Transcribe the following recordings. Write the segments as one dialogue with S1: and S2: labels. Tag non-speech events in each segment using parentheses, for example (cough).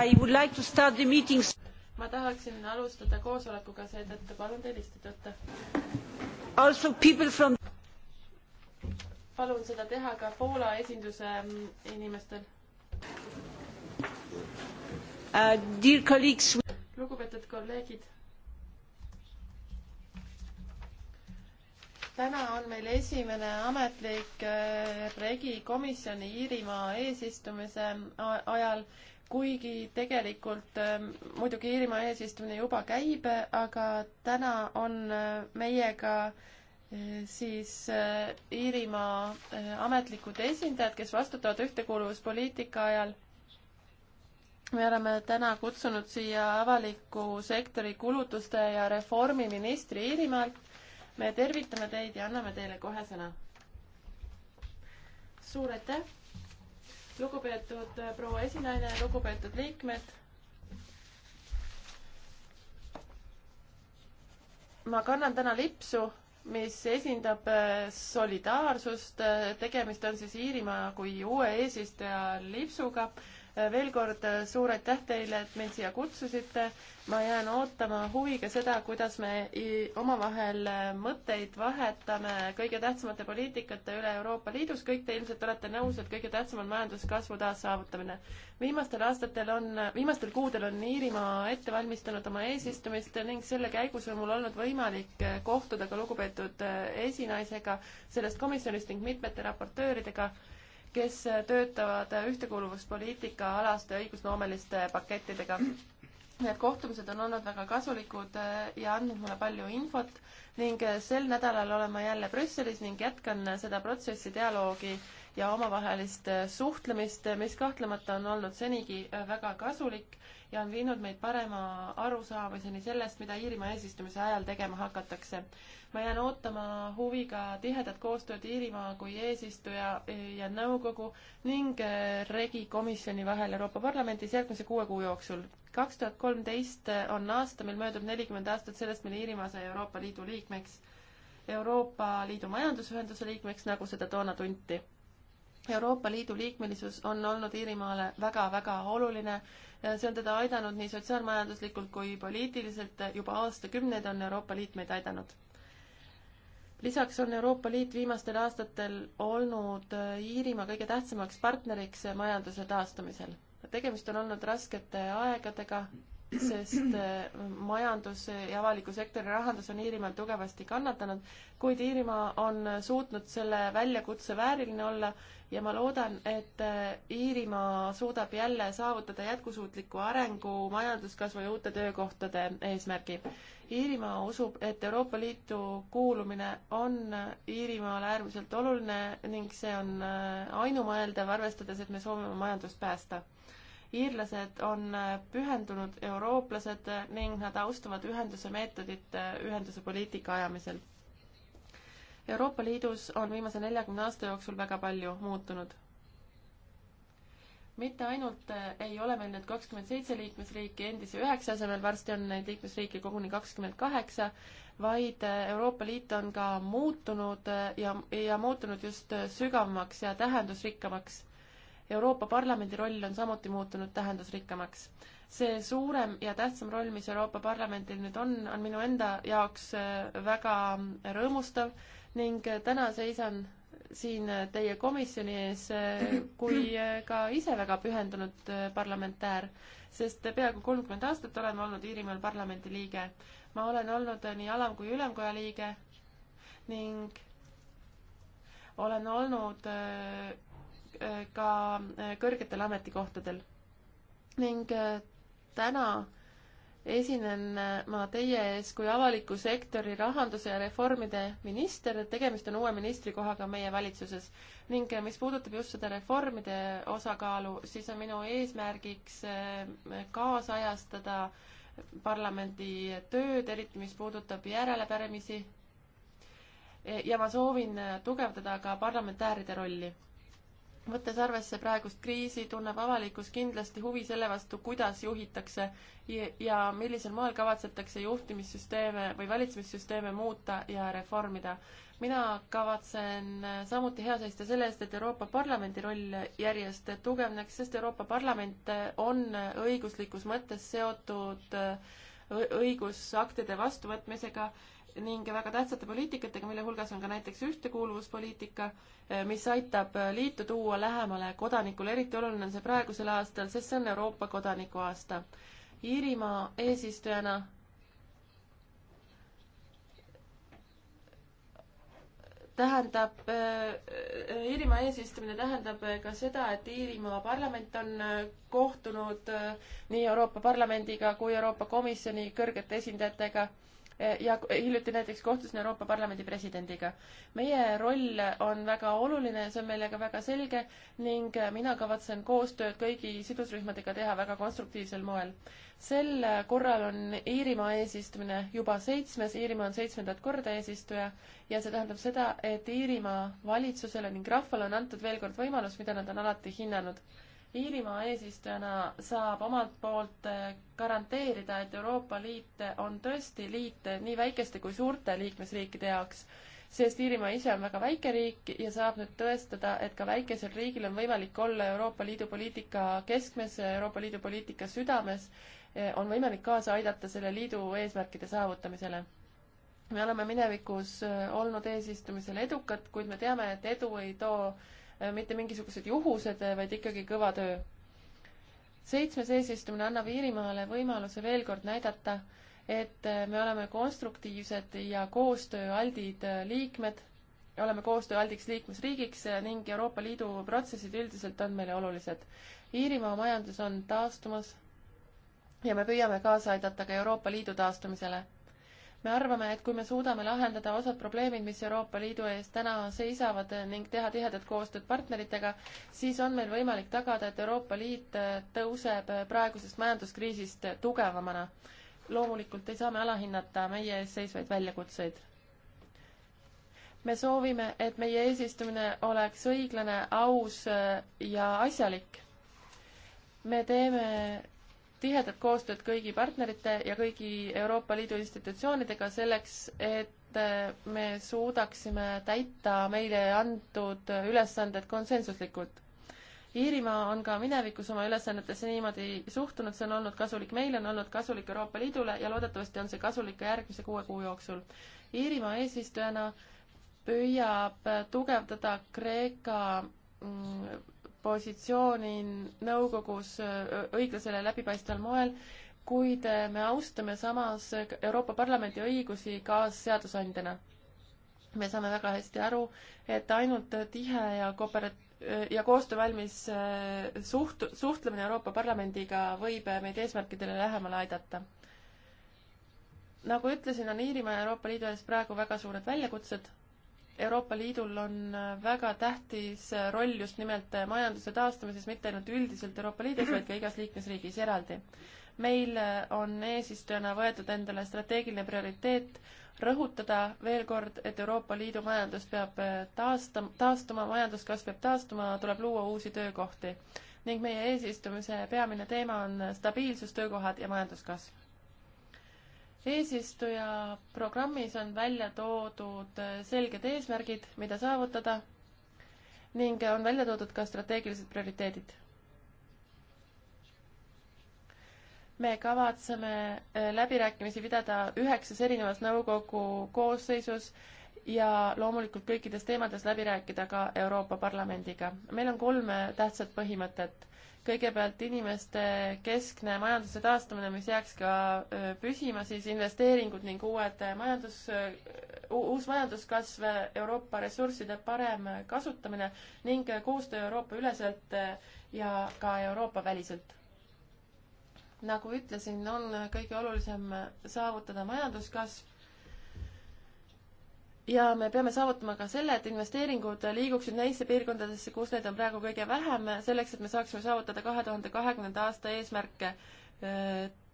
S1: I would like to start the meeting.
S2: ma tahaksin alustada koosolekuga, seetõttu palun teil istuda ette.
S1: Also people from.
S2: palun seda teha ka Poola esinduse mm, inimestel
S1: uh,. Dear colleagues.
S2: lugupeetud kolleegid. täna on meil esimene ametlik äh, regi komisjoni Iirimaa eesistumise ajal kuigi tegelikult ähm, muidugi Iirimaa eesistumine juba käib, aga täna on äh, meiega äh, siis äh, Iirimaa ametlikud esindajad, kes vastutavad ühtekuuluvuspoliitika ajal. me oleme täna kutsunud siia avaliku sektori kulutuste ja reformiministri Iirimaalt. me tervitame teid ja anname teile kohe sõna. suur aitäh lugupeetud äh, proua esinaine, lugupeetud liikmed. ma kannan täna lipsu, mis esindab äh, solidaarsust, äh, tegemist on siis Iirimaa kui uue eesistuja lipsuga Äh, veel kord äh, suur aitäh teile, et mind siia kutsusite. ma jään ootama huviga seda, kuidas me omavahel äh, mõtteid vahetame kõige tähtsamate poliitikate üle Euroopa Liidus. kõik te ilmselt olete nõus, et kõige tähtsam on majanduskasvu taassaavutamine. viimastel aastatel on, viimastel kuudel on Iirimaa ette valmistanud oma eesistumist ning selle käigus on mul olnud võimalik kohtuda ka lugupeetud esinaisega sellest komisjonist ning mitmete raportööridega kes töötavad ühtekuuluvuspoliitika alaste õigusloomeliste pakettidega. Need kohtumised on olnud väga kasulikud eh, ja andnud mulle palju infot ning eh, sel nädalal olen ma jälle Brüsselis ning jätkan seda protsessi, dialoogi ja omavahelist eh, suhtlemist, mis kahtlemata on olnud senigi väga kasulik ja on viinud meid parema arusaamiseni sellest, mida Iirimaa eesistumise ajal tegema hakatakse. ma jään ootama huviga tihedat koostööd Iirimaa kui eesistuja ja nõukogu ning eh, regi komisjoni vahel Euroopa Parlamendis järgmise kuue kuu jooksul kaks tuhat kolmteist on aasta, mil möödub nelikümmend aastat sellest, mil Iirimaa sai Euroopa Liidu liikmeks, Euroopa Liidu majandusühenduse liikmeks, nagu seda toona tunti. Euroopa Liidu liikmelisus on olnud Iirimaale väga-väga oluline. see on teda aidanud nii sotsiaalmajanduslikult kui poliitiliselt, juba aastakümneid on Euroopa Liit meid aidanud. lisaks on Euroopa Liit viimastel aastatel olnud Iirimaa kõige tähtsamaks partneriks majanduse taastumisel. tegemist on olnud raskete aegadega, sest äh, majandus ja avaliku sektori rahandus on Iirimaal tugevasti kannatanud, kuid Iirimaa on suutnud selle väljakutse vääriline olla ja ma loodan, et äh, Iirimaa suudab jälle saavutada jätkusuutliku arengu, majanduskasvu ja uute töökohtade eesmärgi. Iirimaa usub, et Euroopa Liitu kuulumine on Iirimaale äärmiselt oluline ning see on äh, ainumõeldav, arvestades, et me soovime majandust päästa iirlased on pühendunud eurooplased ning nad austavad ühenduse meetodit ühenduse poliitika ajamisel. Euroopa Liidus on viimase neljakümne aasta jooksul väga palju muutunud. mitte ainult ei ole meil nüüd kakskümmend seitse liikmesriiki endise üheksa asemel, varsti on neid liikmesriike koguni kakskümmend kaheksa, vaid Euroopa Liit on ka muutunud ja, ja muutunud just sügavamaks ja tähendusrikkamaks Euroopa Parlamendi roll on samuti muutunud tähendusrikkamaks. see suurem ja tähtsam roll, mis Euroopa Parlamendil nüüd on, on minu enda jaoks äh, väga rõõmustav ning äh, täna seisan siin äh, teie komisjoni ees kui ka ise väga pühendunud parlamentäär, sest peaaegu kolmkümmend aastat olen olnud Iirimaal parlamendi liige. ma olen olnud nii alam- kui ülemkoja liige ning olen olnud ka äh, kõrgetel ametikohtadel. ning äh, täna esinen äh, ma teie ees kui avaliku sektori rahanduse ja reformide minister, tegemist on uue ministrikohaga meie valitsuses. ning mis puudutab just seda reformide osakaalu, siis on minu eesmärgiks kaasajastada parlamendi tööd, eriti mis puudutab järelepärimisi. ja ma soovin tugevdada ka parlamentäääride rolli võttes arvesse praegust kriisi, tunneb avalikkus kindlasti huvi selle vastu, kuidas juhitakse ja millisel moel kavatsetakse juhtimissüsteeme või valitsemissüsteeme muuta ja reformida. mina kavatsen äh, samuti hea seista selle eest, et Euroopa Parlamendi roll järjest tugevneks, sest Euroopa Parlament äh, on õiguslikus mõttes seotud äh, õigusaktide vastuvõtmisega ning väga tähtsate poliitikatega, mille hulgas on ka näiteks ühtekuuluvuspoliitika, eh, mis aitab eh, liitu tuua lähemale kodanikule, eriti oluline on see praegusel aastal, sest see on Euroopa kodanikuaasta. Iirimaa eesistujana tähendab, eh, Iirimaa eesistumine tähendab ka seda, et Iirimaa parlament on kohtunud nii Euroopa Parlamendiga kui Euroopa Komisjoni kõrgete esindajatega E, ja hiljuti näiteks kohtusin Euroopa Parlamendi presidendiga. meie roll on väga oluline, see on meile ka väga selge ning mina kavatsen koostööd kõigi sidusrühmadega teha väga konstruktiivsel moel. sel korral on Iirimaa eesistumine juba seitsmes, Iirimaa on seitsmendat korda eesistuja ja see tähendab seda, et Iirimaa valitsusele ning rahvale on antud veel kord võimalus, mida nad on alati hinnanud Iirimaa eesistujana saab omalt poolt äh, garanteerida, et Euroopa Liit on tõesti liit äh, nii väikeste kui suurte liikmesriikide jaoks, sest Iirimaa ise on väga väike riik ja saab nüüd tõestada, et ka väikesel riigil on võimalik olla Euroopa Liidu poliitika keskmes, Euroopa Liidu poliitika südames, äh, on võimalik kaasa aidata selle liidu eesmärkide saavutamisele me oleme minevikus olnud eesistumisel edukad, kuid me teame, et edu ei too Äh, mitte mingisugused juhused, äh, vaid ikkagi kõva töö. seitsmes eesistumine annab Iirimaale võimaluse veel kord näidata, et äh, me oleme konstruktiivsed ja koostööaldid liikmed, oleme koostööaldiks liikmesriigiks ning Euroopa Liidu protsessid üldiselt on meile olulised. Iirimaa majandus on taastumas ja me püüame kaasa aidata ka Euroopa Liidu taastumisele me arvame, et kui me suudame lahendada osad probleemid, mis Euroopa Liidu ees täna seisavad ning teha tihedat koostööd partneritega, siis on meil võimalik tagada, et Euroopa Liit tõuseb praegusest majanduskriisist tugevamana. loomulikult ei saa me alahinnata meie ees seisvaid väljakutseid me soovime, et meie eesistumine oleks õiglane, aus ja asjalik. me teeme tihedat koostööd kõigi partnerite ja kõigi Euroopa Liidu institutsioonidega selleks, et eh, me suudaksime täita meile antud ülesanded konsensuslikult. Iirimaa on ka minevikus oma ülesannetesse niimoodi suhtunud, see on olnud kasulik meile, on olnud kasulik Euroopa Liidule ja loodetavasti on see kasulik ka järgmise kuue kuu jooksul. Iirimaa eesistujana püüab tugevdada Kreeka mm, positsiooni nõukogus äh, õiglasel ja läbipaistval moel, kuid äh, me austame samas Euroopa Parlamendi õigusi kaasseadusandjana. me saame väga hästi aru, et ainult tihe ja kooperat-, ja koostöövalmis äh, suht-, suhtlemine Euroopa Parlamendiga võib meid eesmärkidele lähemale aidata. nagu ütlesin, on Iirimaa ja Euroopa Liidu ees praegu väga suured väljakutsed Euroopa Liidul on äh, väga tähtis äh, roll just nimelt äh, majanduse taastamises, mitte ainult üldiselt Euroopa Liidus, vaid ka igas liikmesriigis eraldi. meil on eesistujana võetud endale strateegiline prioriteet rõhutada veel kord, et Euroopa Liidu majandus peab taastama, taastuma, majanduskasv peab taastuma, tuleb luua uusi töökohti. ning meie eesistumise peamine teema on stabiilsus, töökohad ja majanduskasv eesistuja programmis on välja toodud selged eesmärgid, mida saavutada ning on välja toodud ka strateegilised prioriteedid. me kavatseme äh, läbirääkimisi pidada üheksas erinevas nõukogu koosseisus ja loomulikult kõikides teemades läbi rääkida ka Euroopa Parlamendiga. meil on kolm äh, tähtsat põhimõtet kõigepealt inimeste keskne majanduse taastumine, mis jääks ka püsima, siis investeeringud ning uued majandus, uus majanduskasv, Euroopa ressursside parem kasutamine ning koostöö Euroopa üleselt ja ka Euroopa väliselt. nagu ütlesin, on kõige olulisem saavutada majanduskasv, ja me peame saavutama ka selle, et investeeringud liiguksid neisse piirkondadesse, kus neid on praegu kõige vähem, selleks et me saaksime saavutada kahe tuhande kahekümnenda aasta eesmärke.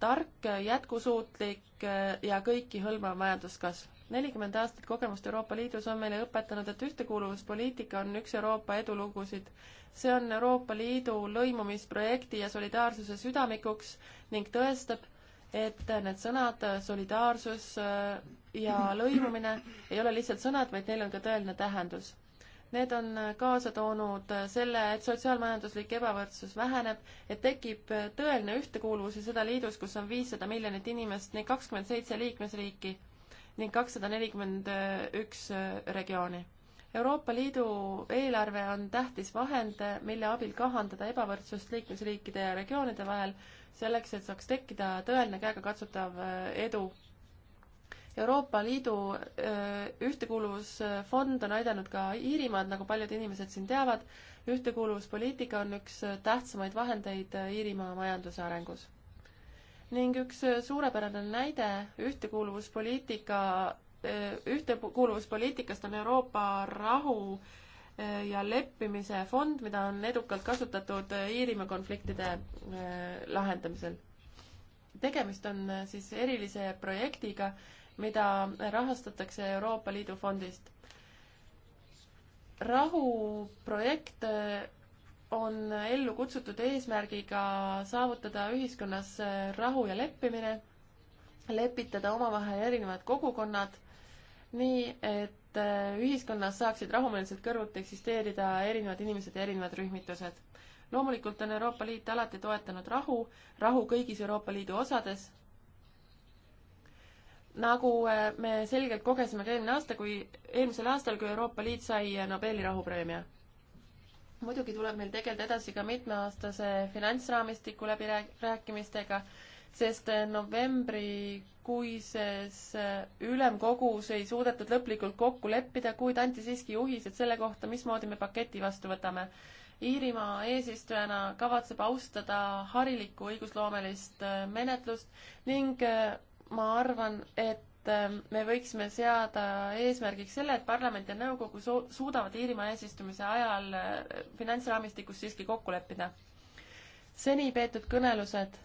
S2: tark, jätkusuutlik ja kõiki hõlmav majanduskasv. nelikümmend aastat kogemust Euroopa Liidus on meile õpetanud, et ühtekuuluvuspoliitika on üks Euroopa edulugusid. see on Euroopa Liidu lõimumisprojekti ja solidaarsuse südamikuks ning tõestab, et need sõnad solidaarsus äh, ja lõimumine ei ole lihtsalt sõnad, vaid neil on ka tõeline tähendus. Need on kaasa toonud selle, et sotsiaalmajanduslik ebavõrdsus väheneb, et tekib tõeline ühtekuuluvus ja seda liidus, kus on viissada miljonit inimest ning kakskümmend seitse liikmesriiki ning kakssada nelikümmend üks äh, regiooni Euroopa Liidu eelarve on tähtis vahend, mille abil kahandada ebavõrdsust liikmesriikide ja regioonide vahel, selleks et saaks tekkida tõeline käegakatsutav äh, edu. Euroopa Liidu äh, ühtekuuluvusfond on aidanud ka Iirimaad, nagu paljud inimesed siin teavad. ühtekuuluvuspoliitika on üks äh, tähtsamaid vahendeid Iirimaa majanduse arengus ning üks suurepärane näide ühtekuuluvuspoliitika Äh, ühtekuuluvuspoliitikast on Euroopa rahu äh, ja leppimise fond, mida on edukalt kasutatud äh, Iirimaa konfliktide lahendamisel. tegemist on siis erilise projektiga, mida rahastatakse Euroopa Liidu fondist. rahuprojekt on ellu kutsutud eesmärgiga saavutada ühiskonnas rahu ja leppimine, lepitada omavahel erinevad kogukonnad nii et äh, ühiskonnas saaksid rahumeelselt kõrvuti eksisteerida erinevad inimesed ja erinevad rühmitused. loomulikult on Euroopa Liit alati toetanud rahu, rahu kõigis Euroopa Liidu osades, nagu äh, me selgelt kogesime ka eelmine aasta, kui, eelmisel aastal, kui Euroopa Liit sai äh, Nobeli rahupreemia. muidugi tuleb meil tegeleda edasi ka mitmeaastase finantsraamistiku läbirääkimistega rääk sest äh, novembrikuises äh, ülemkogus ei suudetud lõplikult kokku leppida, kuid anti siiski juhised selle kohta, mismoodi me paketi vastu võtame. Iirimaa eesistujana kavatseb austada harilikku õigusloomelist äh, menetlust ning ma arvan, et me võiksime seada eesmärgiks selle, et parlament ja nõukogu su suudavad Iirimaa eesistumise ajal finantsraamistikus siiski kokku leppida. seni peetud kõnelused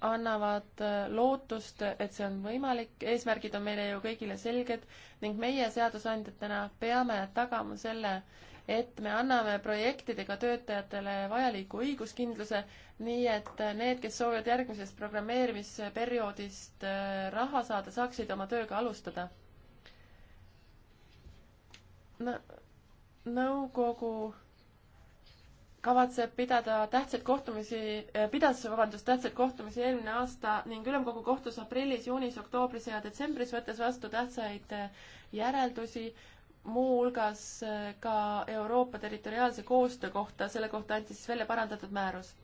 S2: annavad äh, lootust, et see on võimalik, eesmärgid on meile ju kõigile selged ning meie seadusandjatena peame tagama selle, et me anname projektidega töötajatele vajaliku õiguskindluse, nii et need, kes soovivad järgmisest programmeerimisperioodist äh, raha saada, saaksid oma tööga alustada no,. nõukogu kavatseb pidada tähtsaid kohtumisi, äh, pidas, vabandust, tähtsaid kohtumisi eelmine aasta ning ülemkogu kohtus aprillis, juunis, oktoobris ja detsembris, võttes vastu tähtsaid äh, järeldusi, muuhulgas äh, ka Euroopa territoriaalse koostöö kohta, selle kohta anti siis välja parandatud määrus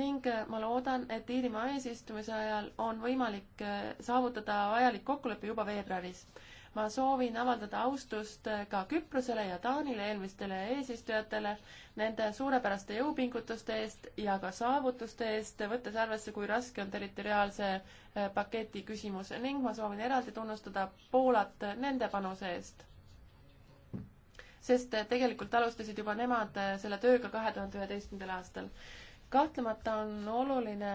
S2: ning ma loodan, et Iirimaa eesistumise ajal on võimalik saavutada vajalik kokkulepe juba veebruaris ma soovin avaldada austust ka Küprosele ja Taanile, eelmistele eesistujatele, nende suurepäraste jõupingutuste eest ja ka saavutuste eest, võttes arvesse, kui raske on territoriaalse eh, paketi küsimus ning ma soovin eraldi tunnustada Poolat nende panuse eest sest eh, tegelikult alustasid juba nemad eh, selle tööga kahe tuhande üheteistkümnendal aastal kahtlemata on oluline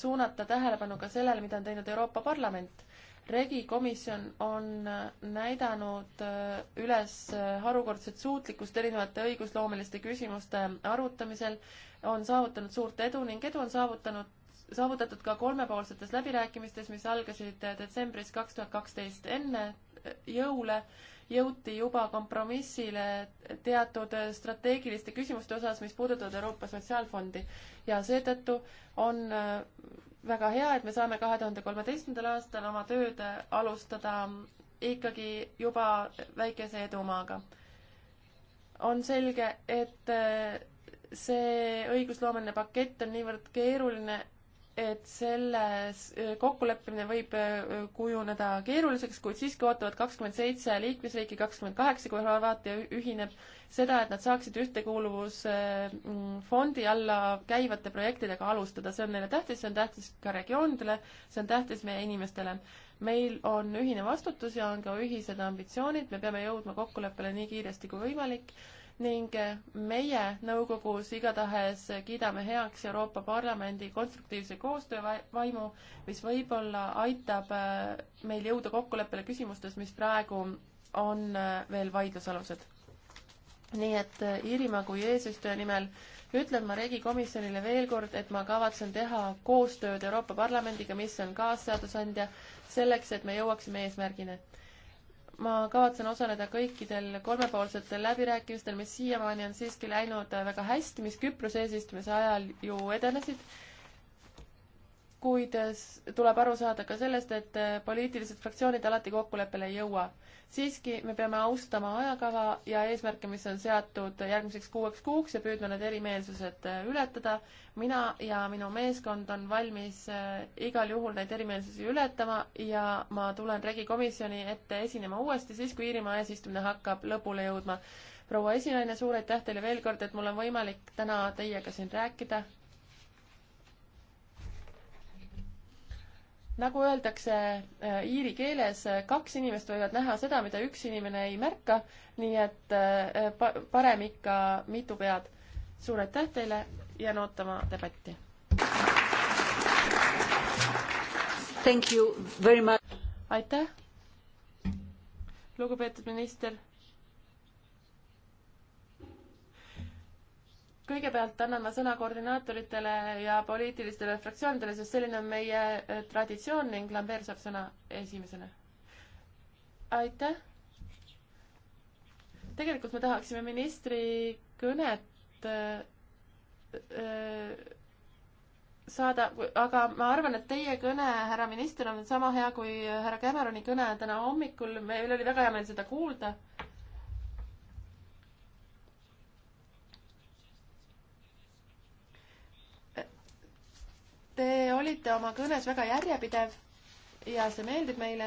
S2: suunata tähelepanu ka sellele, mida on teinud Euroopa Parlament regikomisjon on näidanud äh, üles äh, harukordset suutlikkust erinevate õigusloomeliste küsimuste arutamisel, on saavutanud suurt edu ning edu on saavutanud saavutatud ka kolmepoolsetes läbirääkimistes, mis algasid äh, detsembris kaks tuhat kaksteist. enne jõule jõuti juba kompromissile teatud strateegiliste küsimuste osas, mis puudutavad Euroopa Sotsiaalfondi ja seetõttu on väga hea, et me saame kahe tuhande kolmeteistkümnendal aastal oma tööd alustada ikkagi juba väikese edumaaga. on selge, et see õigusloomeline pakett on niivõrd keeruline, et selles äh, kokkuleppimine võib äh, kujuneda keeruliseks, kuid siiski ootavad kakskümmend seitse liikmesriiki, kakskümmend kaheksa, kui Horvaatia ühineb, seda, et nad saaksid ühtekuuluvusfondi alla käivate projektidega alustada. see on neile tähtis, see on tähtis ka regioonidele, see on tähtis meie inimestele. meil on ühine vastutus ja on ka ühised ambitsioonid, me peame jõudma kokkuleppele nii kiiresti kui võimalik ning meie nõukogus igatahes kiidame heaks Euroopa Parlamendi konstruktiivse koostöövaimu, mis võib-olla aitab äh, meil jõuda kokkuleppele küsimustes, mis praegu on äh, veel vaidlusalused. nii et äh, Iirimaa kui eesistuja nimel ütlen ma Regi komisjonile veel kord, et ma kavatsen teha koostööd Euroopa Parlamendiga, mis on kaasseadusandja, selleks, et me jõuaksime eesmärgini ma kavatsen osaleda kõikidel kolmepoolsetel läbirääkimistel, mis siiamaani on siiski läinud väga hästi, mis Küprose eesistumise ajal ju edenesid kuid tuleb aru saada ka sellest, et äh, poliitilised fraktsioonid alati kokkuleppele ei jõua. siiski me peame austama ajakava ja eesmärke, mis on seatud järgmiseks kuueks kuuks ja püüdma need erimeelsused äh, ületada. mina ja minu meeskond on valmis äh, igal juhul neid erimeelsusi ületama ja ma tulen Regi komisjoni ette esinema uuesti siis, kui Iirimaa eesistumine hakkab lõpule jõudma. proua esinaine, suur aitäh teile veel kord, et mul on võimalik täna teiega siin rääkida nagu öeldakse äh, iiri keeles, äh, kaks inimest võivad näha seda, mida üks inimene ei märka, nii et äh, pa-, parem ikka mitu pead. suur aitäh teile, jään ootama debatti. aitäh, lugupeetud minister kõigepealt annan ma sõna koordinaatoritele ja poliitilistele fraktsioonidele, sest selline on meie äh, traditsioon ning Lambert saab sõna esimesena. aitäh. tegelikult me tahaksime ministri kõnet äh, äh, saada, aga ma arvan, et teie kõne, härra minister, on sama hea kui härra Cameroni kõne täna hommikul, meil oli väga hea meel seda kuulda Te olite oma kõnes väga järjepidev ja see meeldib meile.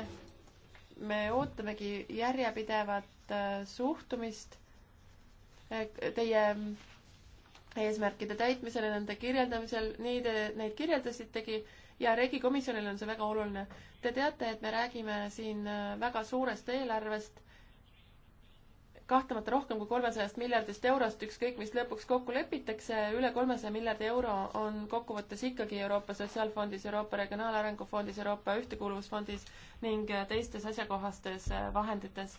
S2: me ootamegi järjepidevat äh, suhtumist äh, teie mm, eesmärkide täitmisele, nende kirjeldamisel, nii te neid kirjeldasitegi ja regikomisjonile on see väga oluline. Te teate, et me räägime siin äh, väga suurest eelarvest kahtlemata rohkem kui kolmesajast miljardist eurost, ükskõik mis lõpuks kokku lepitakse, üle kolmesaja miljardi euro on kokkuvõttes ikkagi Euroopa Sotsiaalfondis, Euroopa Regionaalarengu Fondis, Euroopa Ühtekuuluvusfondis ning äh, teistes asjakohastes äh, vahendites.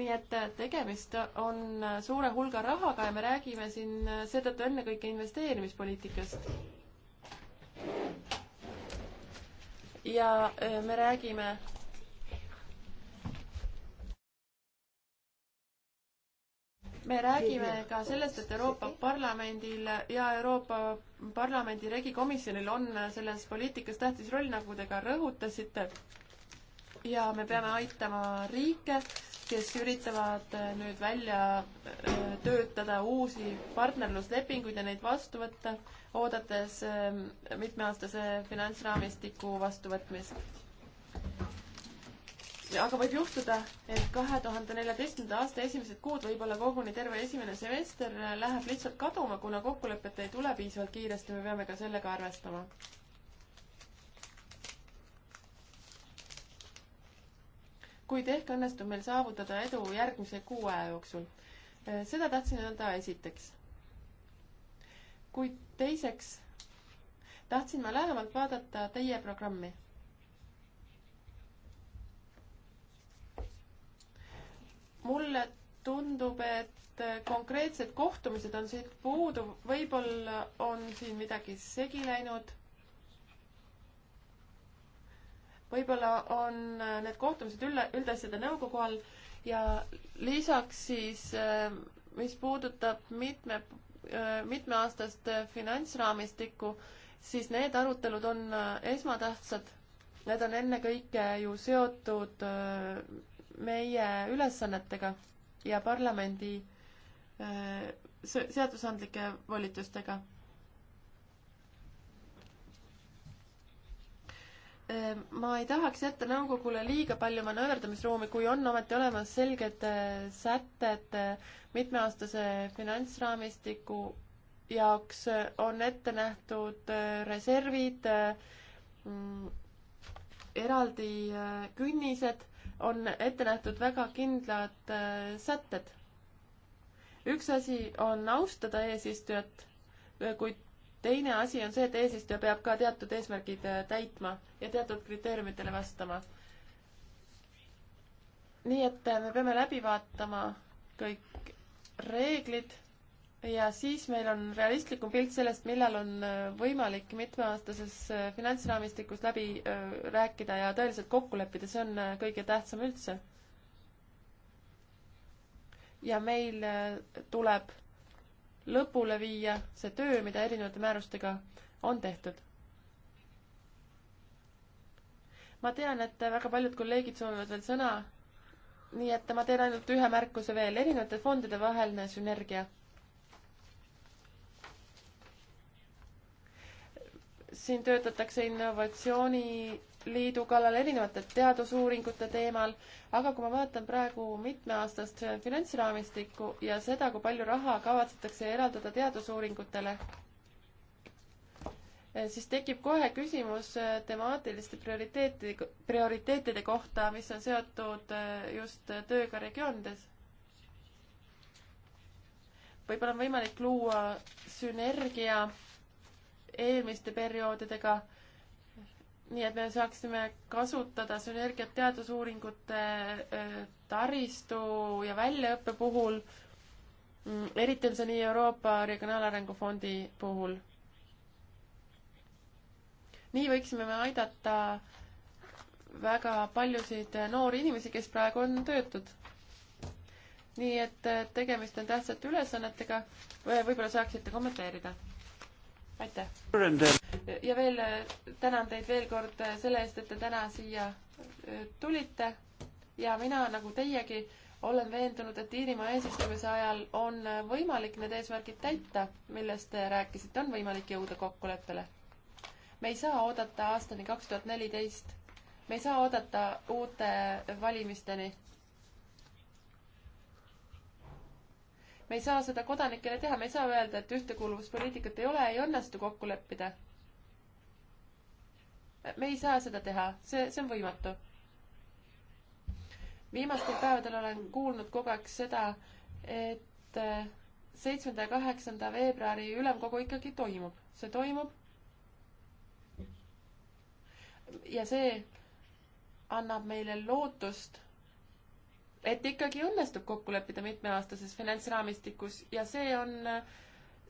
S2: nii et äh, tegemist on suure hulga rahaga ja me räägime siin seetõttu ennekõike investeerimispoliitikast ja me räägime me räägime ka sellest, et Euroopa Parlamendil ja Euroopa Parlamendi regikomisjonil on selles poliitikas tähtis roll, nagu te ka rõhutasite. ja me peame aitama riike, kes üritavad nüüd välja äh, töötada uusi partnerluslepinguid ja neid vastu võtta, oodates äh, mitmeaastase finantsraamistiku vastuvõtmist aga võib juhtuda, et kahe tuhande neljateistkümnenda aasta esimesed kuud, võib-olla koguni terve esimene semester äh, läheb lihtsalt kaduma, kuna kokkulepet ei tule piisavalt kiiresti, me peame ka sellega arvestama. kuid ehk õnnestub meil saavutada edu järgmise kuu aja jooksul. Äh, seda tahtsin öelda esiteks. kuid teiseks tahtsin ma lähemalt vaadata teie programmi mulle tundub, et konkreetsed kohtumised on siit puudu, võib-olla on siin midagi segi läinud. võib-olla on need kohtumised üle, üldasjade nõukogu all ja lisaks siis, äh, mis puudutab mitme, äh, mitmeaastast finantsraamistikku, siis need arutelud on äh, esmatähtsad. Need on ennekõike ju seotud meie ülesannetega ja parlamendi äh, seadusandlike volitustega. Äh, ma ei tahaks jätta nõukogule liiga palju manööverdamisruumi, kui on ometi olemas selged äh, sätted mitmeaastase finantsraamistiku jaoks on ette nähtud reservid, mm, eraldi künnised on ette nähtud väga kindlad äh, sätted. üks asi on austada eesistujat, äh, kuid teine asi on see, et eesistuja peab ka teatud eesmärgid äh, täitma ja teatud kriteeriumitele vastama. nii et me peame läbi vaatama kõik reeglid ja siis meil on realistlikum pilt sellest, millal on äh, võimalik mitmeaastases äh, finantsraamistikus läbi äh, rääkida ja tõeliselt kokku leppida, see on kõige tähtsam üldse. ja meil tuleb lõpule viia see töö, mida erinevate määrustega on tehtud. ma tean, et väga paljud kolleegid soovivad veel sõna, nii et ma teen ainult ühe märkuse veel, erinevate fondide vaheline sünergia siin töötatakse innovatsiooniliidu kallal erinevate teadusuuringute teemal, aga kui ma vaatan praegu mitmeaastast finantsraamistikku ja seda, kui palju raha kavatsetakse eraldada teadusuuringutele, eh, siis tekib kohe küsimus eh, temaatiliste prioriteeti, prioriteetide kohta, mis on seotud eh, just tööga regioonides. võib-olla on võimalik luua sünergia eelmiste perioodidega, nii et me saaksime kasutada sünergiat teadusuuringute äh, taristu ja väljaõppe puhul, mm, eriti on see nii Euroopa Regionaalarengu Fondi puhul. nii võiksime me aidata väga paljusid noori inimesi, kes praegu on töötud. nii et äh, tegemist on tähtsate ülesannetega, võib-olla saaksite kommenteerida aitäh! ja veel äh, tänan teid veel kord äh, selle eest, et te täna siia äh, tulite ja mina nagu teiegi olen veendunud, et Iirimaa eesistumise ajal on võimalik need eesmärgid täita, millest te rääkisite, on võimalik jõuda kokkuleppele. me ei saa oodata aastani kaks tuhat neliteist, me ei saa oodata uute valimisteni me ei saa seda kodanikele teha, me ei saa öelda, et ühtekuuluvuspoliitikat ei ole, ei õnnestu kokku leppida. me ei saa seda teha, see, see on võimatu. viimastel päevadel olen kuulnud kogu aeg seda, et äh, seitsmenda ja kaheksanda veebruari ülemkogu ikkagi toimub, see toimub. ja see annab meile lootust et ikkagi õnnestub kokku leppida mitmeaastases finantsraamistikus ja see on,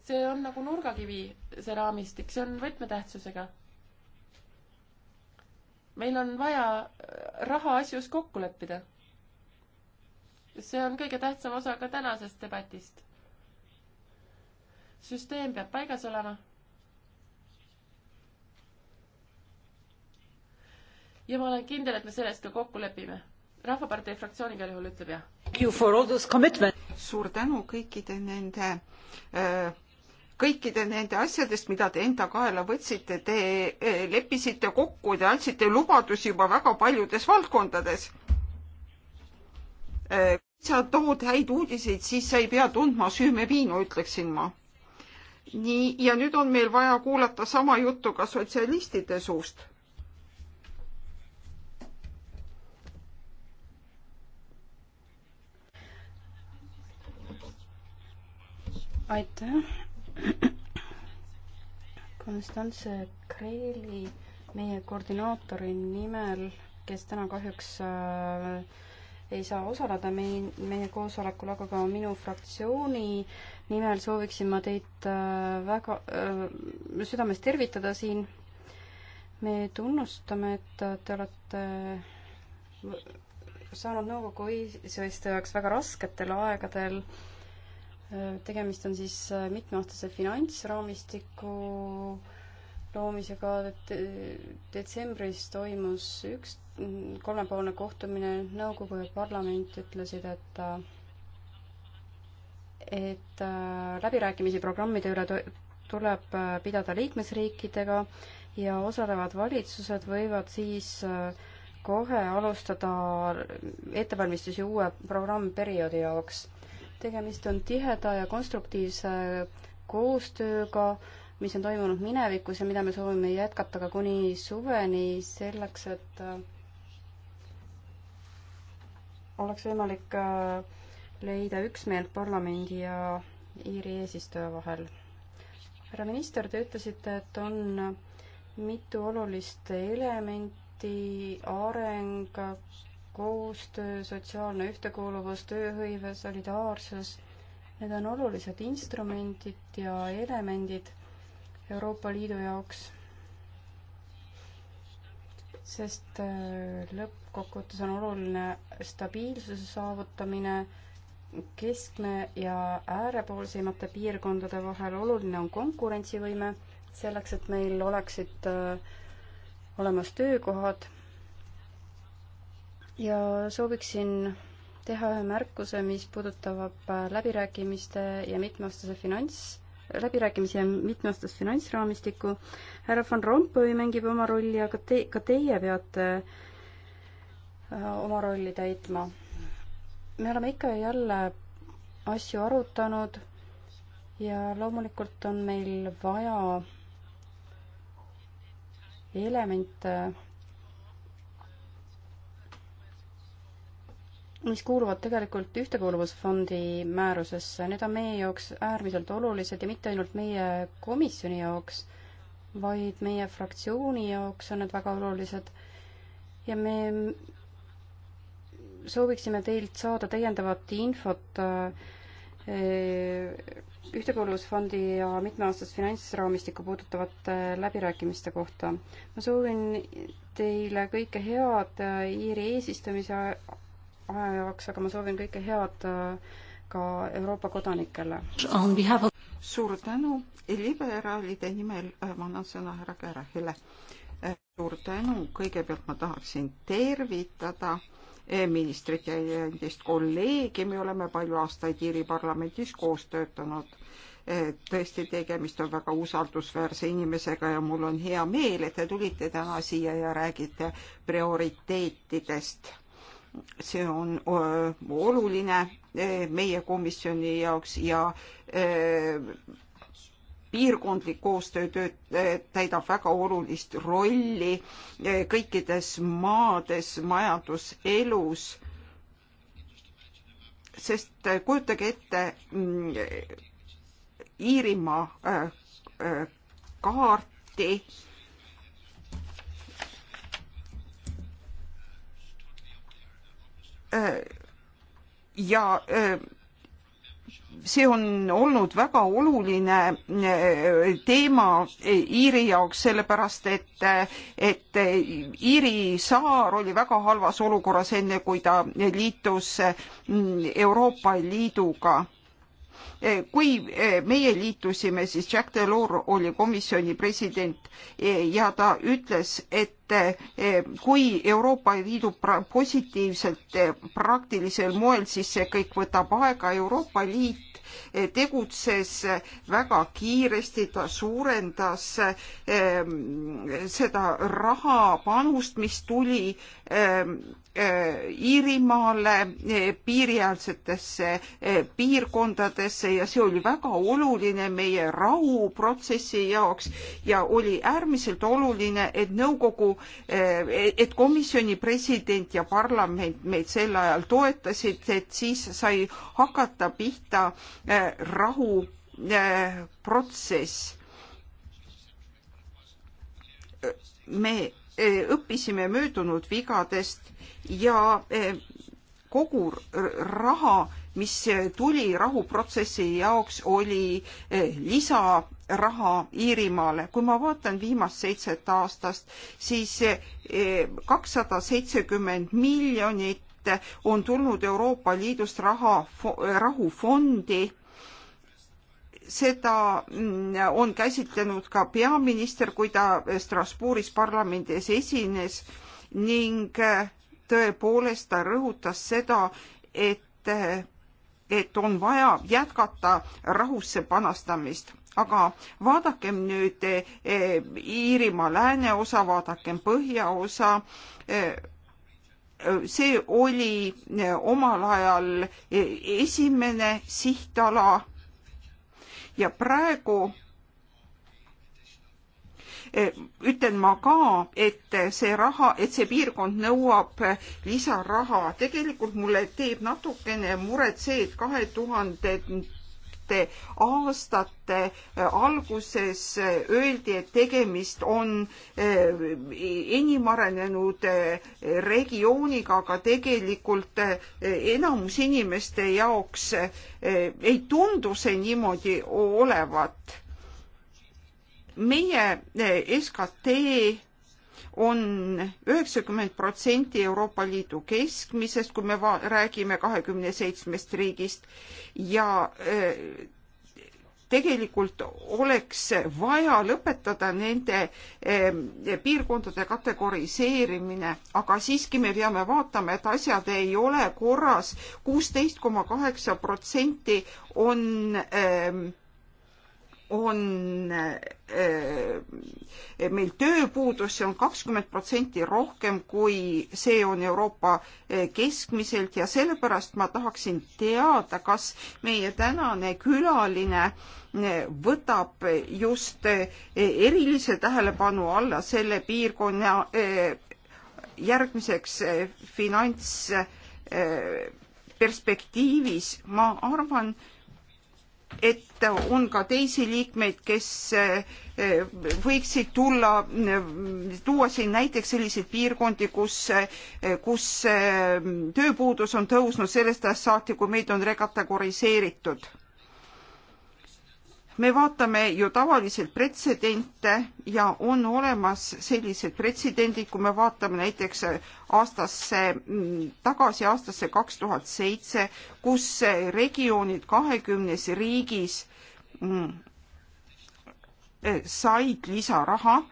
S2: see on nagu nurgakivi, see raamistik, see on võtmetähtsusega. meil on vaja äh, rahaasjus kokku leppida. see on kõige tähtsam osa ka tänasest debatist. süsteem peab paigas olema ja ma olen kindel, et me selles ka kokku lepime rahvapartei fraktsioon igal juhul ütleb
S1: jah. suur tänu kõikide nende äh, kõikide nende asjadest, mida te enda kaela võtsite, te äh, leppisite kokku, te andsite lubadusi juba väga paljudes valdkondades. Äh, kui sa tood häid uudiseid, siis sa ei pea tundma süümepiinu, ütleksin ma. nii, ja nüüd on meil vaja kuulata sama juttu ka sotsialistide suust
S3: aitäh. Konstantse Kreeli, meie koordinaatori nimel, kes täna kahjuks äh, ei saa osaleda meie, meie koosolekul, aga ka minu fraktsiooni nimel sooviksin ma teid äh, väga äh, südamest tervitada siin. me tunnustame, et te olete saanud nõukogu eesistujaks väga rasketel aegadel äh, tegemist on siis äh, mitmeaastase finantsraamistiku loomisega De. detsembris toimus üks kolmepoolne kohtumine, nõukogu ja parlament ütlesid, et et äh, läbirääkimisi programmide üle tuleb äh, pidada liikmesriikidega ja osalevad valitsused võivad siis kohe alustada ettevalmistusi uue programmperioodi jaoks tegemist on tiheda ja konstruktiivse koostööga, mis on toimunud minevikus ja mida me soovime jätkata ka kuni suveni, selleks et äh, oleks võimalik äh, leida üksmeelt parlamendi ja Iiri eesistuja vahel. härra minister, te ütlesite, et on mitu olulist elementi areng koostöö, sotsiaalne ühtekuuluvus, tööhõive, solidaarsus, need on olulised instrumendid ja elemendid Euroopa Liidu jaoks, sest äh, lõppkokkuvõttes on oluline stabiilsuse saavutamine keskne ja äärepoolseimate piirkondade vahel, oluline on konkurentsivõime, selleks et meil oleksid äh, olemas töökohad ja sooviksin teha ühe märkuse, mis puudutab äh, läbirääkimiste ja mitmeaastase finants, läbirääkimisi ja mitmeaastast finantsraamistikku. härra Van Rompuy mängib oma rolli, aga te, ka teie peate äh, oma rolli täitma. me oleme ikka ja jälle asju arutanud ja loomulikult on meil vaja elemente mis kuuluvad tegelikult Ühtekuuluvusfondi määrusesse, need on meie jaoks äärmiselt olulised ja mitte ainult meie komisjoni jaoks, vaid meie fraktsiooni jaoks on need väga olulised. ja me sooviksime teilt saada täiendavat infot eh, Ühtekuuluvusfondi ja mitmeaastast finantsraamistikku puudutavate läbirääkimiste kohta. ma soovin teile kõike head eh, Iiri eesistumise aja jaoks,
S1: aga ma soovin kõike head äh, ka Euroopa kodanikele. suur tänu, liberaalide nimel äh, ma annan sõna härra Kärahile. Äh, suur tänu, kõigepealt ma tahaksin tervitada ministrit ja endist kolleegi, me oleme palju aastaid Iiri parlamendis koos töötanud. tõesti, tegemist on väga usaldusväärse inimesega ja mul on hea meel, et te tulite täna siia ja räägite prioriteetidest see on oluline meie komisjoni jaoks ja piirkondlik koostöö tööd, täidab väga olulist rolli kõikides maades, majanduselus. sest kujutage ette mm, Iirimaa kaarti Äh, ja äh, see on olnud väga oluline äh, teema Iiri jaoks, sellepärast et, et Iiri saar oli väga halvas olukorras, enne kui ta liitus Euroopa Liiduga Eh, kui eh, meie liitusime, siis Jack Delors oli komisjoni president eh, ja ta ütles, et kui Euroopa Liidu positiivselt praktilisel moel, siis see kõik võtab aega. Euroopa Liit tegutses väga kiiresti, ta suurendas seda rahapanust, mis tuli Eh, Iirimaale, eh, piiriäärsetesse eh, piirkondadesse ja see oli väga oluline meie rahuprotsessi jaoks ja oli äärmiselt oluline, et nõukogu, et komisjoni president ja parlament meid sel ajal toetasid, et siis sai hakata pihta rahuprotsess. me E, õppisime möödunud vigadest ja e, kogu raha, mis tuli rahuprotsessi jaoks, oli e, lisaraha Iirimaale. kui ma vaatan viimast seitset aastast, siis kakssada seitsekümmend miljonit on tulnud Euroopa Liidust raha, rahufondi seda mm, on käsitlenud ka peaminister, kui ta Strasbourgis parlamendi ees esines ning äh, tõepoolest ta rõhutas seda, et, äh, et on vaja jätkata rahusse panastamist. aga vaadakem nüüd äh, Iirimaa lääneosa, vaadakem põhjaosa see oli omal ajal esimene sihtala ja praegu eh, ütlen ma ka, et see raha, et see piirkond nõuab lisaraha. tegelikult mulle teeb natukene muret see, et kahe tuhande viimaste aastate äh, alguses äh, öeldi, et tegemist on enim äh, arenenud regiooniga, aga tegelikult enamus inimeste jaoks ei tundu see niimoodi olevat. meie SKT on üheksakümmend protsenti Euroopa Liidu keskmisest, kui me räägime kahekümne seitsmest riigist ja äh, tegelikult oleks vaja lõpetada nende äh, piirkondade kategoriseerimine, aga siiski me peame vaatama, et asjad ei ole korras. kuusteist koma kaheksa protsenti on ähm, on eh, meil tööpuudus, see on kakskümmend protsenti rohkem, kui see on Euroopa eh, keskmiselt ja sellepärast ma tahaksin teada, kas meie tänane külaline eh, võtab just erilise tähelepanu alla selle piirkonna järgmiseks finants perspektiivis, ma arvan, et on ka teisi liikmeid, kes eh, võiksid tulla, tuua siin näiteks selliseid piirkondi, kus, eh, kus eh, tööpuudus on tõusnud sellest ajast saati, kui meid on rekatagoriseeritud me vaatame ju tavaliselt pretsedente ja on olemas sellised pretsedendid, kui me vaatame näiteks aastasse, mm, tagasi aastasse kaks tuhat seitse, kus regioonid kahekümnes riigis mm, said lisaraha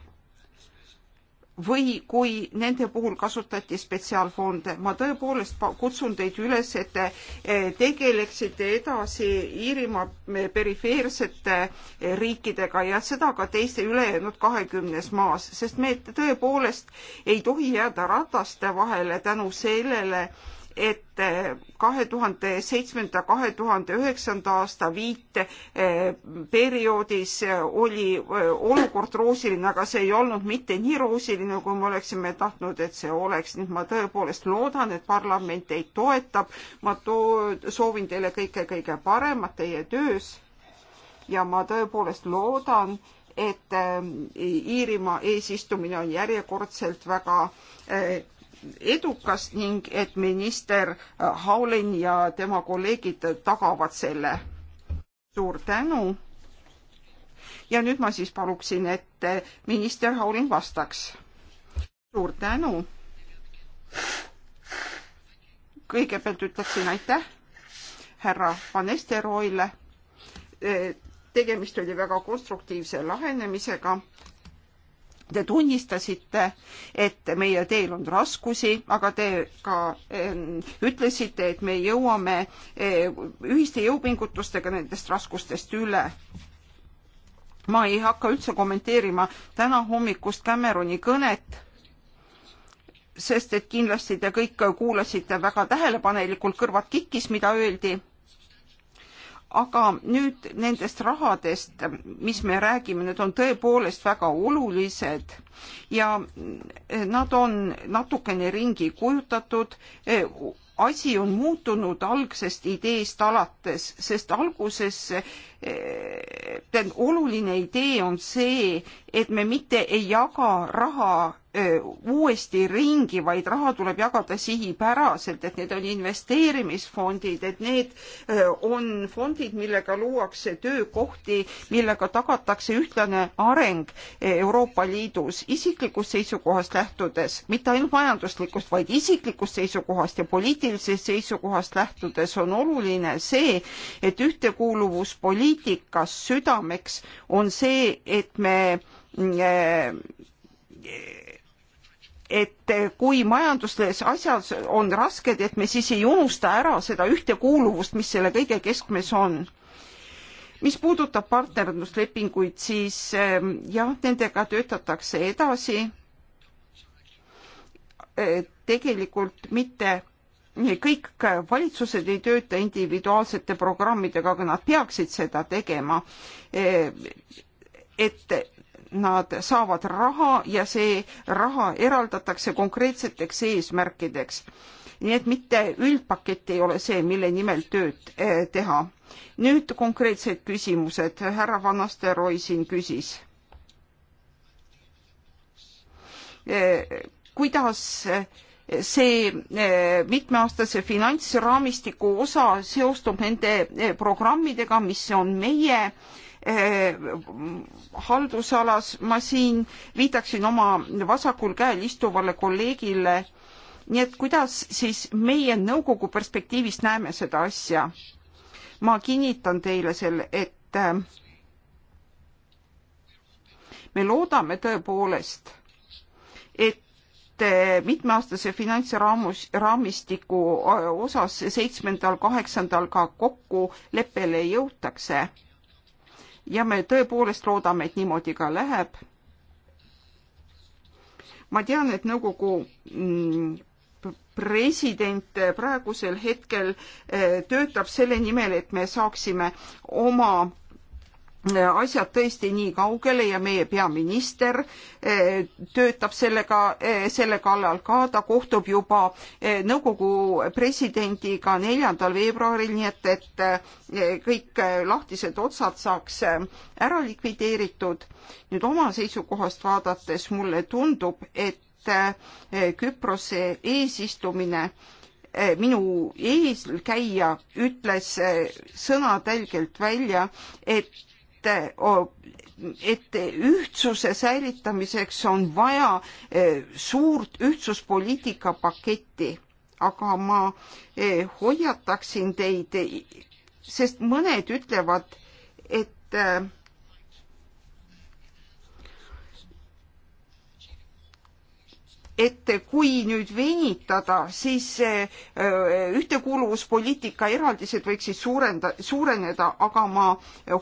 S1: või kui nende puhul kasutati spetsiaalfonde. ma tõepoolest kutsun teid üles, et te eh, tegeleksite edasi Iirimaa perifeersete eh, riikidega ja seda ka teiste ülejäänud kahekümnes maas, sest me tõepoolest ei tohi jääda rataste vahele tänu sellele, et eh, kahe tuhande seitsmenda, kahe tuhande üheksanda aasta viite eh, perioodis eh, oli olukord roosiline, aga see ei olnud mitte nii roosiline, kui me oleksime tahtnud, et see oleks. nüüd ma tõepoolest loodan, et parlament teid toetab. ma too, soovin teile kõike kõige paremat teie töös ja ma tõepoolest loodan, et Iirimaa eesistumine on järjekordselt väga edukas ning et minister Haulen äh, ja tema kolleegid tagavad selle. suur tänu. ja nüüd ma siis paluksin, et äh, minister Haulen vastaks. suur tänu. kõigepealt ütleksin aitäh härra Van Esteroile. Äh, tegemist oli väga konstruktiivse lahenemisega Te tunnistasite, et meie teel on raskusi, aga te ka ütlesite, et me jõuame e, ühiste jõupingutustega nendest raskustest üle ma ei hakka üldse kommenteerima täna hommikust Cameroni kõnet, sest et kindlasti te kõik kuulasite väga tähelepanelikult, kõrvad kikkis, mida öeldi aga nüüd nendest rahadest, mis me räägime, need on tõepoolest väga olulised ja nad on natukene ringi kujutatud. asi on muutunud algsest ideest alates, sest alguses eh, oluline idee on see, et me mitte ei jaga raha uuesti ringi, vaid raha tuleb jagada sihipäraselt, et need on investeerimisfondid, et need on fondid, millega luuakse töökohti, millega tagatakse ühtlane areng e, Euroopa Liidus isiklikust seisukohast lähtudes, mitte ainult majanduslikust, vaid isiklikust seisukohast ja poliitilisest seisukohast lähtudes on oluline see, et ühtekuuluvuspoliitikas südameks on see, et me mm, e, et kui majanduslikus asjas on rasked, et me siis ei unusta ära seda ühtekuuluvust, mis selle kõige keskmes on. mis puudutab partnerluslepinguid, siis ähm, jah, nendega töötatakse edasi. Äh, tegelikult mitte kõik valitsused ei tööta individuaalsete programmidega, aga nad peaksid seda tegema. Äh, et nad saavad raha ja see raha eraldatakse konkreetseteks eesmärkideks. nii et mitte üldpakett ei ole see, mille nimel tööd eh, teha. nüüd konkreetsed küsimused, härra Van Asteroi siin küsis. Eh, kuidas see eh, mitmeaastase finantsraamistiku osa seostub nende programmidega, mis on meie äh, Eh, haldusalas. ma siin viitaksin oma vasakul käel istuvale kolleegile. nii et kuidas siis meie nõukogu perspektiivist näeme seda asja? ma kinnitan teile selle, et eh, me loodame tõepoolest, et eh, mitmeaastase finantsraamistiku osas seitsmendal, kaheksandal ka kokkuleppele jõutakse ja me tõepoolest loodame, et niimoodi ka läheb. ma tean, et nõukogu mm, president praegusel hetkel eh, töötab selle nimel, et me saaksime oma asjad tõesti nii kaugele ja meie peaminister eh, töötab sellega, eh, selle kallal ka, ta kohtub juba eh, nõukogu presidendiga neljandal veebruaril, nii et, et kõik lahtised otsad saaks ära likvideeritud. nüüd oma seisukohast vaadates mulle tundub, et Küprose eesistumine minu eelkäija ütles sõnatälgelt välja, et et, et ühtsuse säilitamiseks on vaja eh, suurt ühtsuspoliitika paketti, aga ma eh, hoiataksin teid, sest mõned ütlevad, et eh, et kui nüüd venitada, siis äh, ühtekuuluvuspoliitika eraldised võiksid suurenda, suureneda, aga ma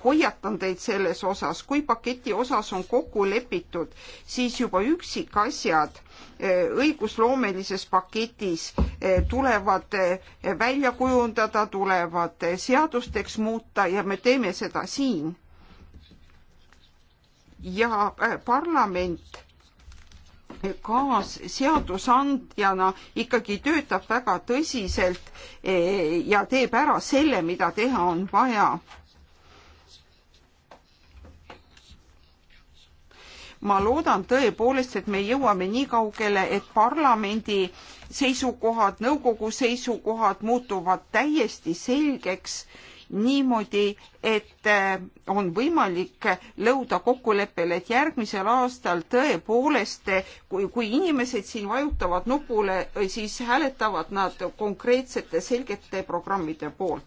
S1: hoiatan teid selles osas, kui paketi osas on kokku lepitud, siis juba üksikasjad äh, õigusloomelises paketis äh, tulevad välja kujundada, tulevad seadusteks muuta ja me teeme seda siin. ja parlament kaasseadusandjana ikkagi töötab väga tõsiselt e, ja teeb ära selle, mida teha on vaja. ma loodan tõepoolest, et me jõuame nii kaugele, et parlamendi seisukohad, nõukogu seisukohad muutuvad täiesti selgeks niimoodi, et eh, on võimalik lõuda kokkuleppele, et järgmisel aastal tõepoolest, eh, kui, kui inimesed siin vajutavad nupule, eh, siis hääletavad nad konkreetsete selgete programmide poolt.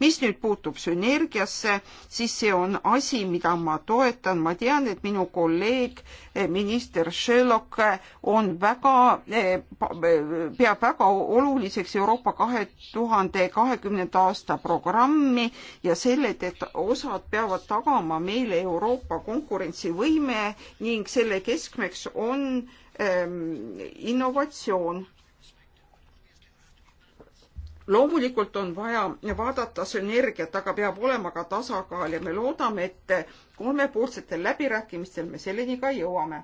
S1: mis nüüd puutub sünergiasse, siis see on asi, mida ma toetan, ma tean, et minu kolleeg minister Sherlock on väga, peab väga oluliseks Euroopa kahe tuhande kahekümnenda aasta programmi, probleeme ja selle, et osad peavad tagama meile Euroopa konkurentsivõime ning selle keskmeks on ähm, innovatsioon loomulikult on vaja vaadata sünergiat, aga peab olema ka tasakaal ja me loodame, et kolmepoolsetel läbirääkimistel me selleni ka jõuame.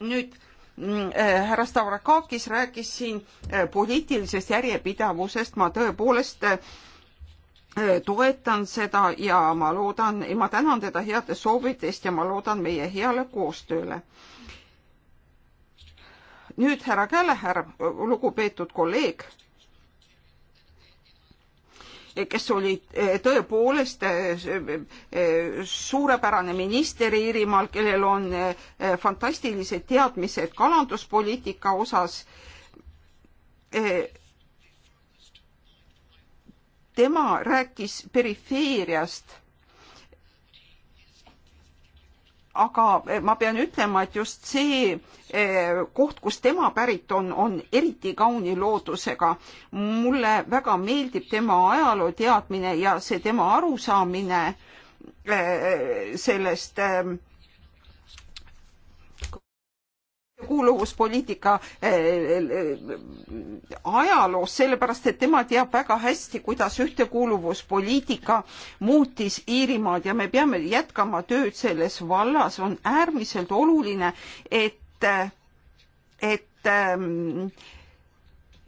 S1: nüüd Mm, eh, härra Stavrakakis rääkis siin eh, poliitilisest järjepidevusest, ma tõepoolest eh, toetan seda ja ma loodan, ma tänan teda heade soovidest ja ma loodan meie heale koostööle. nüüd härra Kälehärm, lugupeetud kolleeg kes oli eh, tõepoolest eh, eh, suurepärane minister Iirimaal, kellel on fantastilised teadmised kalanduspoliitika osas. tema rääkis perifeeriast aga ma pean ütlema, et just see eh, koht, kust tema pärit on, on eriti kauni loodusega. mulle väga meeldib tema ajaloo teadmine ja see tema arusaamine eh, sellest eh, kuuluvuspoliitika eh, eh, eh, ajaloos, sellepärast et tema teab väga hästi, kuidas ühtekuuluvuspoliitika muutis Iirimaad ja me peame jätkama tööd selles vallas, on äärmiselt oluline, et, et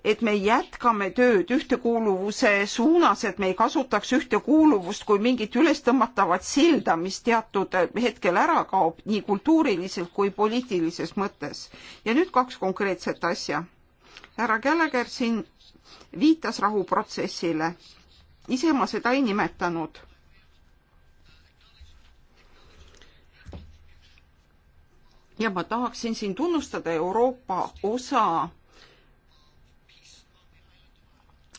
S1: et me jätkame tööd ühtekuuluvuse suunas, et me ei kasutaks ühtekuuluvust kui mingit üles tõmmatavat silda, mis teatud hetkel ära kaob nii kultuuriliselt kui poliitilises mõttes. ja nüüd kaks konkreetset asja. härra Gallagher siin viitas rahuprotsessile. ise ma seda ei nimetanud ja ma tahaksin siin tunnustada Euroopa osa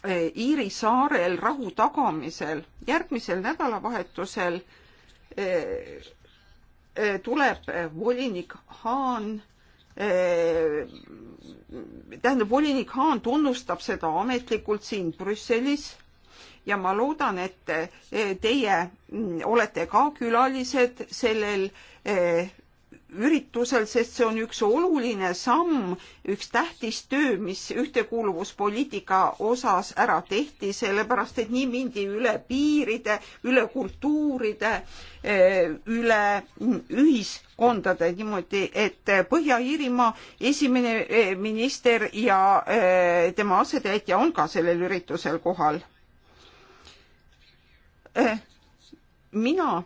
S1: Eh, Iiri saarel rahu tagamisel. järgmisel nädalavahetusel eh, eh, tuleb volinik Haan tähendab, volinik Haan tunnustab seda ametlikult siin Brüsselis ja ma loodan, et teie mm, olete ka külalised sellel üritusel, sest see on üks oluline samm, üks tähtis töö, mis ühtekuuluvuspoliitika osas ära tehti, sellepärast et nii mindi üle piiride, üle kultuuride, eh, üle ühiskondade niimoodi, et Põhja-Iirimaa esimene eh, minister ja eh, tema asetäitja on ka sellel üritusel kohal. mina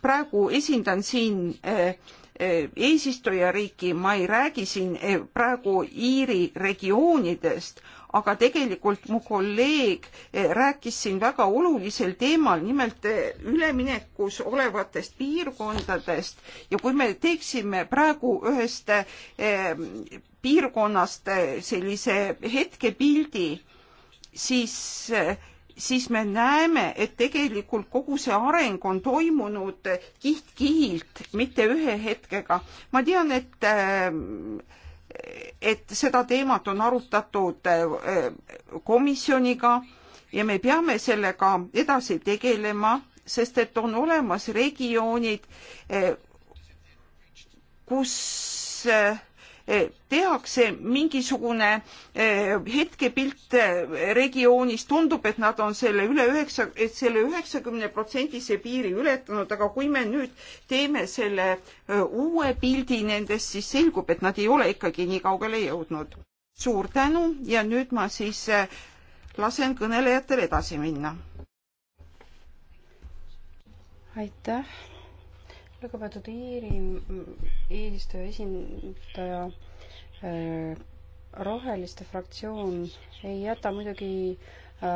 S1: praegu esindan siin eesistujariiki, ma ei räägi siin eh, praegu Iiri regioonidest, aga tegelikult mu kolleeg eh, rääkis siin väga olulisel teemal, nimelt eh, üleminekus olevatest piirkondadest ja kui me teeksime praegu ühest piirkonnast sellise hetkepildi, siis siis me näeme, et tegelikult kogu see areng on toimunud kiht-kihilt, mitte ühe hetkega. ma tean, et äh, et seda teemat on arutatud äh, komisjoniga ja me peame sellega edasi tegelema, sest et on olemas regioonid, äh, kus Eh, tehakse mingisugune eh, hetkepilt eh, regioonis, tundub, et nad on selle üle üheksa, et selle üheksakümne protsendise piiri ületanud, aga kui me nüüd teeme selle uue pildi nendest, siis selgub, et nad ei ole ikkagi nii kaugele jõudnud. suur tänu ja nüüd ma siis lasen kõnelejatel edasi minna.
S3: aitäh lugupeetud Iiri eesistuja esindaja, äh, Roheliste fraktsioon ei jäta muidugi äh,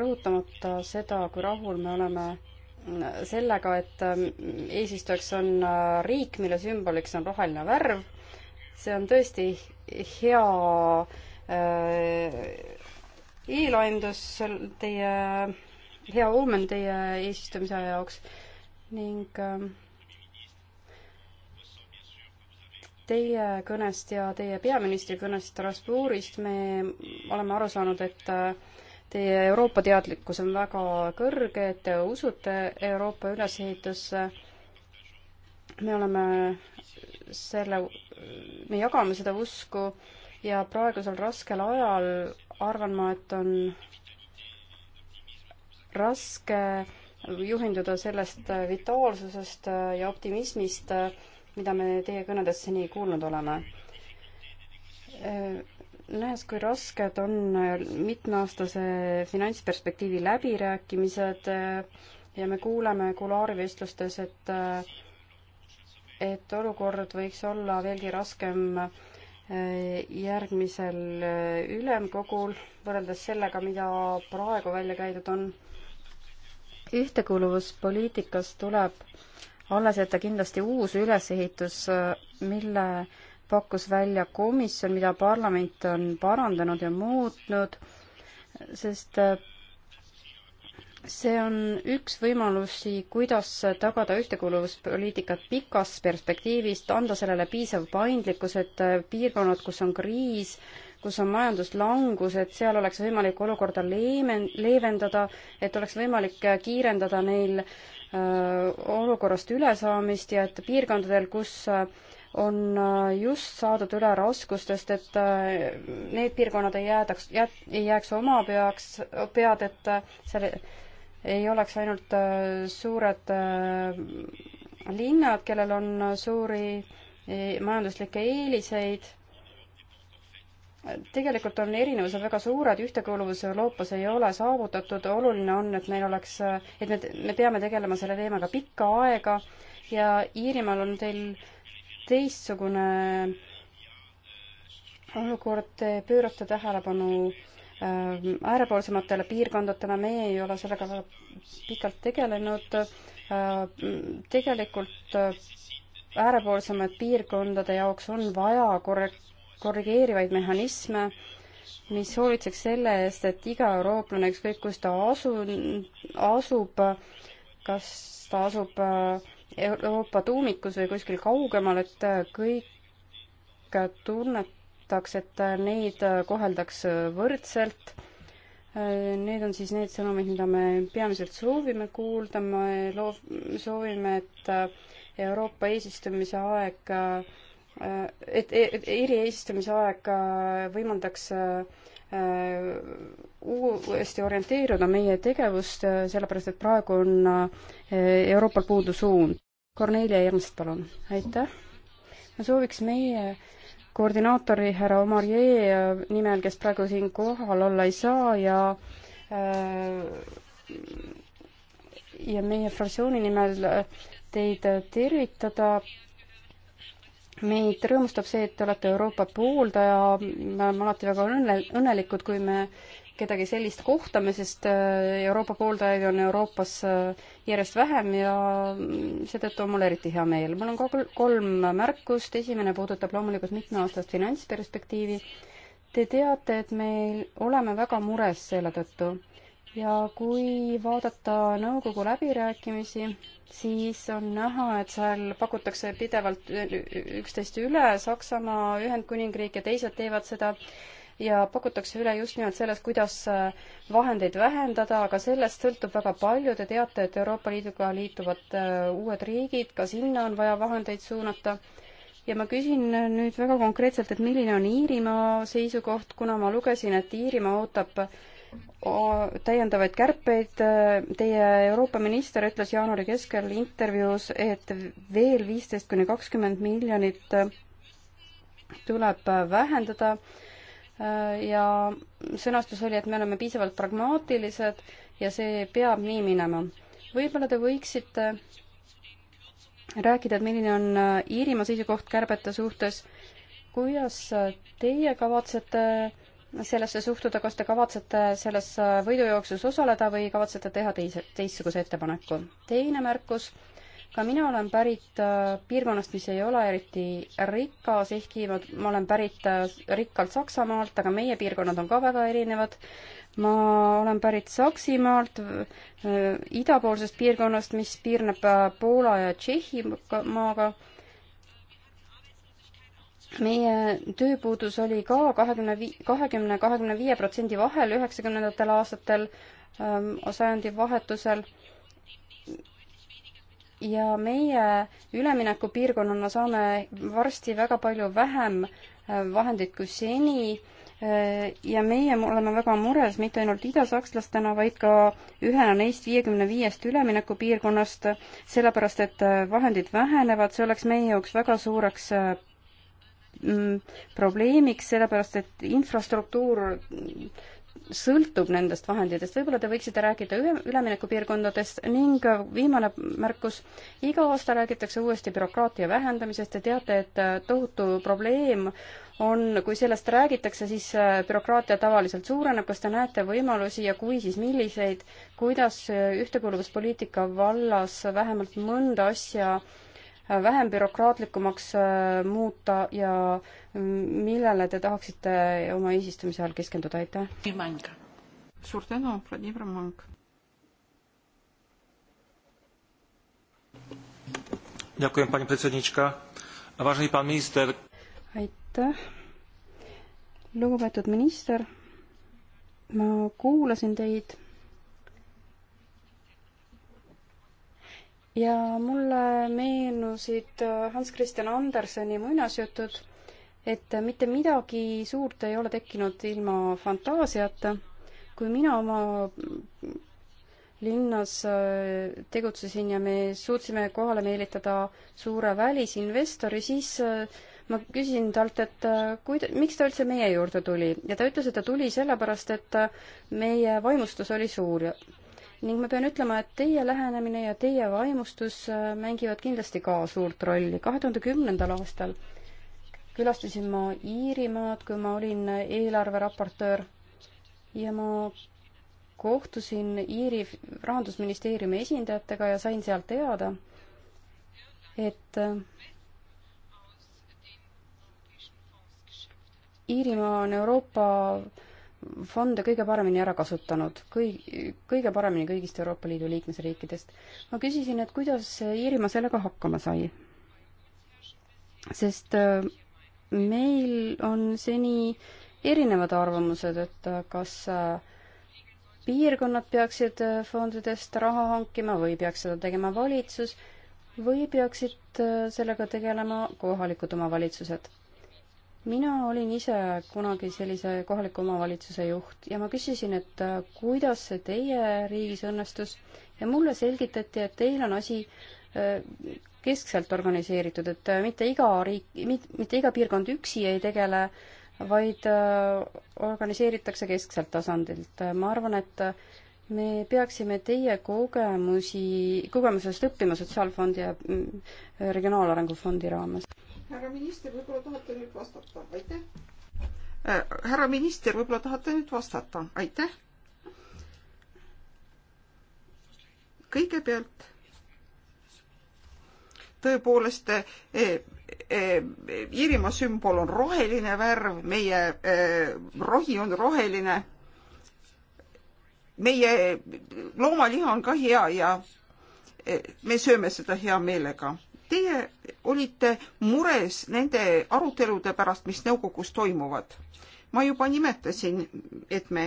S3: rõhutamata seda, kui rahul me oleme äh, sellega, et eesistujaks on riik, mille sümboliks on roheline värv. see on tõesti hea eelaimdus teie, hea oomen teie eesistumise aja jaoks ning äh, teie kõnest ja teie peaministri kõnest Strasbourgist me oleme aru saanud, et äh, teie Euroopa teadlikkus on väga kõrge, et te usute Euroopa ülesehitusse. me oleme selle, me jagame seda usku ja praegusel raskel ajal arvan ma, et on raske juhinduda sellest vitaalsusest ja optimismist, mida me teie kõnedest seni kuulnud oleme. nähes, kui rasked on mitmeaastase finantsperspektiivi läbirääkimised ja me kuuleme kuluaarivestlustes, et et olukord võiks olla veelgi raskem eh, järgmisel eh, ülemkogul võrreldes sellega, mida praegu välja käidud on. ühtekuuluvuspoliitikas tuleb alles, et ta kindlasti uus ülesehitus, mille pakkus välja komisjon, mida parlament on parandanud ja muutnud, sest see on üks võimalusi, kuidas tagada ühtekuuluvuspoliitikat pikas perspektiivis, anda sellele piisav paindlikkus, et piirkonnad, kus on kriis, kus on majanduslangus, et seal oleks võimalik olukorda leeven-, leevendada, et oleks võimalik kiirendada neil äh, Äh, olukorrast ülesaamist ja et piirkondadel, kus äh, on äh, just saadud üle raskustest, et need piirkonnad ei jäädaks, ei jääks oma peaks, pead, et seal ei oleks ainult suured linnad, kellel on suuri eh, majanduslikke eeliseid tegelikult on erinevused väga suured, ühtekuuluvus Euroopas ei ole saavutatud, oluline on, et meil oleks, et me, me peame tegelema selle teemaga pikka aega ja Iirimaal on teil teistsugune olukord, te pöörate tähelepanu ähm, äärepoolsematele piirkondadele, meie ei ole sellega väga pikalt tegelenud. Äh, tegelikult äh, äärepoolsemate piirkondade jaoks on vaja korrekt-, korrigeerivaid mehhanisme, mis hoolitseks selle eest, et iga eurooplane, ükskõik kus ta asu, asub, kas ta asub äh, Euroopa tuumikus või kuskil kaugemal, et äh, kõik tunnetaks, et äh, neid koheldaks võrdselt. Need on siis need sõnumid, mida me peamiselt soovime kuulda, me loov-, soovime, et Euroopa eesistumise aeg äh, et eri eesistumise aeg äh, võimaldaks äh, uuesti orienteeruda meie tegevust, äh, sellepärast et praegu on Euroopal puudu suund. Kornelia Ernst, palun. aitäh. ma sooviks meie koordinaatori härra Omar Jee nimel, kes praegu siin kohal olla ei saa ja ja meie fraktsiooni nimel teid tervitada meid rõõmustab see, et te olete Euroopa pooldaja, me oleme alati väga õnne, õnnelikud, kui me kedagi sellist kohtame, sest äh, Euroopa pooldajaid on Euroopas äh, järjest vähem ja seetõttu on mul eriti hea meel. mul on kolm märkust, esimene puudutab loomulikult mitmeaastast finantsperspektiivi. Te teate, et me oleme väga mures selle tõttu, ja kui vaadata nõukogu läbirääkimisi, siis on näha, et seal pakutakse pidevalt üksteist üle, Saksamaa, Ühendkuningriik ja teised teevad seda ja pakutakse üle just nimelt selles, kuidas äh, vahendeid vähendada, aga sellest sõltub väga palju, te teate, et Euroopa Liiduga liituvad äh, uued riigid, ka sinna on vaja vahendeid suunata. ja ma küsin äh, nüüd väga konkreetselt, et milline on Iirimaa seisukoht, kuna ma lugesin, et Iirimaa ootab täiendavaid kärpeid. Äh, teie Euroopa minister ütles jaanuari keskel intervjuus, et veel viisteist kuni kakskümmend miljonit äh, tuleb äh, vähendada ja sõnastus oli, et me oleme piisavalt pragmaatilised ja see peab nii minema. võib-olla te võiksite rääkida, et milline on Iirimaa seisukoht kärbete suhtes, kuidas teie kavatsete äh, sellesse suhtuda, kas te kavatsete selles võidujooksus osaleda või kavatsete teha teise, teistsuguse ettepaneku? teine märkus, ka mina olen pärit äh, piirkonnast, mis ei ole eriti rikas, ehkki ma, ma olen pärit äh, rikkalt Saksamaalt, aga meie piirkonnad on ka väga erinevad. ma olen pärit Saksimaalt, äh, idapoolsest piirkonnast, mis piirneb Poola ja Tšehhimaaga meie tööpuudus oli ka kahekümne, kahekümne, kahekümne viie protsendi vahel üheksakümnendatel aastatel ähm, sajandivahetusel. ja meie üleminekupiirkonnana saame varsti väga palju vähem äh, vahendeid kui seni äh, ja meie oleme väga mures mitte ainult idasakslastena, vaid ka ühena neist viiekümne viiest üleminekupiirkonnast, sellepärast et äh, vahendid vähenevad, see oleks meie jaoks väga suureks Mm, probleemiks, sellepärast et infrastruktuur sõltub nendest vahenditest, võib-olla te võiksite rääkida ühe, üleminekupiirkondadest ning viimane märkus, iga aasta räägitakse uuesti bürokraatia vähendamisest, te teate, et äh, tohutu probleem on, kui sellest räägitakse, siis äh, bürokraatia tavaliselt suureneb, kas te näete võimalusi ja kui, siis milliseid, kuidas äh, ühtekuuluvuspoliitika vallas vähemalt mõnda asja äh, vähem bürokraatlikumaks äh, muuta ja mm, millele te tahaksite oma eesistumise ajal keskenduda, aitäh!
S1: suur tänu, Vladimir Mank!
S3: aitäh! lugupeetud minister, ma kuulasin teid ja mulle meenusid äh, Hans Christian Anderseni muinasjutud, et äh, mitte midagi suurt ei ole tekkinud ilma fantaasiata. kui mina oma mm, linnas äh, tegutsesin ja me suutsime kohale meelitada suure välisinvestori, siis ma küsisin talt, et kui, miks ta üldse meie juurde tuli ja ta ütles, et ta tuli sellepärast, et meie vaimustus oli suur ja ning ma pean ütlema, et teie lähenemine ja teie vaimustus äh, mängivad kindlasti ka suurt rolli. kahe tuhande kümnendal aastal külastasin ma Iirimaad, kui ma olin eelarveraportöör ja ma kohtusin Iiri rahandusministeeriumi esindajatega ja sain sealt teada, et äh, Iirimaa on Euroopa fonde kõige paremini ära kasutanud, kõi-, kõige paremini kõigist Euroopa Liidu liikmesriikidest. ma küsisin, et kuidas Iirimaa sellega hakkama sai? sest äh, meil on seni erinevad arvamused, et äh, kas äh, piirkonnad peaksid fondidest raha hankima või peaks seda tegema valitsus või peaksid sellega tegelema kohalikud omavalitsused mina olin ise kunagi sellise kohaliku omavalitsuse juht ja ma küsisin, et äh, kuidas see teie riigis õnnestus ja mulle selgitati, et teil on asi äh, keskselt organiseeritud, et äh, mitte iga riik, mitte iga piirkond üksi ei tegele, vaid organiseeritakse keskselt tasandilt. ma arvan, et me peaksime teie kogemusi, kogemusest õppima Sotsiaalfondi ja mm, Regionaalarengu Fondi raames
S1: härra minister, võib-olla tahate nüüd vastata, aitäh. Äh, härra minister, võib-olla tahate nüüd vastata, aitäh. kõigepealt tõepoolest äh, äh, Iirimaa sümbol on roheline värv, meie rohi on roheline. meie loomaliha on ka hea ja me sööme seda hea meelega Teie olite mures nende arutelude pärast, mis nõukogus toimuvad. ma juba nimetasin, et me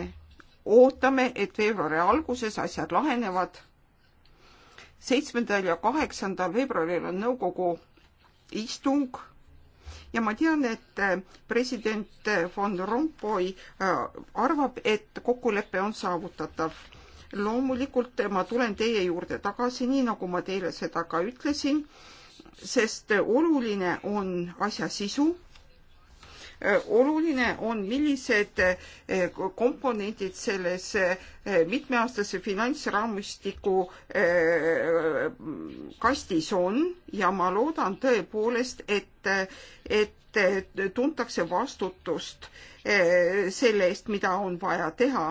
S1: ootame, et veebruari alguses asjad lahenevad. seitsmendal ja kaheksandal veebruaril on nõukogu istung ja ma tean, et äh, president äh, von Rompuy äh, arvab, et kokkulepe on saavutatav. loomulikult ma tulen teie juurde tagasi, nii nagu ma teile seda ka ütlesin sest oluline on asja sisu. Äh, oluline on, millised äh, komponendid selles äh, mitmeaastase finantsraamistiku kastis on ja ma loodan tõepoolest, et, et tuntakse vastutust selle eest, mida on vaja teha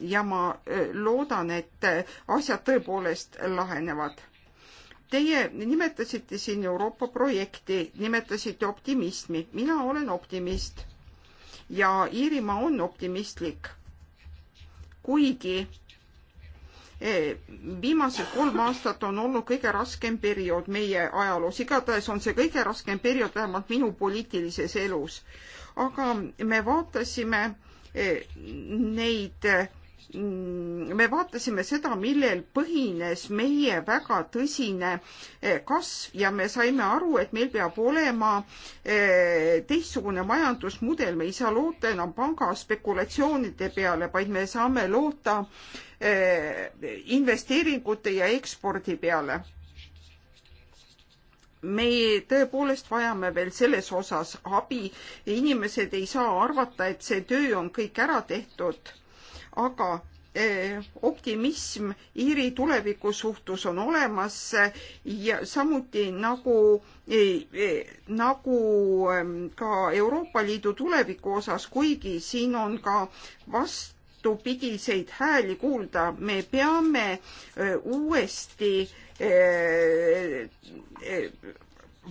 S1: ja ma loodan, et asjad tõepoolest lahenevad Teie nimetasite siin Euroopa projekti, nimetasite optimismi. mina olen optimist ja Iirimaa on optimistlik. kuigi eh, viimased kolm aastat on olnud kõige raskem periood meie ajaloos, igatahes on see kõige raskem periood vähemalt minu poliitilises elus. aga me vaatasime eh, neid eh, Mm, me vaatasime seda, millel põhines meie väga tõsine eh, kasv ja me saime aru, et meil peab olema eh, teistsugune majandusmudel, me ei saa loota enam panga spekulatsioonide peale, vaid me saame loota eh, investeeringute ja ekspordi peale me tõepoolest vajame veel selles osas abi, inimesed ei saa arvata, et see töö on kõik ära tehtud aga eh, optimism Iiri tuleviku suhtes on olemas ja samuti nagu, eh, eh, nagu ehm, ka Euroopa Liidu tuleviku osas, kuigi siin on ka vastupidiseid hääli kuulda, me peame uuesti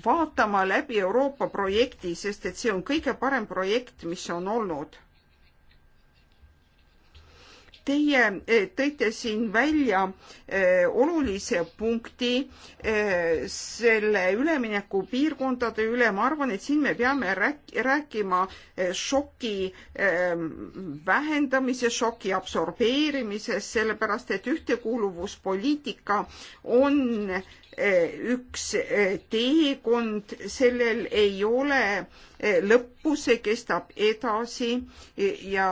S1: vaatama läbi Euroopa projekti, sest et see on kõige parem projekt, mis on olnud Teie eh, tõite siin välja eh, olulise punkti eh, selle ülemineku piirkondade üle. ma arvan, et siin me peame rääkima šoki vähendamise, šoki absorbeerimisest, sellepärast et ühtekuuluvuspoliitika on üks teekond, sellel ei ole lõppu, see kestab edasi ja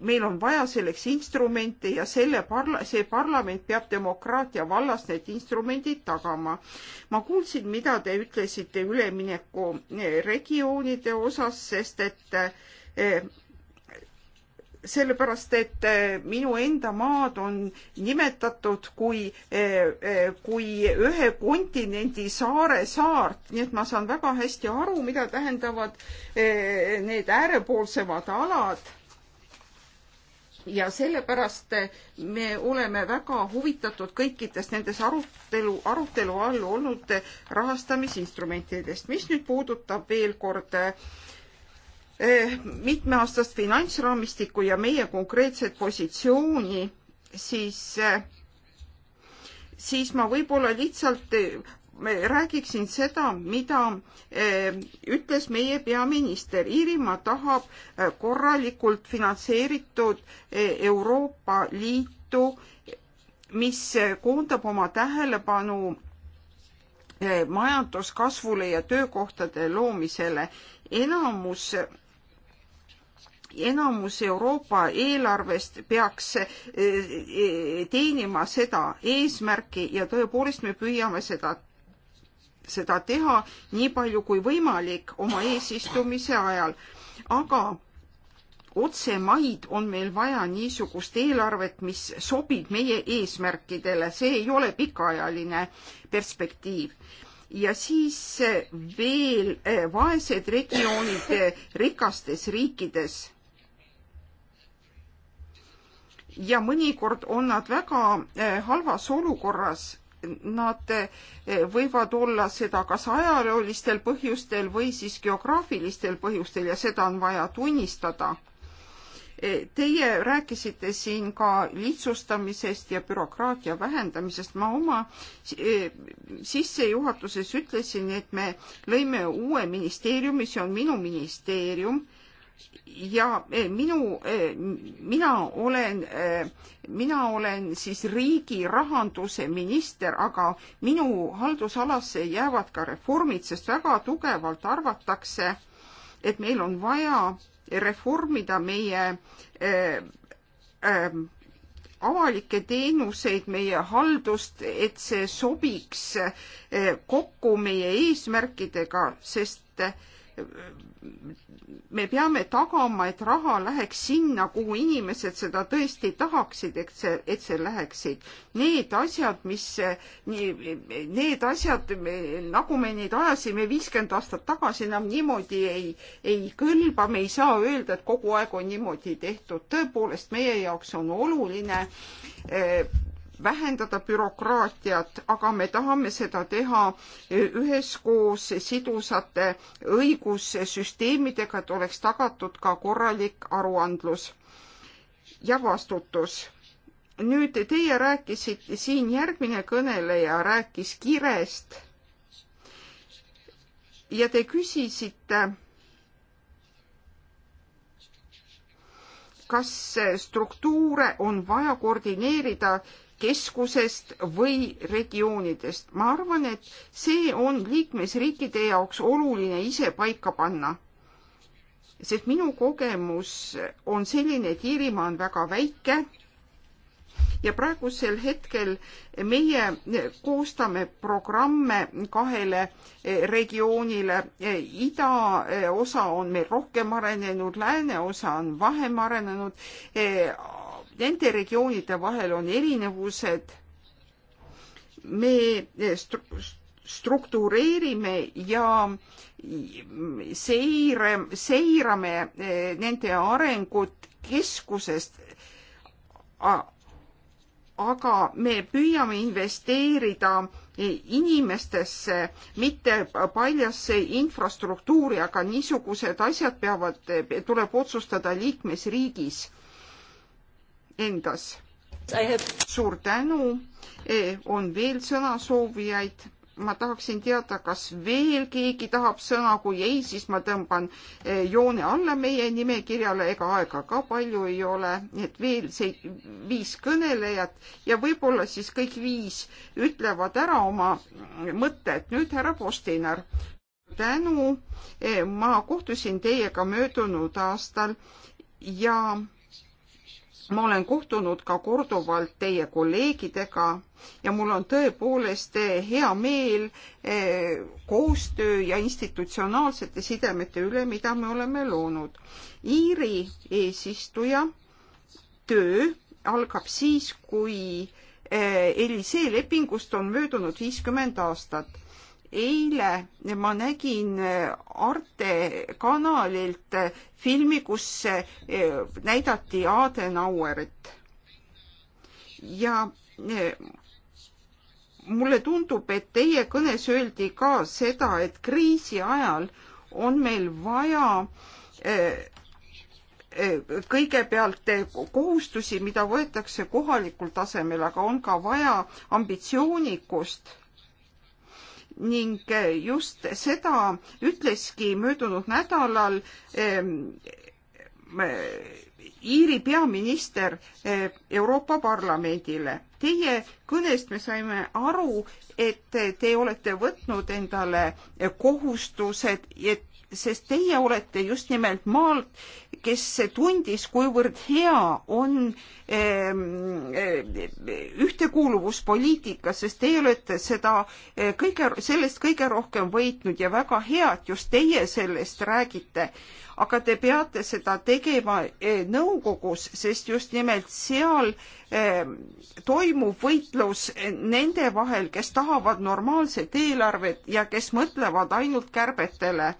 S1: meil on vaja selleks instrumente ja selle parla-, see parlament peab demokraatia vallas need instrumendid tagama. ma kuulsin, mida te ütlesite ülemineku eh, regioonide osas, sest et eh, sellepärast, et eh, minu enda maad on nimetatud kui, kui ühe kontinendi saare saart, nii et ma saan väga hästi aru, mida tähendavad need äärepoolsemad alad ja sellepärast me oleme väga huvitatud kõikidest nendes arutelu, arutelu all olnud rahastamisinstrumentidest. mis nüüd puudutab veel kord eh, mitmeaastast finantsraamistikku ja meie konkreetset positsiooni, siis eh, siis ma võib-olla lihtsalt räägiksin seda, mida eh, ütles meie peaminister. Iirimaa tahab eh, korralikult finantseeritud eh, Euroopa Liitu, mis koondab oma tähelepanu majanduskasvule ja töökohtade loomisele. enamus enamus Euroopa eelarvest peaks teenima seda eesmärki ja tõepoolest me püüame seda seda teha nii palju kui võimalik oma eesistumise ajal. aga otsemaid on meil vaja niisugust eelarvet, mis sobib meie eesmärkidele, see ei ole pikaajaline perspektiiv ja siis veel eh, vaesed regioonid eh, rikastes riikides. ja mõnikord on nad väga eh, halvas olukorras nad eh, võivad olla seda kas ajaloolistel põhjustel või siis geograafilistel põhjustel ja seda on vaja tunnistada. Eh, teie rääkisite siin ka lihtsustamisest ja bürokraatia vähendamisest. ma oma eh, sissejuhatuses ütlesin, et me lõime uue ministeeriumi, see on minu ministeerium ja eh, minu, eh, mina olen, eh, mina olen siis riigi rahanduse minister, aga minu haldusalasse jäävad ka reformid, sest väga tugevalt arvatakse, et meil on vaja reformida meie avalikke teenuseid, meie haldust, et see sobiks kokku meie eesmärkidega, sest me peame tagama, et raha läheks sinna, kuhu inimesed seda tõesti tahaksid, et see, et see läheksid. Need asjad, mis, need asjad, nagu me neid ajasime viiskümmend aastat tagasi, enam niimoodi ei, ei kõlba, me ei saa öelda, et kogu aeg on niimoodi tehtud. tõepoolest, meie jaoks on oluline eh, vähendada bürokraatiat, aga me tahame seda teha üheskoos sidusate õigussüsteemidega, et oleks tagatud ka korralik aruandlus ja vastutus nüüd teie rääkisite, siin järgmine kõneleja rääkis kirest ja te küsisite, kas struktuure on vaja koordineerida keskusest või regioonidest. ma arvan, et see on liikmesriikide jaoks oluline ise paika panna. sest minu kogemus on selline, et Iirimaa on väga väike ja praegusel hetkel meie koostame programme kahele regioonile. idaosa on meil rohkem arenenud, lääne osa on vähem arenenud nende regioonide vahel on erinevused. me struktureerime ja seire, seirame eh, nende arengut keskusest, aga me püüame investeerida eh, inimestesse, mitte paljasse infrastruktuuri, aga niisugused asjad peavad, eh, tuleb otsustada liikmesriigis endas. suur tänu, e on veel sõnasoovijaid ma tahaksin teada, kas veel keegi tahab sõna, kui ei, siis ma tõmban e, joone alla meie nimekirjale, ega aega ka palju ei ole, nii et veel see viis kõnelejat ja võib-olla siis kõik viis ütlevad ära oma mõtted. nüüd härra Postinar, tänu, e, ma kohtusin teiega möödunud aastal ja ma olen kohtunud ka korduvalt teie kolleegidega ja mul on tõepoolest eh, hea meel eh, koostöö ja institutsionaalsete sidemete üle, mida me oleme loonud. Iiri eesistuja töö algab siis, kui eh, Elisee lepingust on möödunud viiskümmend aastat eile ma nägin Arte kanalilt filmi, kus eh, näidati Adenauerit. ja eh, mulle tundub, et teie kõnes öeldi ka seda, et kriisi ajal on meil vaja eh, kõigepealt kohustusi, mida võetakse kohalikul tasemel, aga on ka vaja ambitsioonikust ning eh, just seda ütleski möödunud nädalal ehm, eh, Iiri peaminister eh, Euroopa Parlamendile. Teie kõnest me saime aru, et te olete võtnud endale kohustused, et sest teie olete just nimelt maalt, kes tundis, kuivõrd hea on ehm, eh, ühtekuuluvuspoliitika, sest teie olete seda eh, kõige, sellest kõige rohkem võitnud ja väga hea, et just teie sellest räägite. aga te peate seda tegema eh, nõukogus, sest just nimelt seal ehm, toimub võitlus nende vahel, kes tahavad normaalset eelarvet ja kes mõtlevad ainult kärbetele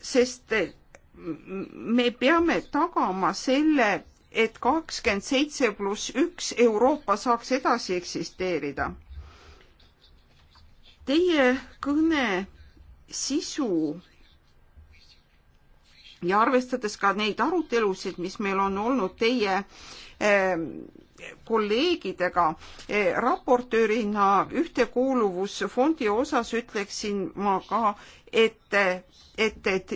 S1: sest äh, me peame tagama selle, et kakskümmend seitse pluss üks Euroopa saaks edasi eksisteerida. Teie kõne sisu ja arvestades ka neid arutelusid, mis meil on olnud teie ähm, kolleegidega eh, raportöörina ühtekuuluvusfondi osas ütleksin ma ka, et, et, et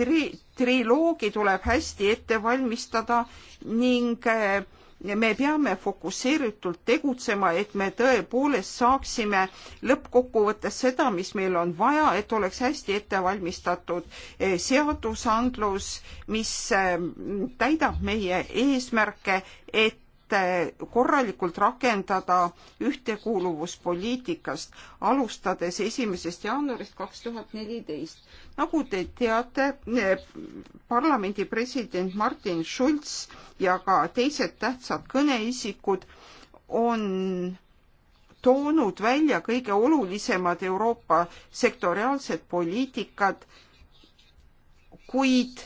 S1: tri, triloogi tuleb hästi ette valmistada ning eh, me peame fokusseeritult tegutsema, et me tõepoolest saaksime lõppkokkuvõttes seda, mis meil on vaja, et oleks hästi ette valmistatud eh, seadusandlus, mis täidab meie eesmärke, et korralikult rakendada ühtekuuluvuspoliitikast, alustades esimesest jaanuarist kaks tuhat neliteist. nagu te teate, parlamendi president Martin Schulz ja ka teised tähtsad kõneisikud on toonud välja kõige olulisemad Euroopa sektoriaalsed poliitikad, kuid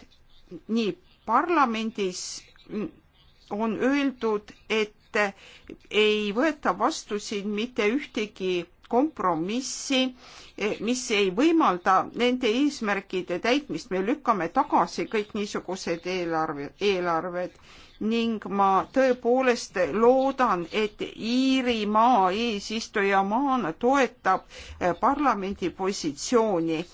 S1: nii parlamendis on öeldud, et ei võeta vastu siin mitte ühtegi kompromissi, mis ei võimalda nende eesmärkide täitmist, me lükkame tagasi kõik niisugused eelarve, eelarved ning ma tõepoolest loodan, et Iirimaa eesistujamaana toetab eh, parlamendi positsiooni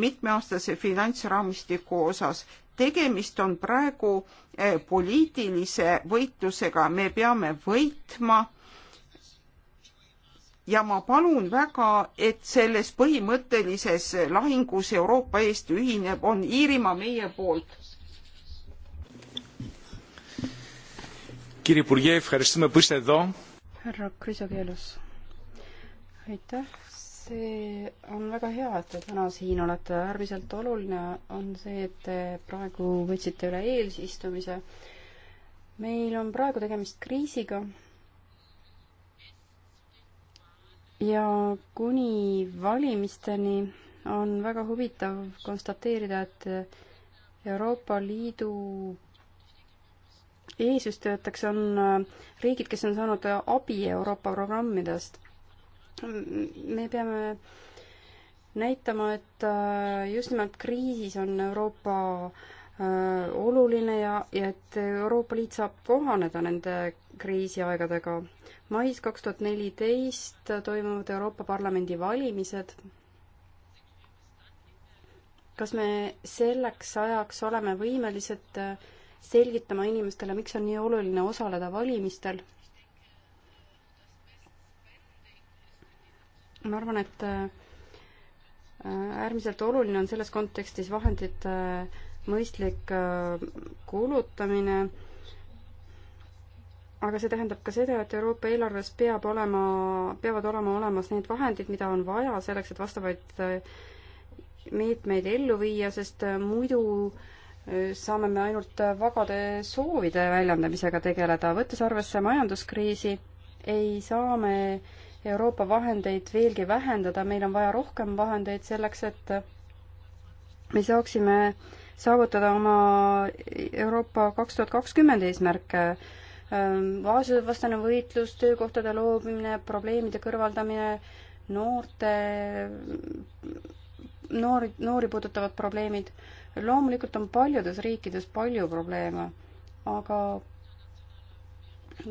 S1: mitmeaastase finantsraamistiku osas tegemist on praegu eh, poliitilise võitlusega, me peame võitma. ja ma palun väga, et selles põhimõttelises lahingus Euroopa eest ühineb, on Iirimaa meie poolt.
S3: härra Krisokeelus, aitäh see on väga hea, et te täna siin olete, äärmiselt oluline on see, et te praegu võtsite üle eelsistumise. meil on praegu tegemist kriisiga. ja kuni valimisteni on väga huvitav konstateerida, et Euroopa Liidu eesistujateks on riigid, kes on saanud abi Euroopa programmidest me peame näitama, et äh, just nimelt kriisis on Euroopa äh, oluline ja, ja et Euroopa Liit saab kohaneda nende kriisiaegadega. mais kaks tuhat neliteist toimuvad Euroopa Parlamendi valimised. kas me selleks ajaks oleme võimelised äh, selgitama inimestele, miks on nii oluline osaleda valimistel? ma arvan, et äh, äärmiselt oluline on selles kontekstis vahendite äh, mõistlik äh, kulutamine, aga see tähendab ka seda, et Euroopa eelarves peab olema, peavad olema olemas need vahendid, mida on vaja selleks, et vastavaid meetmeid ellu viia, sest muidu saame me ainult vagade soovide väljendamisega tegeleda. võttes arvesse majanduskriisi, ei saa me äh, Euroopa vahendeid veelgi vähendada, meil on vaja rohkem vahendeid selleks, et me saaksime saavutada oma Euroopa kaks tuhat kakskümmend eesmärke ähm, vaesusevastane võitlus, töökohtade loomine, probleemide kõrvaldamine, noorte, noori, noori puudutavad probleemid. loomulikult on paljudes riikides palju probleeme, aga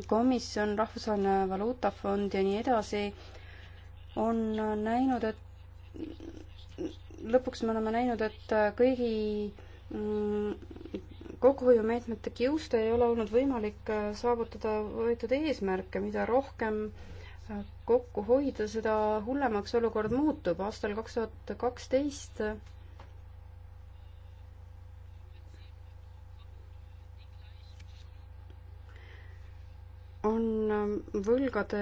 S3: komisjon, Rahvusvaheline Valuutafond ja nii edasi on näinud, et lõpuks me oleme näinud, et kõigi mm, kokkuhoiumeetmete kiuste ei ole olnud võimalik äh, saavutada võetud eesmärke, mida rohkem äh, kokku hoida, seda hullemaks olukord muutub. aastal kaks tuhat kaksteist on ähm, võlgade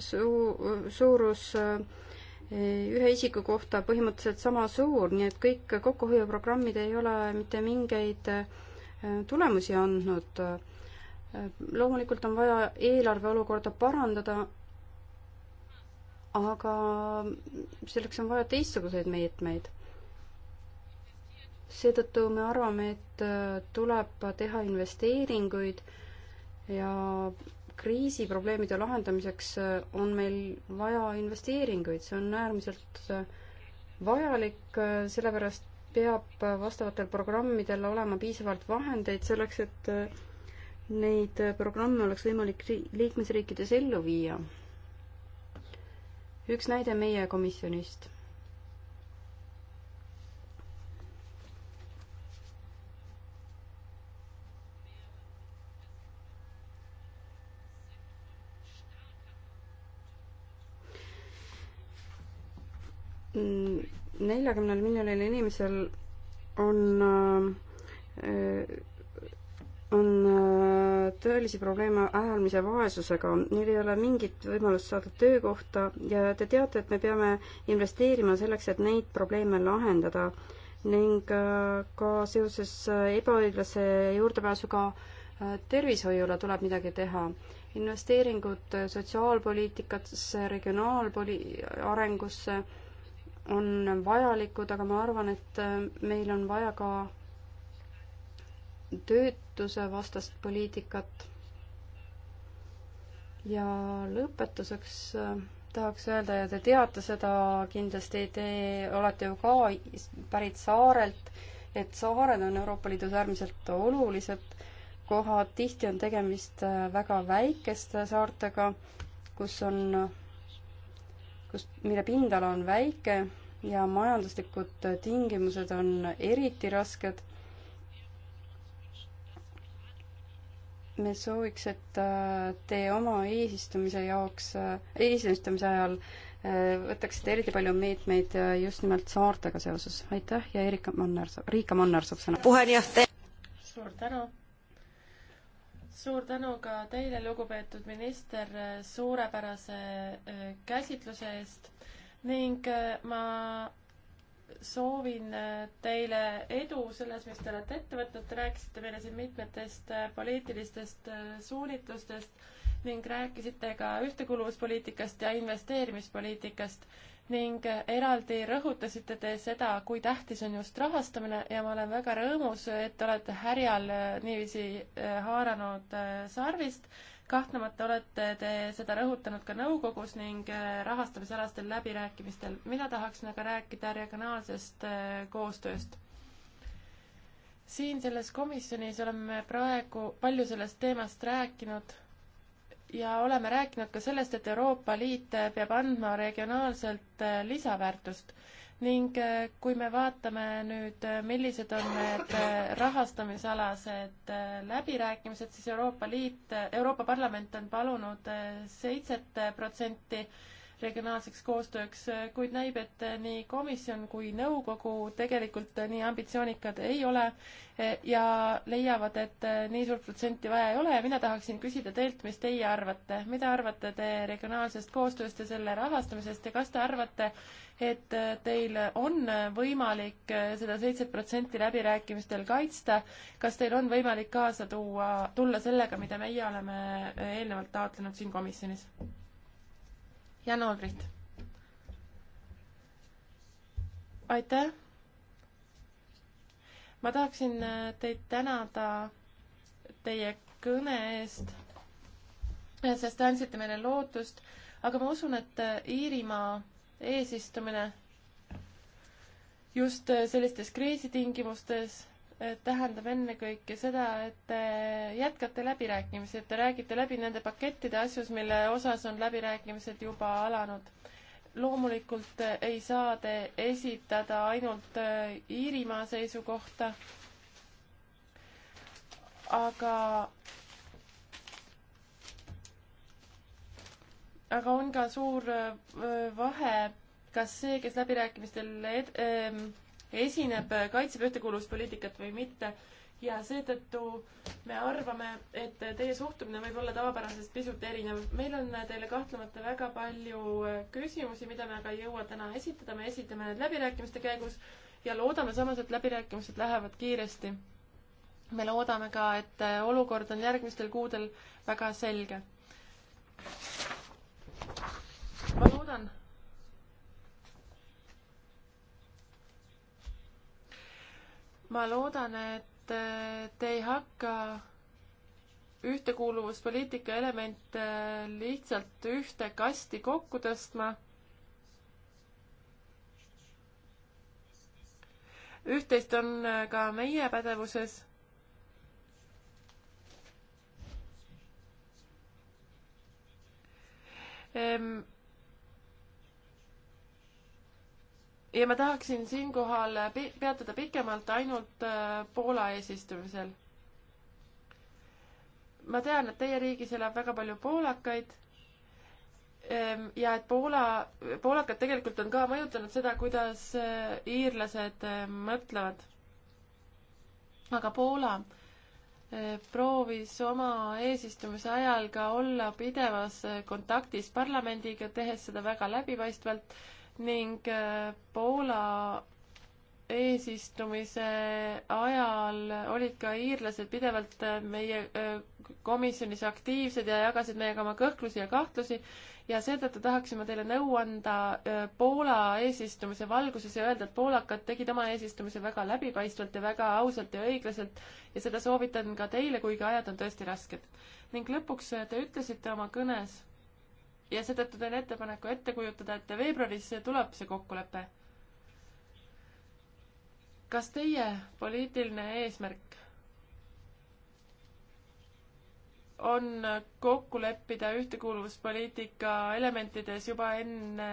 S3: suu-, suurus äh, ühe isiku kohta põhimõtteliselt sama suur, nii et kõik kokkuhoiuprogrammid ei ole mitte mingeid äh, tulemusi andnud. loomulikult on vaja eelarve olukorda parandada, aga selleks on vaja teistsuguseid meetmeid. seetõttu me arvame, et äh, tuleb teha investeeringuid ja kriisiprobleemide lahendamiseks äh, on meil vaja investeeringuid, see on äärmiselt äh, vajalik, äh, sellepärast peab vastavatel programmidel olema piisavalt vahendeid selleks, et neid programme oleks võimalik liikmesriikides ellu viia. üks näide meie komisjonist neljakümnel miljonil inimesel on, äh, on äh, tõelisi probleeme äärmise vaesusega, neil ei ole mingit võimalust saada töökohta ja te teate, et me peame investeerima selleks, et neid probleeme lahendada ning äh, ka seoses ebaõiglase juurdepääsuga tervishoiule tuleb midagi teha. investeeringud sotsiaalpoliitikasse, regionaalpoli-, arengusse on vajalikud, aga ma arvan, et äh, meil on vaja ka töötuse vastast poliitikat. ja lõpetuseks äh, tahaks öelda ja te teate seda kindlasti, te olete ju ka pärit saarelt, et saared on Euroopa Liidus äärmiselt olulised kohad, tihti on tegemist äh, väga väikeste saartega, kus on kus, mille pindala on väike ja majanduslikud tingimused on eriti rasked. me sooviks, et äh, te oma eesistumise jaoks, äh, eesistumise ajal äh, võtaksite eriti palju meetmeid just nimelt saartega seoses. aitäh ja Erika Mannar saab, Riika Mannar saab sõna. puhenjuht.
S2: suur tänu suur tänu ka teile, lugupeetud minister, suurepärase äh, käsitluse eest ning äh, ma soovin äh, teile edu selles, mis te olete ette võtnud. Te rääkisite meile siin mitmetest poliitilistest suunitlustest ning rääkisite ka ühtekuuluvuspoliitikast ja investeerimispoliitikast ning eraldi rõhutasite te seda, kui tähtis on just rahastamine ja ma olen väga rõõmus, et olete härjal niiviisi äh, haaranud äh, sarvist. kahtlemata olete te seda rõhutanud ka nõukogus ning äh, rahastamisalastel läbirääkimistel. mina tahaksin aga rääkida regionaalsest koostööst siin selles komisjonis oleme praegu palju sellest teemast rääkinud ja oleme rääkinud ka sellest, et Euroopa Liit peab andma regionaalselt äh, lisaväärtust ning äh, kui me vaatame nüüd, äh, millised on need rahastamisalased läbirääkimised, siis Euroopa Liit, Euroopa Parlament on palunud seitset protsenti regionaalseks koostööks, kuid näib, et nii komisjon kui nõukogu tegelikult nii ambitsioonikad ei ole ja leiavad, et nii suurt protsenti vaja ei ole ja mina tahaksin küsida teilt, mis teie arvate, mida arvate te regionaalsest koostööst ja selle rahastamisest ja kas te arvate, et teil on võimalik seda seitset protsenti läbirääkimistel kaitsta, kas teil on võimalik kaasa tuua, tulla sellega, mida meie oleme eelnevalt taotlenud siin komisjonis? Jan Olbrit. aitäh! ma tahaksin äh, teid tänada teie kõne eest, äh, sest te andsite meile lootust, aga ma usun, et äh, Iirimaa eesistumine just sellistes kriisitingimustes tähendab ennekõike seda, et te jätkate läbirääkimisi, et te räägite läbi nende pakettide asjus, mille osas on läbirääkimised juba alanud. loomulikult ei saa te esitada ainult äh, Iirimaa seisukohta, aga aga on ka suur äh, vahe, kas see, kes läbirääkimistel ed-, ähm, esineb, kaitseb ühtekuuluvuspoliitikat või mitte. ja seetõttu me arvame, et teie suhtumine võib olla tavapärasest pisut erinev. meil on teile kahtlemata väga palju küsimusi, mida me aga ei jõua täna esitada, me esitame need läbirääkimiste käigus ja loodame samas, et läbirääkimised lähevad kiiresti. me loodame ka, et olukord on järgmistel kuudel väga selge. ma loodan ma loodan, et äh, te ei hakka ühtekuuluvuspoliitika elemente äh, lihtsalt ühte kasti kokku tõstma. üht-teist on äh, ka meie pädevuses. Um, ja ma tahaksin siinkohal peatuda pikemalt ainult äh, Poola eesistumisel. ma tean, et teie riigis elab väga palju poolakaid ähm, ja et Poola, poolakad tegelikult on ka mõjutanud seda, kuidas äh, iirlased äh, mõtlevad. aga Poola proovis oma eesistumise ajal ka olla pidevas kontaktis parlamendiga, tehes seda väga läbipaistvalt ning äh, Poola eesistumise ajal olid ka iirlased pidevalt äh, meie äh, komisjonis aktiivsed ja jagasid meiega oma kõhklusi ja kahtlusi ja seetõttu tahaksime teile nõu anda Poola eesistumise valguses ja öelda, et poolakad tegid oma eesistumise väga läbipaistvalt ja väga ausalt ja õiglaselt ja seda soovitan ka teile, kuigi ajad on tõesti rasked. ning lõpuks te ütlesite oma kõnes ja seetõttu teen ettepaneku ette kujutada, et veebruaris tuleb see kokkulepe. kas teie poliitiline eesmärk on kokku leppida ühtekuuluvuspoliitika elementides juba enne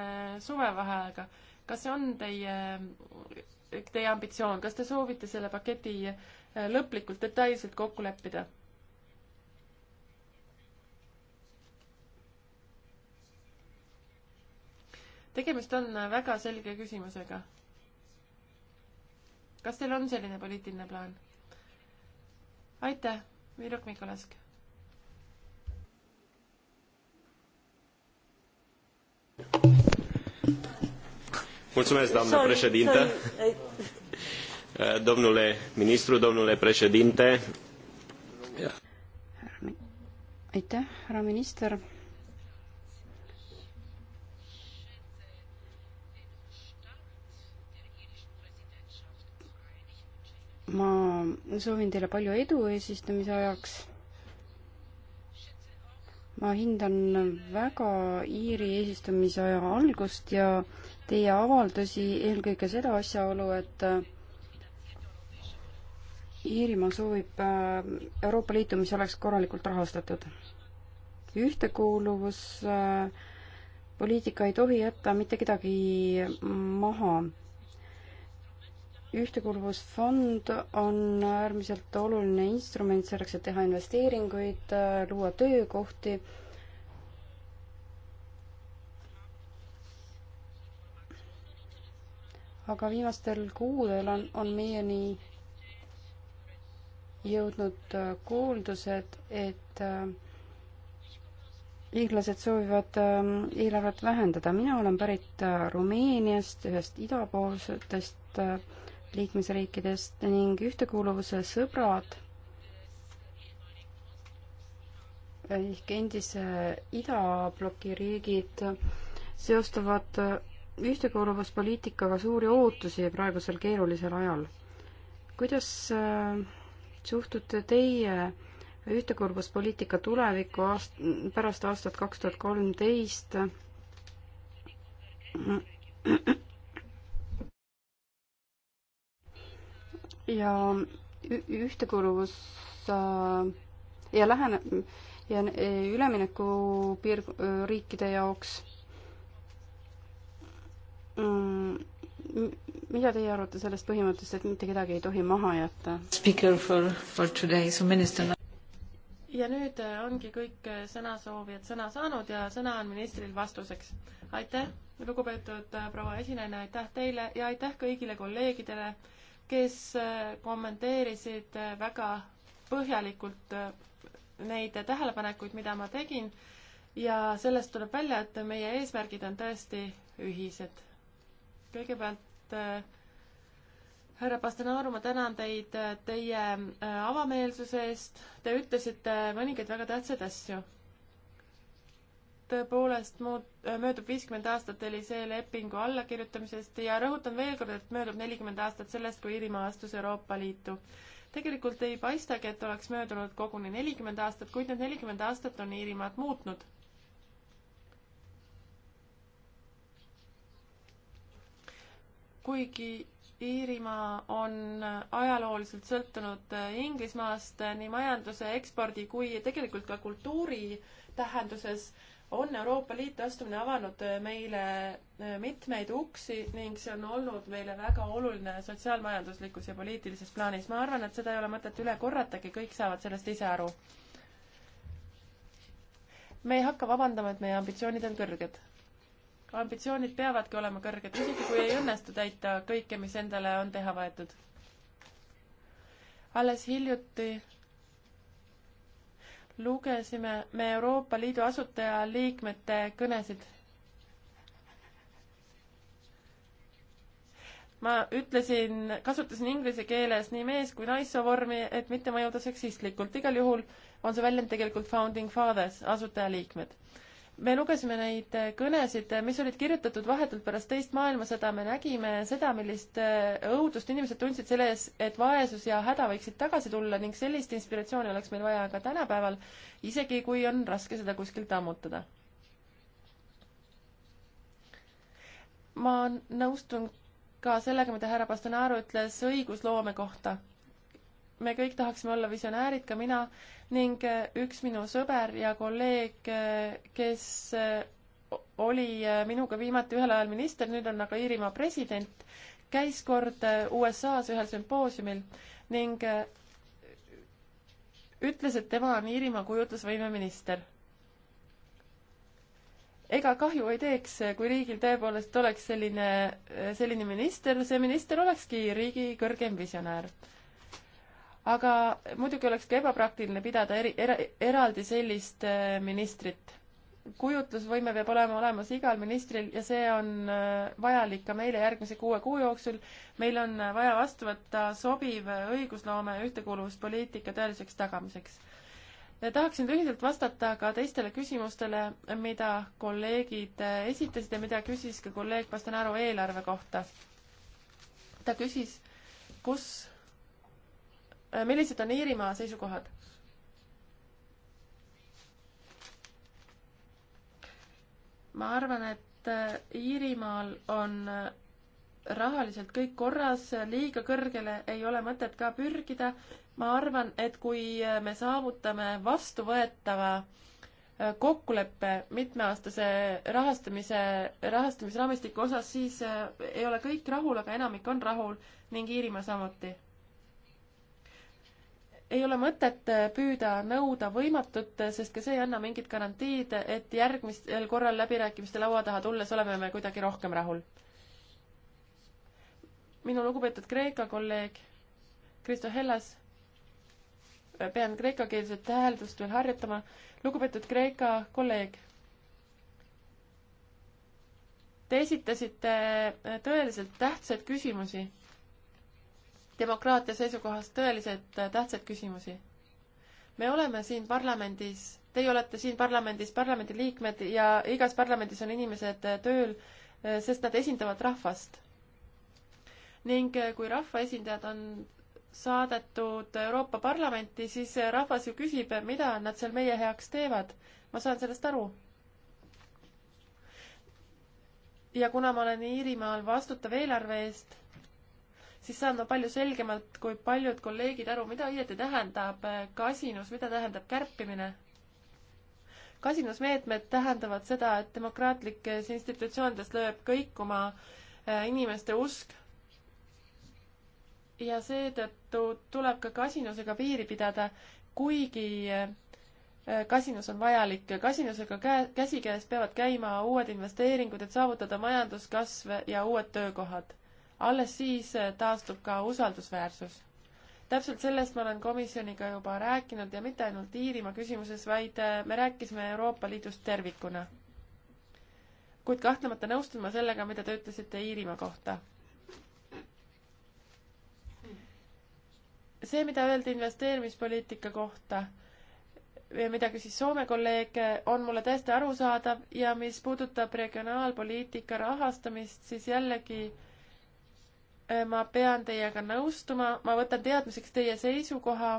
S2: suvevaheaega? kas see on teie, teie ambitsioon, kas te soovite selle paketi lõplikult detailselt kokku leppida? tegemist on väga selge küsimusega. kas teil on selline poliitiline plaan? aitäh, Viruk Mikolask.
S1: Mulțumesc, doamnă președintă. (laughs) Domnule ministru, domnule președinte.
S3: Aitäh, härra minister ma soovin teile palju edu eesistumise ajaks. ma hindan väga Iiri eesistumise aja algust ja teie avaldusi, eelkõige seda asjaolu, et Iirimaa soovib äh, Euroopa Liitu, mis oleks korralikult rahastatud. ühtekuuluvuspoliitika äh, ei tohi jätta mitte kedagi maha ühtekuuluvusfond on äärmiselt oluline instrument selleks, et teha investeeringuid, luua töökohti. aga viimastel kuudel on, on meieni jõudnud kuuldused, et hiiglased äh, soovivad ähm, eelarvet vähendada. mina olen pärit äh, Rumeeniast, ühest idapoolsetest äh, liikmesriikidest ning ühtekuuluvuse sõbrad ehk endise idabloki riigid seostavad ühtekuuluvuspoliitikaga suuri ootusi praegusel keerulisel ajal. kuidas äh, suhtute teie ühtekuuluvuspoliitika tulevikku aast-, pärast aastat kaks tuhat kolmteist ja ühtekuuluvus äh, ja lähene- ja äh, ülemineku piir-, äh, riikide jaoks mm, mida teie arvate sellest põhimõttest, et mitte kedagi ei tohi maha jätta?
S1: Speaker for, for today, so minister.
S2: ja nüüd ongi kõik sõnasoovijad sõna saanud ja sõna on ministril vastuseks. aitäh, lugupeetud proua esinaine, aitäh teile ja aitäh kõigile kolleegidele kes äh, kommenteerisid äh, väga põhjalikult äh, neid tähelepanekuid, mida ma tegin ja sellest tuleb välja, et meie eesmärgid on tõesti ühised. kõigepealt härra Pastanaru, ma tänan teid teie avameelsuse eest, te ütlesite mõningaid väga tähtsaid asju tõepoolest muud, möödub viiskümmend aastat Elisee lepingu allakirjutamisest ja rõhutan veel kord, et möödub nelikümmend aastat sellest, kui Iirimaa astus Euroopa Liitu. tegelikult ei paistagi, et oleks möödunud koguni nelikümmend aastat, kuid need nelikümmend aastat on Iirimaad muutnud. kuigi Iirimaa on ajalooliselt sõltunud Inglismaast nii majanduse, ekspordi kui tegelikult ka kultuuri tähenduses äh,, on Euroopa Liitu astumine avanud äh, meile äh, mitmeid uksi ning see on olnud meile väga oluline sotsiaalmajanduslikus ja poliitilises plaanis. ma arvan, et seda ei ole mõtet üle korratagi, kõik saavad sellest ise aru. me ei hakka vabandama, et meie ambitsioonid on kõrged. ambitsioonid peavadki olema kõrged, isegi kui ei õnnestu täita kõike, mis endale on teha võetud. alles hiljuti lugesime me Euroopa Liidu asutajaliikmete kõnesid ma ütlesin, kasutasin inglise keeles nii mees kui naissoovormi, et mitte mõjuda seksistlikult. igal juhul on see väljend tegelikult founding fathers, asutajaliikmed me lugesime neid äh, kõnesid, äh, mis olid kirjutatud vahetult pärast teist maailmasõda, me nägime seda, millist äh, õudust inimesed tundsid selles, et vaesus ja häda võiksid tagasi tulla ning sellist inspiratsiooni oleks meil vaja ka tänapäeval, isegi kui on raske seda kuskilt ammutada. ma nõustun ka sellega, mida härra Bastonaro ütles õigusloome kohta. me kõik tahaksime olla visionäärid, ka mina ning äh, üks minu sõber ja kolleeg, äh, kes äh, oli minuga viimati ühel ajal minister, nüüd on aga Iirimaa president, käis kord USA-s ühel sümpoosiumil ning ütles, et tema on Iirimaa kujutlusvõime minister ega kahju ei teeks, kui riigil tõepoolest oleks selline, selline minister, see minister olekski riigi kõrgem visionäär aga muidugi oleks ka ebapraktiline pidada eri, era, eraldi sellist äh, ministrit. kujutlusvõime peab olema olemas igal ministril ja see on äh, vajalik ka meile järgmise kuue kuu jooksul. meil on äh, vaja vastu võtta sobiv õigusloome ühtekuuluvuspoliitika tõeliseks tagamiseks. tahaksin lühidalt vastata ka teistele küsimustele, mida kolleegid esitasid ja mida küsis ka kolleeg Pastanaro eelarve kohta. ta küsis, kus Äh, millised on Iirimaa seisukohad? ma arvan, et äh, Iirimaal on äh, rahaliselt kõik korras, liiga kõrgele ei ole mõtet ka pürgida. ma arvan, et kui me saavutame vastuvõetava kokkuleppe mitmeaastase rahastamise, rahastamisraamistiku osas, siis ei ole kõik rahul, aga enamik on rahul ning Iirimaa samuti ei ole mõtet äh, püüda nõuda võimatut, äh, sest ka see ei anna mingit garantiid, et järgmisel korral läbirääkimiste laua taha tulles oleme me kuidagi rohkem rahul. minu lugupeetud Kreeka kolleeg Kristo Hellas, äh, pean kreekakeelset hääldust veel harjutama, lugupeetud Kreeka kolleeg, te esitasite tõeliselt tähtsaid küsimusi demokraatia seisukohast tõeliselt äh, tähtsaid küsimusi. me oleme siin parlamendis, teie olete siin parlamendis parlamendiliikmed ja igas parlamendis on inimesed äh, tööl, äh, sest nad esindavad rahvast. ning kui rahvaesindajad on saadetud Euroopa Parlamenti, siis rahvas ju küsib, mida nad seal meie heaks teevad. ma saan sellest aru. ja kuna ma olen Iirimaal vastutav eelarve eest siis saan ma palju selgemalt kui paljud kolleegid aru, mida õieti tähendab äh, kasinus, mida tähendab kärpimine. kasinusmeetmed tähendavad seda, et demokraatlikes institutsioonides lööb kõikuma äh, inimeste usk ja seetõttu tuleb ka kasinusega piiri pidada, kuigi äh, kasinus on vajalik. kasinusega käe, käsikäes peavad käima uued investeeringud, et saavutada majanduskasv ja uued töökohad alles siis äh, taastub ka usaldusväärsus. täpselt sellest ma olen komisjoniga juba rääkinud ja mitte ainult Iirimaa küsimuses, vaid äh, me rääkisime Euroopa Liidust tervikuna. kuid kahtlemata nõustun ma sellega, mida te ütlesite Iirimaa kohta. see, mida öeldi investeerimispoliitika kohta ja mida küsis Soome kolleeg, on mulle täiesti arusaadav ja mis puudutab regionaalpoliitika rahastamist, siis jällegi äh, Äh, ma pean teiega nõustuma, ma võtan teadmiseks teie seisukoha.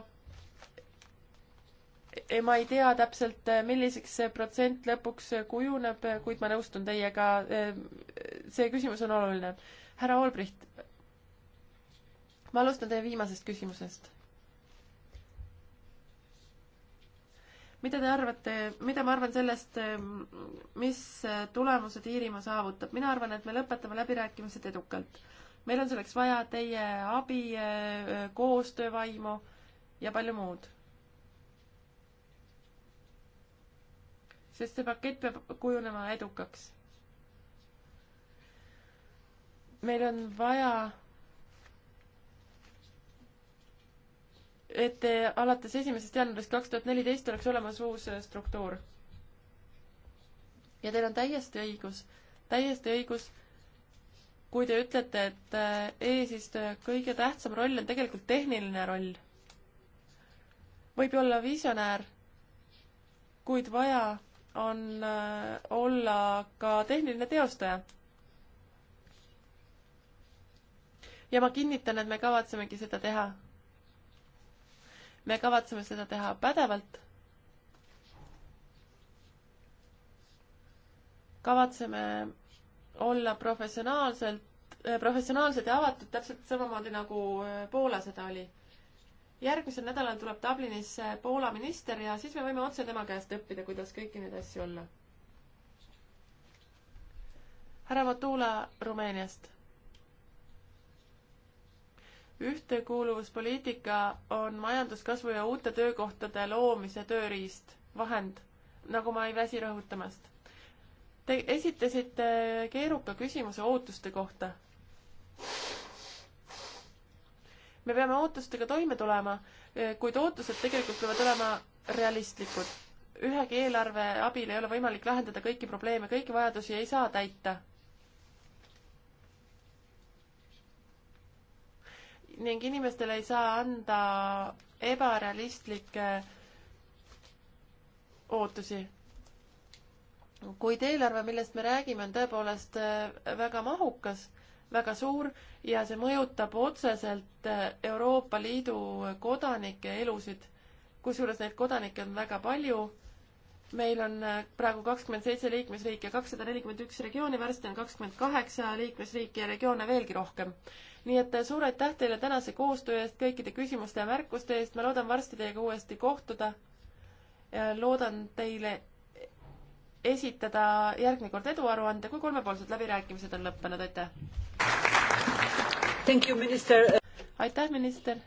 S2: Äh, ma ei tea täpselt, äh, milliseks see protsent lõpuks kujuneb, kuid ma nõustun teiega. see küsimus on oluline. härra Olbricht, ma alustan teie viimasest küsimusest. mida te arvate, mida ma arvan sellest, ähm, mis tulemused Iirimaa saavutab? mina arvan, et me lõpetame läbirääkimised edukalt meil on selleks vaja teie abi, eh, koostöövaimu ja palju muud. sest see pakett peab kujunema edukaks. meil on vaja et alates esimesest jaanuarist kaks tuhat neliteist oleks olemas uus eh, struktuur. ja teil on täiesti õigus, täiesti õigus kui te ütlete, et äh, eesistuja kõige tähtsam roll on tegelikult tehniline roll, võib ju olla visionäär, kuid vaja on äh, olla ka tehniline teostaja. ja ma kinnitan, et me kavatsemegi seda teha. me kavatseme seda teha pädevalt kavatseme olla professionaalselt Äh, professionaalsed ja avatud, täpselt samamoodi nagu äh, Poola seda oli. järgmisel nädalal tuleb Dublinisse Poola minister ja siis me võime otse tema käest õppida, kuidas kõiki neid asju olla. härra Matula Rumeeniast. ühtekuuluvuspoliitika on majanduskasvu ja uute töökohtade loomise tööriist, vahend, nagu ma ei väsi rõhutamast Te esitasite keeruka küsimuse ootuste kohta me peame ootustega toime tulema, eh, kuid ootused tegelikult peavad olema realistlikud. ühegi eelarve abil ei ole võimalik lahendada kõiki probleeme, kõiki vajadusi ei saa täita. ning inimestele ei saa anda ebarealistlikke ootusi. kuid eelarve, millest me räägime, on tõepoolest eh, väga mahukas väga suur ja see mõjutab otseselt äh, Euroopa Liidu kodanike elusid, kusjuures neid kodanikke on väga palju. meil on äh, praegu kakskümmend seitse liikmesriiki ja kakssada nelikümmend üks regiooni, varsti on kakskümmend kaheksa liikmesriiki ja regioone veelgi rohkem. nii et äh, suur aitäh teile tänase koostöö eest, kõikide küsimuste ja märkuste eest, ma loodan varsti teiega uuesti kohtuda. loodan teile esitada järgmine kord eduaruande, kui kolmepoolsed läbirääkimised on lõppenud, aitäh! aitäh, minister!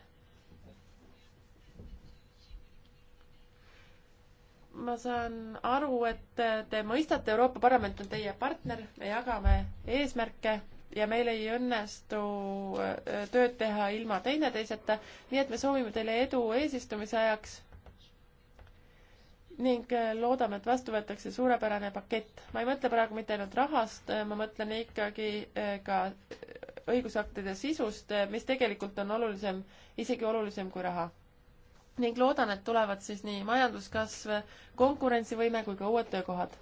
S2: ma saan aru, et te mõistate, Euroopa Parlament on teie partner, me jagame eesmärke ja meil ei õnnestu äh, tööd teha ilma teineteiseta, nii et me soovime teile edu eesistumise ajaks ning äh, loodame, et vastu võetakse suurepärane pakett. ma ei mõtle praegu mitte ainult rahast, äh, ma mõtlen ikkagi äh, ka õigusaktide sisust, mis tegelikult on olulisem, isegi olulisem kui raha. ning loodan, et tulevad siis nii majanduskasv, konkurentsivõime kui ka uued töökohad.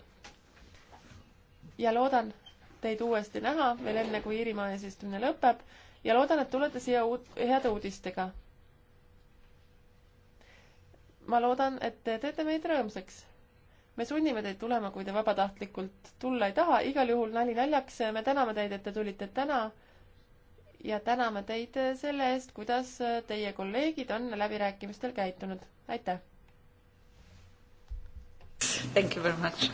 S2: ja loodan teid uuesti näha veel enne, kui Iirimaa eesistumine lõpeb ja loodan, et tulete siia uut, heade uudistega ma loodan, et te teete meid rõõmsaks. me sunnime teid tulema, kui te vabatahtlikult tulla ei taha, igal juhul nali naljaks, me täname teid, et te tulite täna ja täname teid selle eest, kuidas teie kolleegid on läbirääkimistel käitunud. aitäh!
S1: Thank you very much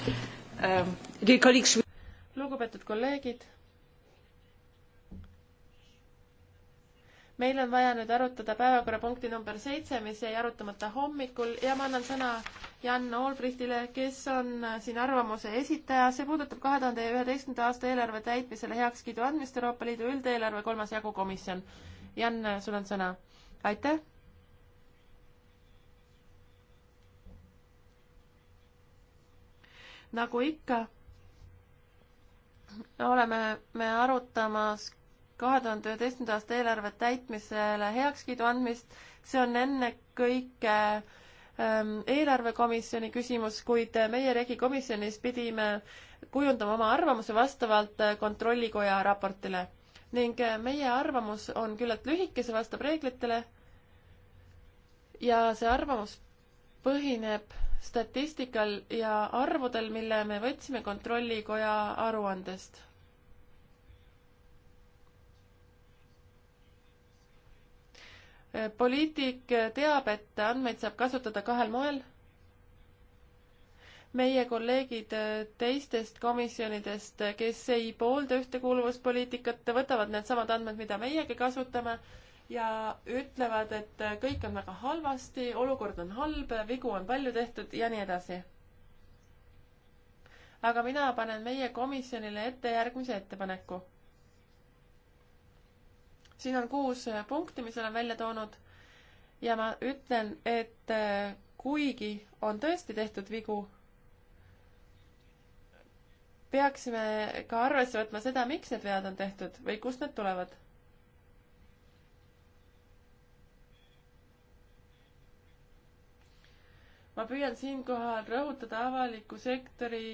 S1: um,. Colleagues...
S2: lugupeetud kolleegid meil on vaja nüüd arutada päevakorrapunkti number seitse, mis jäi arutamata hommikul ja ma annan sõna Jan Olbrichtile, kes on äh, siin arvamuse esitaja. see puudutab kahe tuhande üheteistkümnenda aasta eelarve täitmisele heakskiidu andmist Euroopa Liidu üldeelarve kolmas jagukomisjon. Jan, äh, sul on sõna. aitäh. nagu ikka, oleme me arutamas kahe tuhande üheteistkümnenda aasta eelarve täitmisele heakskiidu andmist, see on ennekõike ähm, eelarvekomisjoni küsimus, kuid meie regi komisjonis pidime kujundama oma arvamuse vastavalt äh, Kontrollikoja raportile. ning äh, meie arvamus on küllalt lühike, see vastab reeglitele ja see arvamus põhineb statistikal ja arvudel, mille me võtsime Kontrollikoja aruandest poliitik teab, et andmeid saab kasutada kahel moel. meie kolleegid teistest komisjonidest, kes ei poolda ühtekuuluvuspoliitikat, võtavad needsamad andmed, mida meiegi kasutame ja ütlevad, et kõik on väga halvasti, olukord on halb, vigu on palju tehtud ja nii edasi. aga mina panen meie komisjonile ette järgmise ettepaneku siin on kuus äh, punkti, mis olen välja toonud ja ma ütlen, et äh, kuigi on tõesti tehtud vigu, peaksime ka arvesse võtma seda, miks need vead on tehtud või kust need tulevad. ma püüan siinkohal rõhutada avaliku sektori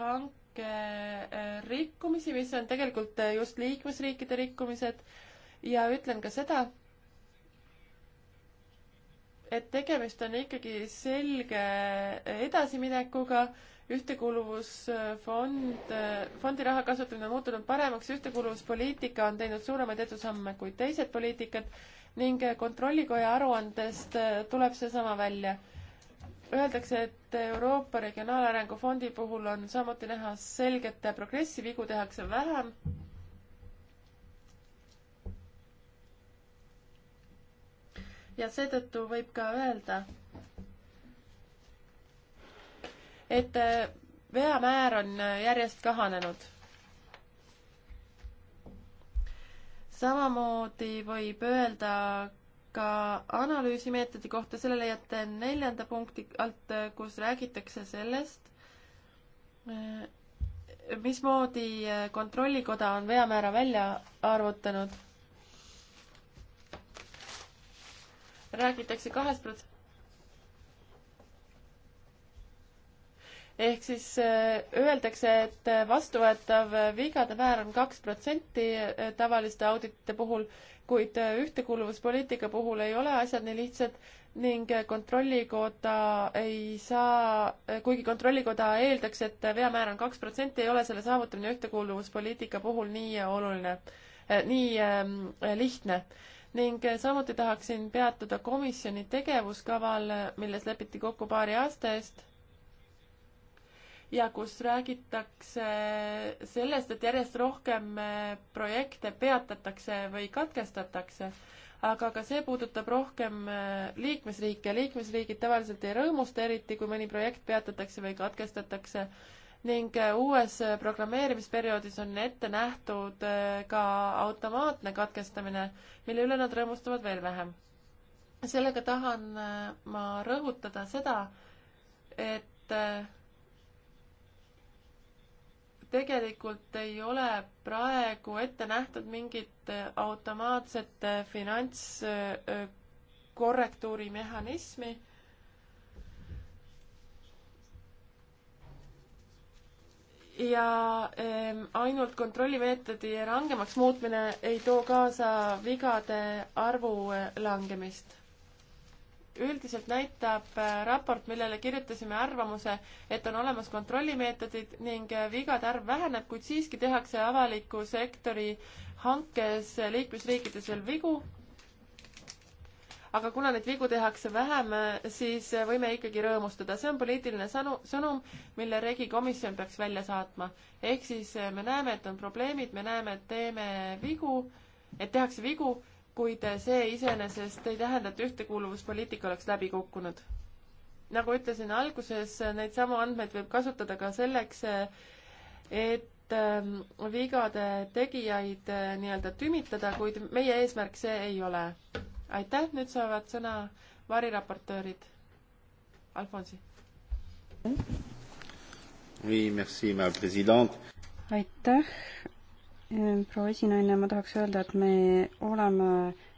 S2: hanke äh, rikkumisi, mis on tegelikult just liikmesriikide rikkumised ja ütlen ka seda, et tegemist on ikkagi selge edasiminekuga, ühtekuuluvusfond, fondi raha kasutamine on muutunud paremaks, ühtekuuluvuspoliitika on teinud suuremaid edusamme kui teised poliitikad ning Kontrollikoja aruandest tuleb seesama välja. Öeldakse, et Euroopa Regionaalarengu Fondi puhul on samuti näha selget progressi, vigu tehakse vähem ja seetõttu võib ka öelda, et äh, veamäär on äh, järjest kahanenud. samamoodi võib öelda ka analüüsimeetodi kohta, selle leiate neljanda punkti alt, äh, kus räägitakse sellest, mismoodi Kontrollikoda on veamäära välja arvutanud räägitakse kahest prots-. ehk siis äh, öeldakse, et äh, vastuvõetav äh, vigade määr on kaks protsenti tavaliste auditite puhul, kuid ühtekuuluvuspoliitika puhul ei ole asjad nii lihtsad ning kontrollikoda ei saa, kuigi kontrollikoda eeldaks, et veamäär on kaks protsenti, ei ole selle saavutamine ühtekuuluvuspoliitika puhul nii oluline, nii ähm, lihtne ning samuti tahaksin peatuda komisjoni tegevuskaval, milles lepiti kokku paari aasta eest ja kus räägitakse sellest, et järjest rohkem projekte peatatakse või katkestatakse. aga ka see puudutab rohkem liikmesriike, liikmesriigid tavaliselt ei rõõmusta eriti, kui mõni projekt peatatakse või katkestatakse ning äh, uues äh, programmeerimisperioodis on ette nähtud äh, ka automaatne katkestamine, mille üle nad rõõmustavad veel vähem. sellega tahan ma rõhutada seda, et tegelikult ei ole praegu ette nähtud mingit automaatset finantskorrektuuri mehhanismi ja ehm, ainult kontrollimeetodi rangemaks muutmine ei too kaasa vigade arvu eh, langemist. üldiselt näitab eh, raport, millele kirjutasime arvamuse, et on olemas kontrollimeetodid ning eh, vigade arv väheneb, kuid siiski tehakse avaliku sektori hankes liikmesriikides veel vigu aga kuna neid vigu tehakse vähem, siis võime ikkagi rõõmustada, see on poliitiline sõnu, sõnum, mille regi komisjon peaks välja saatma. ehk siis me näeme, et on probleemid, me näeme, et teeme vigu, et tehakse vigu, kuid see iseenesest ei tähenda, et ühtekuuluvuspoliitika oleks läbi kukkunud nagu ütlesin alguses, neid samu andmeid võib kasutada ka selleks, et ähm, vigade tegijaid äh, nii-öelda tümitada, kuid meie eesmärk see ei ole aitäh, nüüd saavad sõna variraportöörid. Alfonsi.
S3: Oui, merci, ma president. aitäh, ehm, proua esinaine, ma tahaks öelda, et me oleme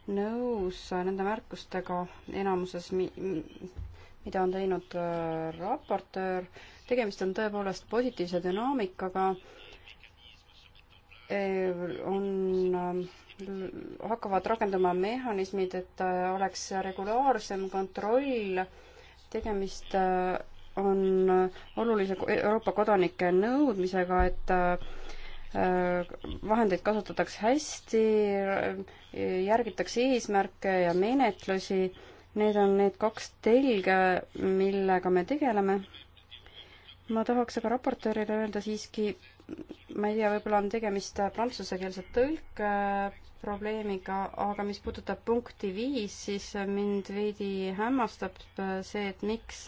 S3: nõus nende märkustega enamuses, mida on teinud äh, raportöör. tegemist on tõepoolest positiivse dünaamikaga. Ehm, on ähm, hakkavad rakendama mehhanismid, et äh, oleks regulaarsem kontroll, tegemist äh, on äh, olulise Euroopa kodanike nõudmisega, et vahendeid kasutatakse hästi, järgitakse eesmärke ja menetlusi. Need on need kaks telge, millega me tegeleme. ma tahaks aga raportöörile öelda siiski ma ei tea, võib-olla on tegemist prantsusekeelse tõlke probleemiga, aga mis puudutab punkti viis, siis mind veidi hämmastab see, et miks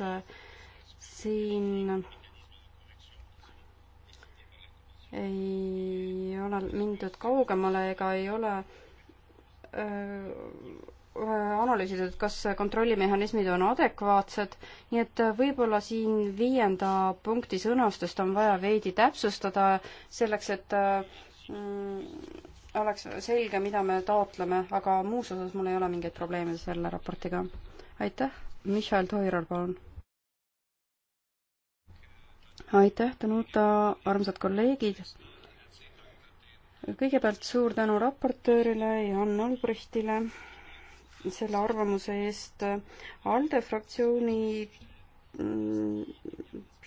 S3: siin ei ole mindud kaugemale ega ei ole öö, äh, Äh, analüüsitud, kas kontrollimehhanismid on adekvaatsed, nii et äh, võib-olla siin viienda punkti sõnastust on vaja veidi täpsustada selleks, et äh, mm, oleks selge, mida me taotleme, aga muus osas mul ei ole mingeid probleeme selle raportiga. aitäh, Mihhail Toiral, palun. aitäh, Danuta, armsad kolleegid kõigepealt suur tänu raportöörile Jan Albrechtile selle arvamuse eest. ALDE fraktsiooni mm,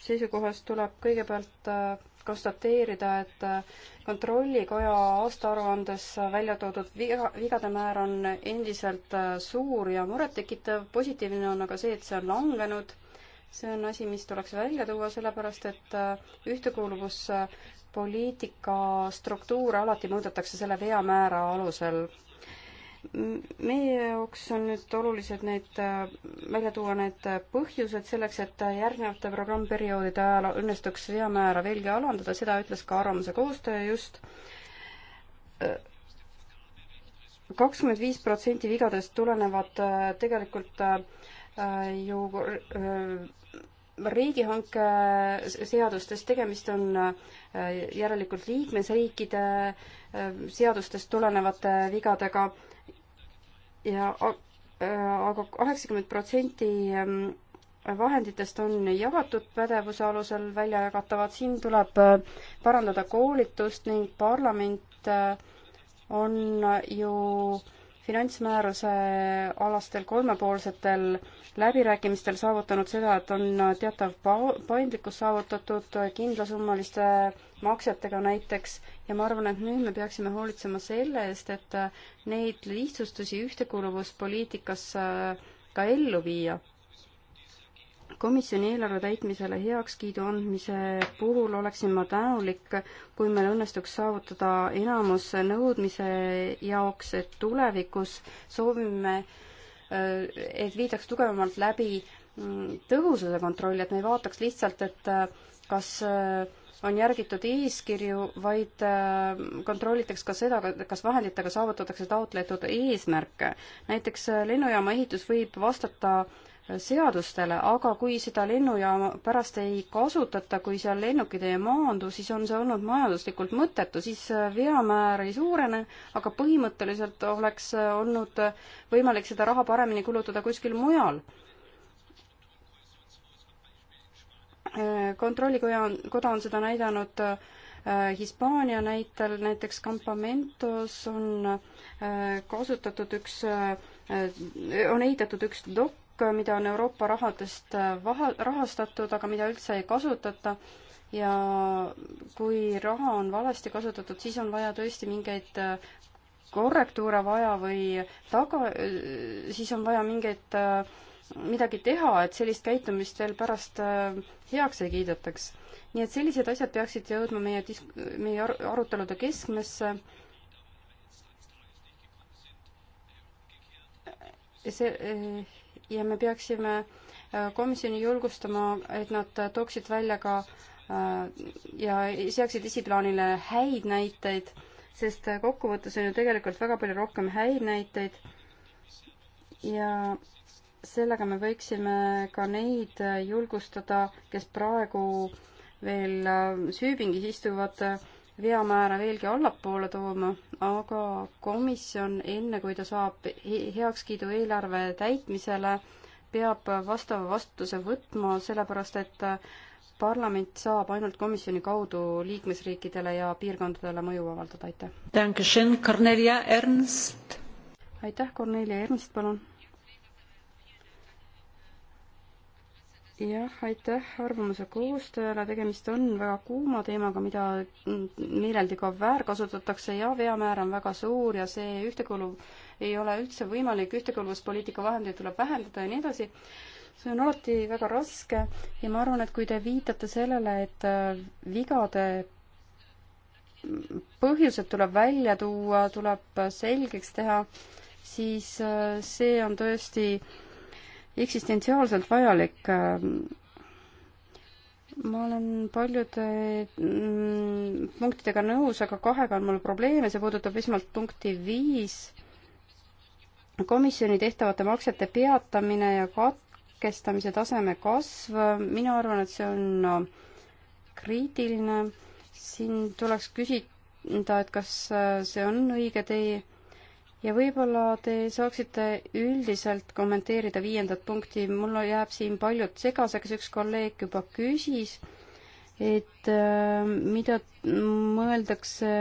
S3: seisukohast tuleb kõigepealt äh, konstateerida, et äh, Kontrollikoja aastaaruandes välja toodud viga, vigade määr on endiselt äh, suur ja murettekitav. positiivne on aga see, et see on langenud. see on asi, mis tuleks välja tuua, sellepärast et ühtekuuluvuspoliitika struktuure alati mõõdetakse selle veamäära alusel meie jaoks on nüüd olulised need, välja tuua need põhjused selleks, et järgnevate programmperioodide ajal õnnestuks veamäära veelgi alandada, seda ütles ka arvamuse koostaja just. kakskümmend viis protsenti vigadest tulenevad äh, tegelikult äh, ju äh, riigihanke seadustest, tegemist on järelikult liikmesriikide seadustest tulenevate vigadega ja äh, aga kaheksakümmend protsenti ähm, vahenditest on jagatud pädevuse alusel välja jagatavad, siin tuleb äh, parandada koolitust ning parlament äh, on ju finantsmääruse alastel kolmepoolsetel läbirääkimistel saavutanud seda, et on teatav paindlikkus saavutatud kindlasummaliste maksetega näiteks ja ma arvan, et nüüd me peaksime hoolitsema selle eest, et neid lihtsustusi ühtekuuluvuspoliitikas ka ellu viia komisjoni eelarve täitmisele heakskiidu andmise puhul oleksin ma tänulik, kui meil õnnestuks saavutada enamus nõudmise jaoks, et tulevikus soovime, äh, et viidaks tugevamalt läbi mm, tõhususe kontrolli, et me ei vaataks lihtsalt, et äh, kas äh, on järgitud eeskirju, vaid kontrollitakse ka seda, kas vahenditega saavutatakse taotletud eesmärke. näiteks lennujaama ehitus võib vastata äh, seadustele, aga kui seda lennujaama pärast ei kasutata, kui seal lennukid ei maandu, siis on see olnud majanduslikult mõttetu, siis äh, veamäär ei suurene, aga põhimõtteliselt oleks äh, olnud äh, võimalik seda raha paremini kulutada kuskil mujal. kontrollikoja on, koda on seda näidanud Hispaania näitel, näiteks Campamentos on kasutatud üks, on ehitatud üks dok-, hulk, mida on Euroopa rahadest äh, vaha, rahastatud, aga mida üldse ei kasutata. ja kui raha on valesti kasutatud, siis on vaja tõesti mingeid äh, korrektuure vaja või taga, äh, siis on vaja mingeid, midagi teha, et sellist käitumist veel pärast heaks ei kiidetaks. nii et sellised asjad peaksid jõudma meie dis-, meie arutelude keskmesse see ja me peaksime äh, komisjoni julgustama, et nad äh, tooksid välja ka äh, ja seaksid esiplaanile häid näiteid, sest kokkuvõttes on ju tegelikult väga palju rohkem häid näiteid ja sellega me võiksime ka neid julgustada, kes praegu veel süüpingis istuvad, veamäära veelgi allapoole tooma, aga komisjon, enne kui ta saab heakskiidu eelarve täitmisele, peab vastava vastutuse võtma, sellepärast et parlament saab ainult komisjoni kaudu liikmesriikidele ja piirkondadele mõju avaldada, aitäh. aitäh, Kornelia Ernst, palun jah, aitäh arvamuse koostajale, tegemist on väga kuuma teemaga, mida meeleldi ka väärkasutatakse ja veamäär on väga suur ja see ühtekuuluv ei ole üldse võimalik, ühtekuuluvuspoliitika vahendeid tuleb vähendada ja nii edasi. see on alati väga raske ja ma arvan, et kui te viitate sellele, et äh, vigade põhjused tuleb välja tuua, tuleb selgeks teha, siis äh, see on tõesti äh, eksistentsiaalselt vajalik. ma olen paljude mm, punktidega nõus, aga kahega on mul probleeme, see puudutab esmalt punkti viis, komisjoni tehtavate maksete peatamine ja katkestamise taseme kasv, mina arvan, et see on kriitiline, siin tuleks küsida, et kas äh, see on õige tee ja võib-olla te saaksite üldiselt kommenteerida viiendat punkti, mul jääb siin paljud segaseks, üks kolleeg juba küsis, et äh, mida mõeldakse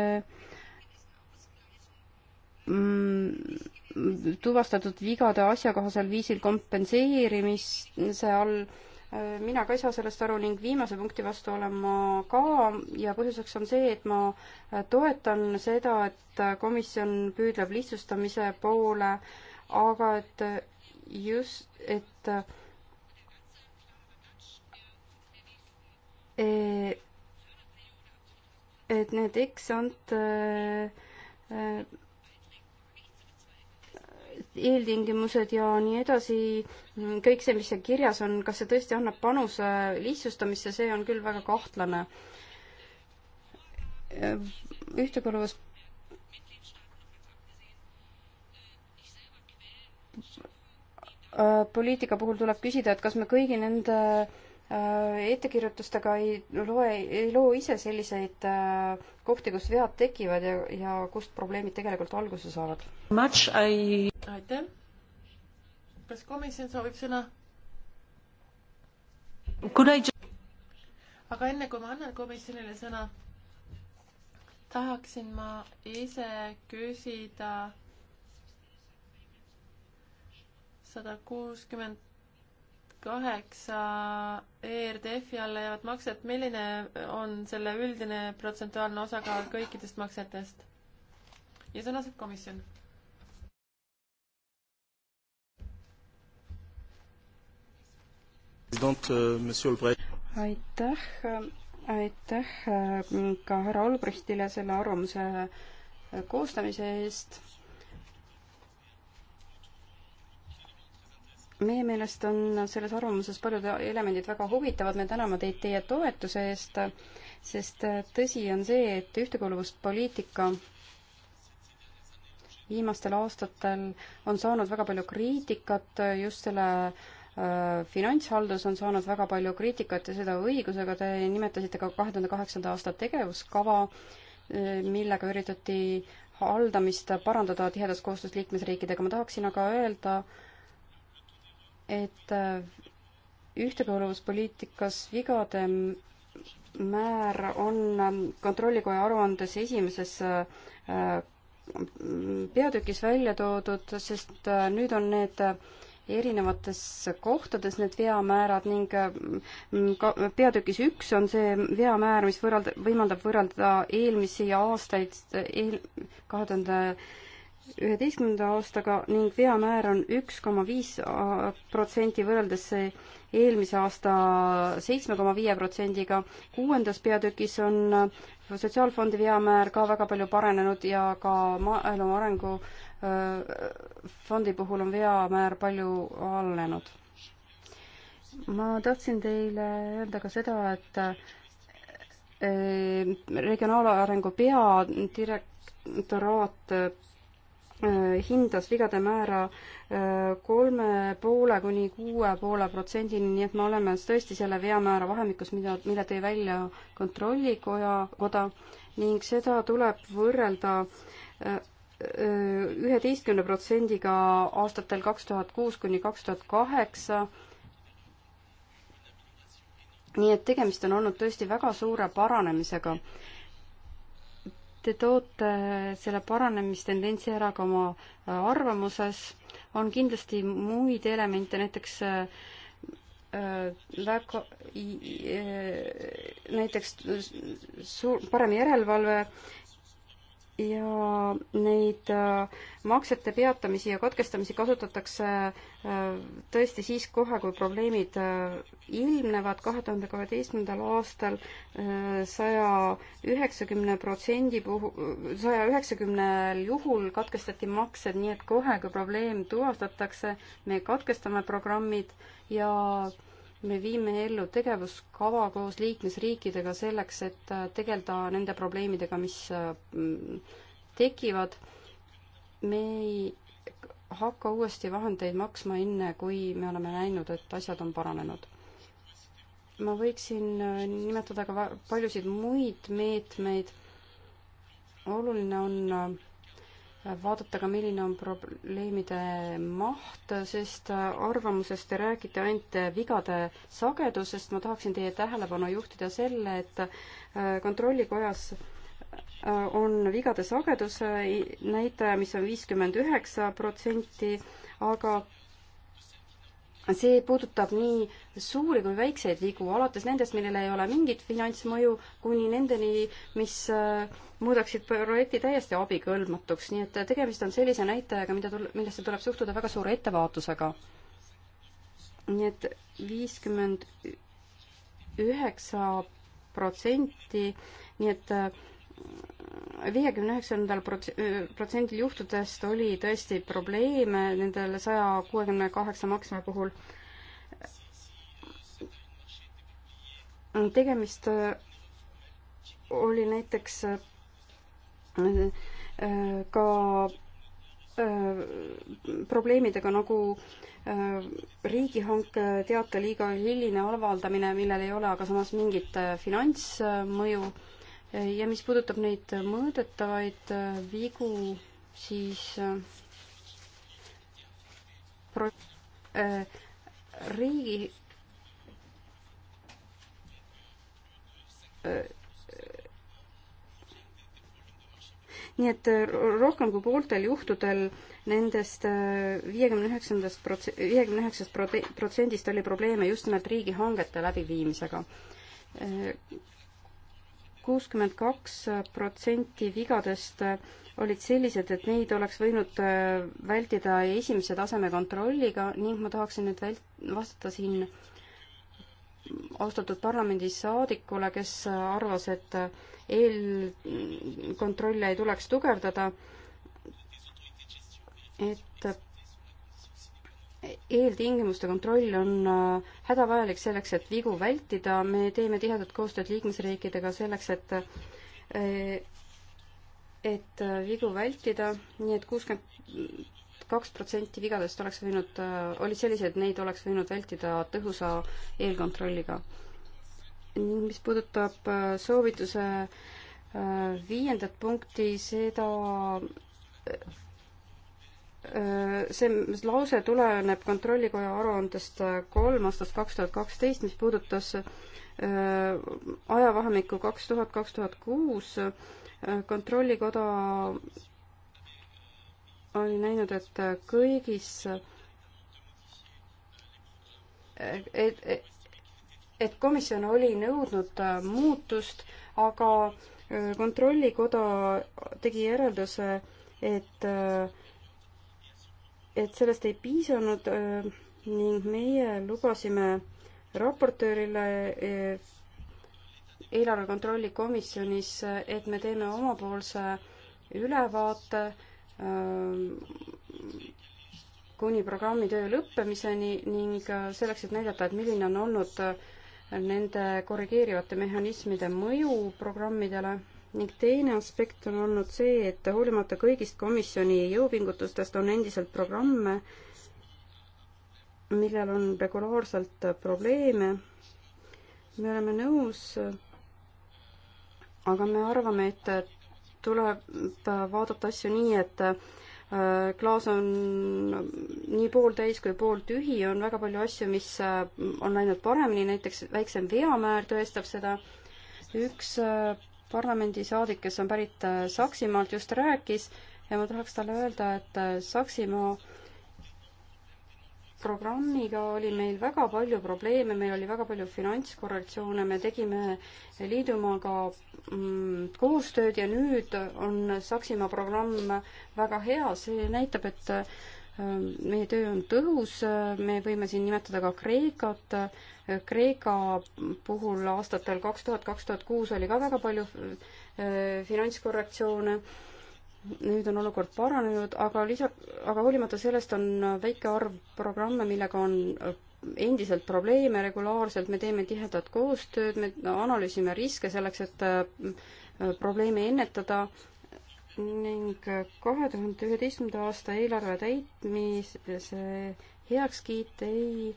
S3: mm, tuvastatud vigade asjakohasel viisil kompenseerimise all äh, mina ka ei saa sellest aru ning viimase punkti vastu olen ma ka ja põhjuseks on see, et ma toetan seda, et komisjon püüdleb lihtsustamise poole, aga et just, et e, et need eksante eeltingimused ja nii edasi, kõik see, mis seal kirjas on, kas see tõesti annab panuse lihtsustamisse, see on küll väga kahtlane. ühtekuuluvus poliitika puhul tuleb küsida, et kas me kõigi nende Äh, ettekirjutustega ei loe, ei loo ise selliseid äh, kohti, kus vead tekivad ja, ja kust probleemid tegelikult alguse saavad.
S2: I... aitäh. kas komisjon soovib sõna? aga enne kui ma annan komisjonile sõna, tahaksin ma ise küsida sada kuuskümmend kaheksa ERDF-i alla jäävat makset, milline on selle üldine protsentuaalne osakaal kõikidest maksetest? ja sõna saab komisjon.
S1: Euh,
S2: aitäh,
S3: aitäh äh, ka härra Albrechtile selle arvamuse koostamise eest meie meelest on selles arvamuses paljud elemendid väga huvitavad, me täname teid teie toetuse eest, sest tõsi on see, et ühtekuuluvuspoliitika viimastel aastatel on saanud väga palju kriitikat, just selle äh, finantshaldus on saanud väga palju kriitikat ja seda õigusega, te nimetasite ka kahe tuhande kaheksanda aasta tegevuskava, äh, millega üritati haldamist parandada tihedas koostöös liikmesriikidega, ma tahaksin aga öelda, et äh, ühtekuuluvuspoliitikas vigade määr on ähm, Kontrollikoja aruandes esimeses äh, peatükis välja toodud, sest äh, nüüd on need erinevates kohtades need veamäärad ning ka peatükis üks on see veamäär, mis võrrelda, võimaldab võrrelda eelmisi aastaid eel,, kahe tuhande üheteistkümnenda aastaga ning veamäär on üks koma viis äh, protsenti võrreldes eelmise aasta seitsme koma viie protsendiga. kuuendas peatükis on äh, sotsiaalfondi veamäär ka väga palju paranenud ja ka maaelu arengu äh, fondi puhul on veamäär palju allenenud. ma tahtsin teile öelda ka seda, et regionaalarengu peadirektoraat Äh, hindas vigade määra äh, kolme poole kuni kuue poole protsendini, nii et me oleme tõesti selle veamäära vahemikus, mida, mille tõi välja Kontrollikoja, koda ning seda tuleb võrrelda äh, üheteistkümne protsendiga aastatel kaks tuhat kuus kuni kaks tuhat kaheksa nii et tegemist on olnud tõesti väga suure paranemisega. Te toote selle paranemistendentsi ära ka oma äh, arvamuses. on kindlasti muid elemente, näiteks äh, väga, äh, näiteks suur, parem järelevalve ja neid äh, maksete peatamisi ja katkestamisi kasutatakse äh, tõesti siis kohe, kui probleemid äh, ilmnevad. kahe tuhande kaheteistkümnendal aastal saja üheksakümne protsendi puhul, saja üheksakümnel juhul katkestati maksed, nii et kohe, kui probleem tuvastatakse, me katkestame programmid ja me viime ellu tegevuskava koos liikmesriikidega selleks, et äh, tegeleda nende probleemidega, mis äh, tekivad. me ei hakka uuesti vahendeid maksma enne, kui me oleme näinud, et asjad on paranenud. ma võiksin äh, nimetada ka paljusid muid meetmeid. oluline on vaadata ka, milline on probleemide maht, sest arvamusest te räägite ainult vigade sagedusest, ma tahaksin teie tähelepanu juhtida selle, et kontrollikojas on vigade sageduse näitaja, mis on viiskümmend üheksa protsenti, aga see puudutab nii suuri kui väikseid vigu, alates nendest, millel ei ole mingit finantsmõju, kuni nendeni, mis äh, muudaksid projekti täiesti abikõlbmatuks, nii et tegemist on sellise näitajaga, mida tul-, millesse tuleb suhtuda väga suure ettevaatusega. nii et viiskümmend üheksa protsenti, nii et äh, viiekümne üheksandal protsendil juhtudest oli tõesti probleeme nendel saja kuuekümne kaheksa maksme puhul. tegemist oli näiteks ka probleemidega nagu riigihanke teate liiga hiline avaldamine, millel ei ole aga samas mingit finantsmõju ja mis puudutab neid mõõdetavaid äh, vigu, siis äh, pro-, äh, riigi nii et rohkem kui pooltel juhtudel nendest viiekümne üheksandast prots-, viiekümne üheksast protsendist oli probleeme just nimelt riigihangete läbiviimisega kuuskümmend kaks protsenti vigadest olid sellised, et neid oleks võinud äh, vältida esimese taseme kontrolliga ning ma tahaksin nüüd vält-, vastata siin austatud parlamendisaadikule, kes arvas, et äh, eelkontrolle ei tuleks tugevdada, et eeltingimuste kontroll on äh, hädavajalik selleks, et vigu vältida, me teeme tihedat koostööd liikmesriikidega selleks, et äh, et äh, vigu vältida, nii et kuuskümmend kaks protsenti vigadest oleks võinud, olid sellised, neid oleks võinud vältida tõhusa eelkontrolliga. ning mis puudutab soovituse viiendat punkti, seda Äh, see lause tuleneb Kontrollikoja aruandest äh, kolm aastast kaks tuhat kaksteist, mis puudutas äh, ajavahemikku kaks tuhat, kaks tuhat kuus. kontrollikoda oli näinud, et kõigis, et, et, et komisjon oli nõudnud muutust, aga kontrollikoda tegi järelduse, et äh, et sellest ei piisanud ning meie lubasime raportöörile eelarve kontrolli komisjonis, et me teeme omapoolse ülevaate kuni programmi töö lõppemiseni ning selleks, et näidata, et milline on olnud nende korrigeerivate mehhanismide mõju programmidele ning teine aspekt on olnud see, et hoolimata kõigist komisjoni jõupingutustest on endiselt programme, millel on regulaarselt probleeme. me oleme nõus, aga me arvame, et tuleb vaadata asju nii, et äh, klaas on nii pooltäis kui pooltühi, on väga palju asju, mis äh, on läinud paremini, näiteks väiksem veamäär tõestab seda. üks äh, parlamendisaadik, kes on pärit äh, Saksimaalt, just rääkis ja ma tahaks talle öelda, et äh, Saksimaa programmiga oli meil väga palju probleeme, meil oli väga palju finantskorrektsioone, me tegime liidumaaga mm, koostööd ja nüüd on Saksimaa programm väga hea, see näitab, et äh, meie töö on tõhus, me võime siin nimetada ka Kreekat. Kreeka puhul aastatel kaks tuhat, kaks tuhat kuus oli ka väga palju äh, finantskorrektsioone. nüüd on olukord paranenud, aga lisa, aga hoolimata sellest on väike arv programme, millega on äh, endiselt probleeme regulaarselt, me teeme tihedat koostööd, me analüüsime riske selleks, et äh, probleeme ennetada ning kahe tuhande üheteistkümnenda aasta eelarve täitmise heakskiit ei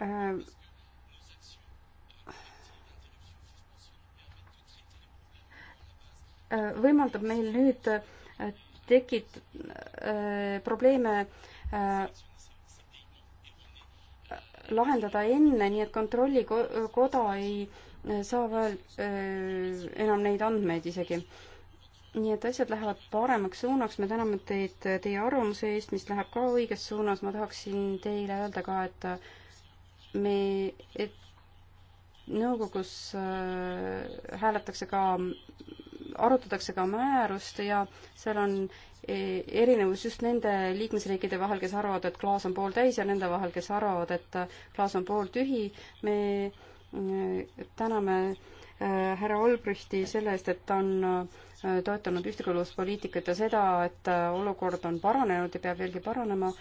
S3: äh, võimaldab meil nüüd äh, tekit- äh,, probleeme äh, lahendada enne, nii et kontrollikoda ei äh, saa veel äh, enam neid andmeid isegi. nii et asjad lähevad paremaks suunaks, me täname teid äh, teie arvamuse eest, mis läheb ka õiges suunas, ma tahaksin teile öelda ka, et äh, me, et nõukogus äh, hääletakse ka, arutatakse ka määrust ja seal on e, erinevus just nende liikmesriikide vahel, kes arvavad, et klaas on pooltäis ja nende vahel, kes arvavad, et klaas on pooltühi. me äh, täname äh, härra Olbrichti selle eest, et ta on äh, toetanud ühtekuuluvuspoliitikat ja seda, et äh, olukord on paranenud ja peab veelgi paranema,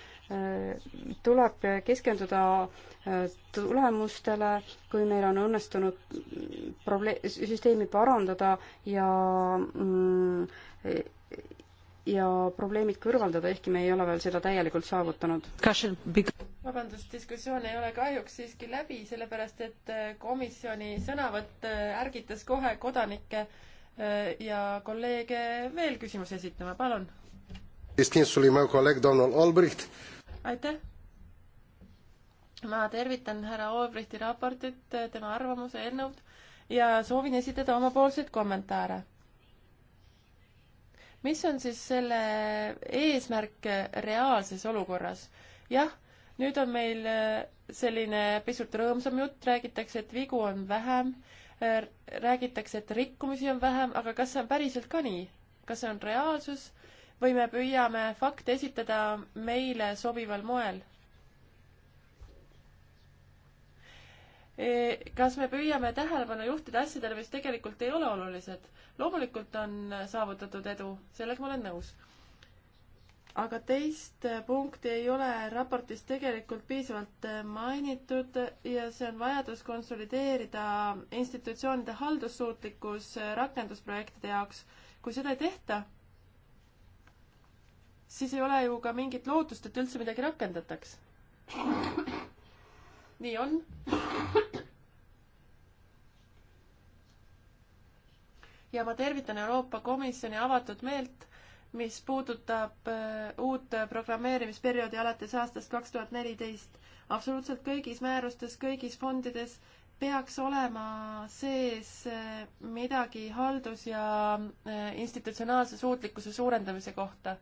S3: tuleb keskenduda tulemustele, kui meil on õnnestunud proble-, süsteemi parandada ja mm, ja probleemid kõrvaldada, ehkki me ei ole veel seda täielikult saavutanud.
S2: vabandust, diskussioon ei ole kahjuks siiski läbi, sellepärast et äh, komisjoni sõnavõtt äh, ärgitas kohe kodanikke äh, ja kolleege veel küsimusi esitama, palun. aitäh. ma tervitan härra Albrechti raportit, tema arvamuse eelnõud ja soovin esitada omapoolseid kommentaare mis on siis selle eesmärk reaalses olukorras? jah, nüüd on meil äh, selline pisut rõõmsam jutt, räägitakse, et vigu on vähem, äh, räägitakse, et rikkumisi on vähem, aga kas see on päriselt ka nii? kas see on reaalsus või me püüame fakte esitada meile sobival moel? E, kas me püüame tähelepanu juhtida asjadele, mis tegelikult ei ole olulised? loomulikult on saavutatud edu, sellega ma olen nõus. aga teist punkti ei ole raportis tegelikult piisavalt mainitud ja see on vajadus konsolideerida institutsioonide haldussuutlikkus rakendusprojektide jaoks. kui seda ei tehta, siis ei ole ju ka mingit lootust, et üldse midagi rakendataks nii on. ja ma tervitan Euroopa Komisjoni avatud meelt, mis puudutab äh, uut programmeerimisperioodi alates aastast kaks tuhat neliteist. absoluutselt kõigis määrustes, kõigis fondides peaks olema sees äh, midagi haldus- ja äh, institutsionaalse suutlikkuse suurendamise kohta.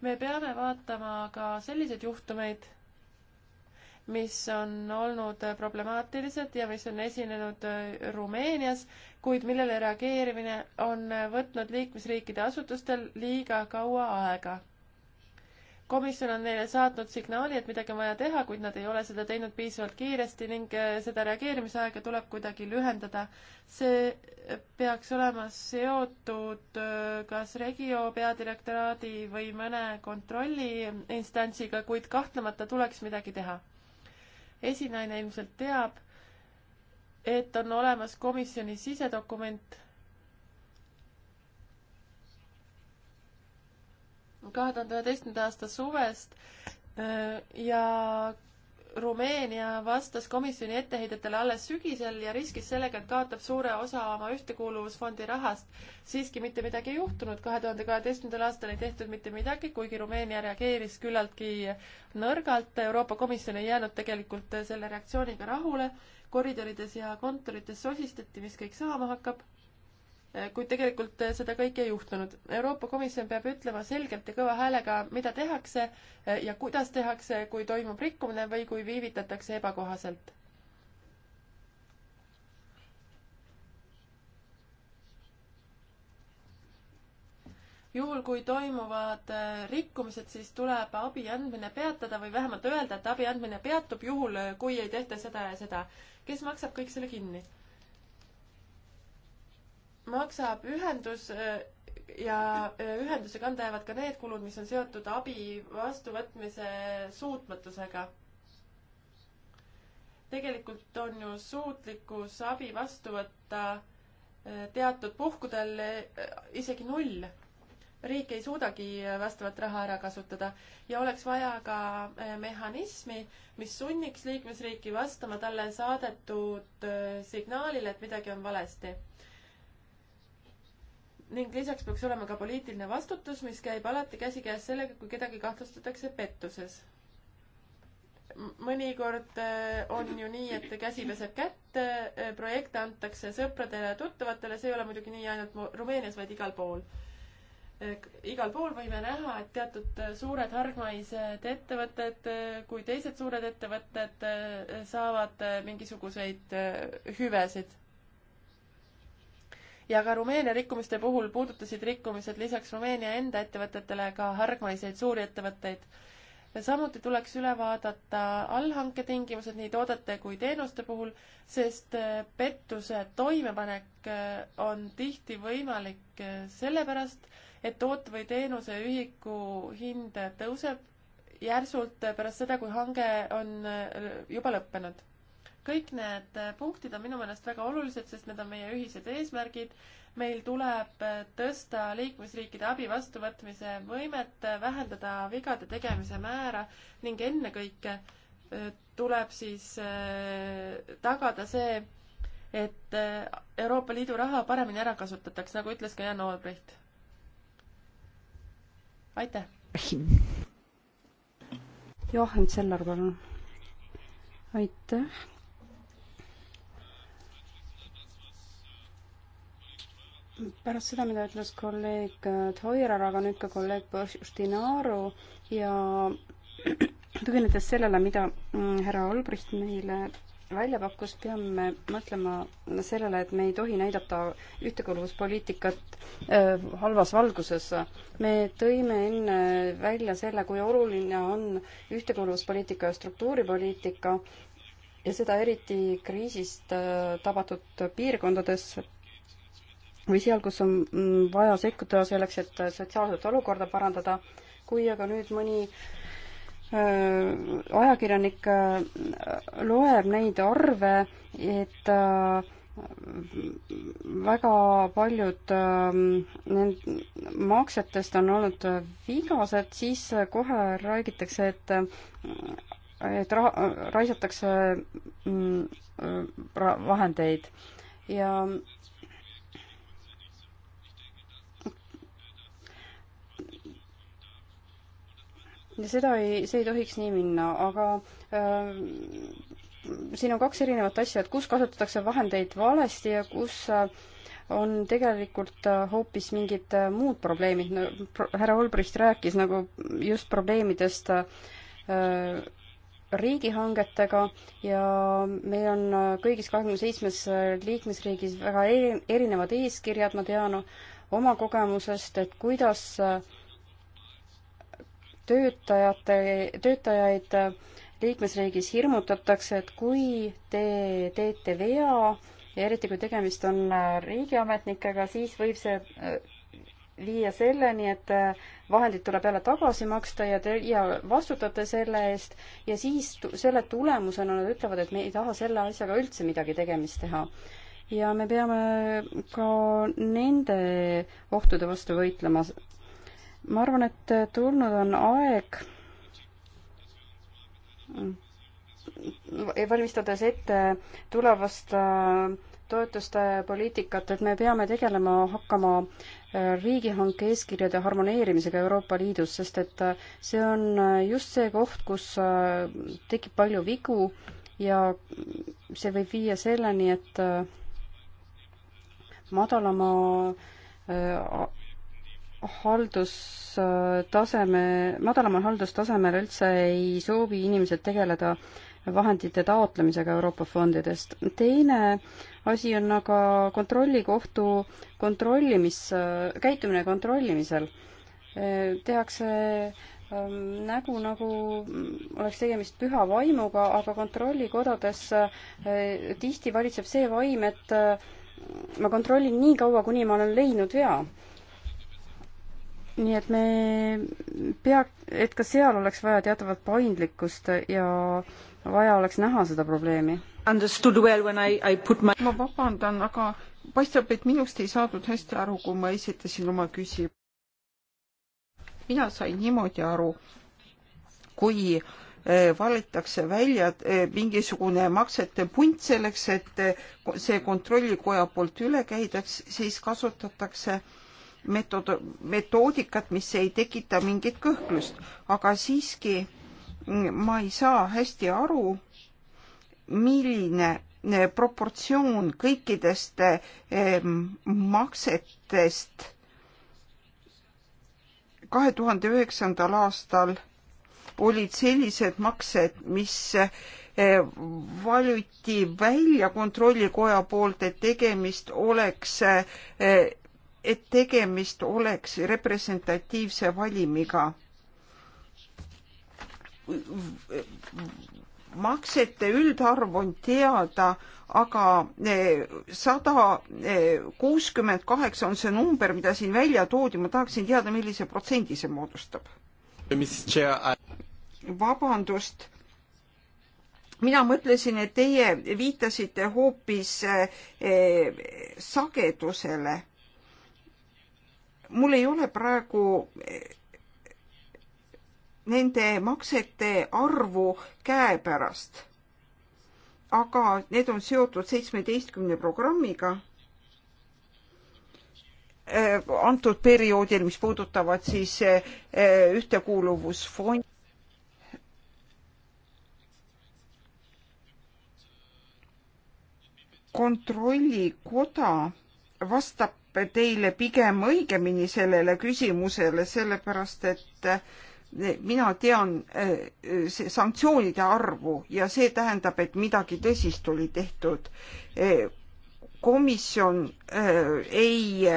S2: me peame vaatama ka selliseid juhtumeid mis on olnud problemaatilised ja mis on esinenud äh, Rumeenias, kuid millele reageerimine on äh, võtnud liikmesriikide asutustel liiga kaua aega. komisjon on neile saatnud signaali, et midagi on vaja teha, kuid nad ei ole seda teinud piisavalt kiiresti ning äh, seda reageerimisaega tuleb kuidagi lühendada. see peaks olema seotud kas Regio peadirektoraadi või mõne kontrolliinstantsiga, kuid kahtlemata tuleks midagi teha esinaine ilmselt teab, et on olemas komisjoni sisedokument kahe tuhande üheteistkümnenda aasta suvest äh, ja Rumeenia vastas komisjoni etteheidetele alles sügisel ja riskis sellega, et kaotab suure osa oma ühtekuuluvusfondi rahast. siiski mitte midagi ei juhtunud, kahe tuhande kaheteistkümnendal aastal ei tehtud mitte midagi, kuigi Rumeenia reageeris küllaltki nõrgalt, Euroopa Komisjon ei jäänud tegelikult selle reaktsiooniga rahule, koridorides ja kontorites sosistati, mis kõik saama hakkab kuid tegelikult eh, seda kõike ei juhtunud. Euroopa Komisjon peab ütlema selgelt ja kõva häälega, mida tehakse eh, ja kuidas tehakse, kui toimub rikkumine või kui viivitatakse ebakohaselt. juhul, kui toimuvad eh, rikkumised, siis tuleb abi andmine peatada või vähemalt öelda, et abi andmine peatub juhul, kui ei tehta seda ja seda. kes maksab kõik selle kinni? maksab ühendus äh, ja äh, ühenduse kanda jäävad ka need kulud, mis on seotud abi vastuvõtmise suutmatusega. tegelikult on ju suutlikkus abi vastu võtta äh, teatud puhkudel isegi null. riik ei suudagi vastavat raha ära kasutada ja oleks vaja ka mehhanismi, mis sunniks liikmesriiki vastama talle saadetud signaalile, et midagi on valesti ning lisaks peaks olema ka poliitiline vastutus, mis käib alati käsikäes sellega, kui kedagi kahtlustatakse pettuses. mõnikord äh, on ju nii, et käsi peseb kätt, äh, projekte antakse sõpradele ja tuttavatele, see ei ole muidugi nii ainult Rumeenias, vaid igal pool. Äh, igal pool võime näha, et teatud suured hargmaised ettevõtted kui teised suured ettevõtted saavad mingisuguseid hüvesid ja ka Rumeenia rikkumiste puhul puudutasid rikkumised lisaks Rumeenia enda ettevõtetele ka hargmaiseid suuri ettevõtteid. samuti tuleks üle vaadata allhanke tingimused nii toodete kui teenuste puhul, sest äh, pettuse toimepanek äh, on tihti võimalik äh, sellepärast, et toote või teenuse ühiku hind tõuseb järsult pärast seda, kui hange on juba lõppenud kõik need äh, punktid on minu meelest väga olulised, sest need on meie ühised eesmärgid. meil tuleb äh, tõsta liikmesriikide abi vastuvõtmise võimet, äh, vähendada vigade tegemise määra ning ennekõike tuleb siis tagada see, et Euroopa Liidu raha paremini ära kasutatakse, nagu ütles ka Jan Olbricht. aitäh!
S3: Joachim Zeller, palun! aitäh! pärast seda, mida ütles kolleeg äh, Toirar, aga nüüd ka kolleeg Postinaru ja (clears throat) tuginedes sellele, mida mm, härra Albrecht meile välja pakkus, peame mõtlema sellele, et me ei tohi näidata ühtekuuluvuspoliitikat äh, halvas valguses. me tõime enne välja selle, kui oluline on ühtekuuluvuspoliitika ja struktuuripoliitika ja seda eriti kriisist äh, tabatud piirkondades või seal, kus on mm, vaja sekkuda selleks, et sotsiaalset olukorda parandada. kui aga nüüd mõni äh, ajakirjanik äh, loeb neid arve, et äh, väga paljud need maksetest on olnud vigased, siis kohe räägitakse, et et ra-, raisatakse mm, vahendeid ja seda ei, see ei tohiks nii minna, aga äh, siin on kaks erinevat asja, et kus kasutatakse vahendeid valesti ja kus äh, on tegelikult äh, hoopis mingid äh, muud probleemid no, pro,, härra Olbricht rääkis nagu just probleemidest äh, riigihangetega ja meil on äh, kõigis kahekümne seitsmes liikmesriigis väga e-, erinevad eeskirjad, ma tean oma kogemusest, et kuidas äh, töötajate, töötajaid liikmesriigis hirmutatakse, et kui te teete vea ja eriti, kui tegemist on äh, riigiametnikega, siis võib see äh, viia selleni, et äh, vahendid tuleb jälle tagasi maksta ja te ja vastutate selle eest ja siis selle tulemusena nad ütlevad, et me ei taha selle asjaga üldse midagi tegemist teha. ja me peame ka nende ohtude vastu võitlema ma arvan, et tulnud on aeg valmistades ette tulevast äh, toetuste poliitikat, et me peame tegelema hakkama äh, riigihanke eeskirjade harmoneerimisega Euroopa Liidus, sest et äh, see on just see koht, kus tekib palju vigu ja see võib viia selleni, et madalama haldustaseme, madalamal haldustasemel üldse ei soovi inimesed tegeleda vahendite taotlemisega Euroopa fondidest. teine asi on aga kontrollikohtu kontrollimis, käitumine kontrollimisel. tehakse ähm, nägu, nagu oleks tegemist püha vaimuga, aga kontrollikodades äh, tihti valitseb see vaim, et äh, ma kontrollin nii kaua, kuni ma olen leidnud vea nii et me pea, et ka seal oleks vaja teatavat paindlikkust ja vaja oleks näha seda probleemi.
S1: Well I, I my... ma vabandan, aga paistab, et minust ei saadud hästi aru, kui ma esitasin oma küsimuse. mina sain niimoodi aru, kui eh, valetakse välja eh, mingisugune maksete punt selleks, et eh, see kontrollikoja poolt üle käidaks, siis kasutatakse metod-, metoodikat, mis ei tekita mingit kõhklust, aga siiski ma ei saa hästi aru, milline eh, proportsioon kõikidest eh, maksetest kahe tuhande üheksandal aastal olid sellised maksed, mis eh, valuti välja kontrollikoja poolt, et tegemist oleks et tegemist oleks representatiivse valimiga. maksete üldarv on teada, aga eh, sada eh, kuuskümmend kaheksa on see number, mida siin välja toodi, ma tahaksin teada, millise protsendi see moodustab. vabandust mina mõtlesin, et teie viitasite hoopis eh, sagedusele mul ei ole praegu eh, nende maksete arvu käepärast. aga need on seotud seitsmeteistkümne programmiga eh, antud perioodil, mis puudutavad siis eh, ühtekuuluvusfondi. kontrollikoda vastab teile pigem õigemini sellele küsimusele, sellepärast et eh, mina tean eh, sanktsioonide arvu ja see tähendab, et midagi tõsist oli tehtud. Eh, komisjon ei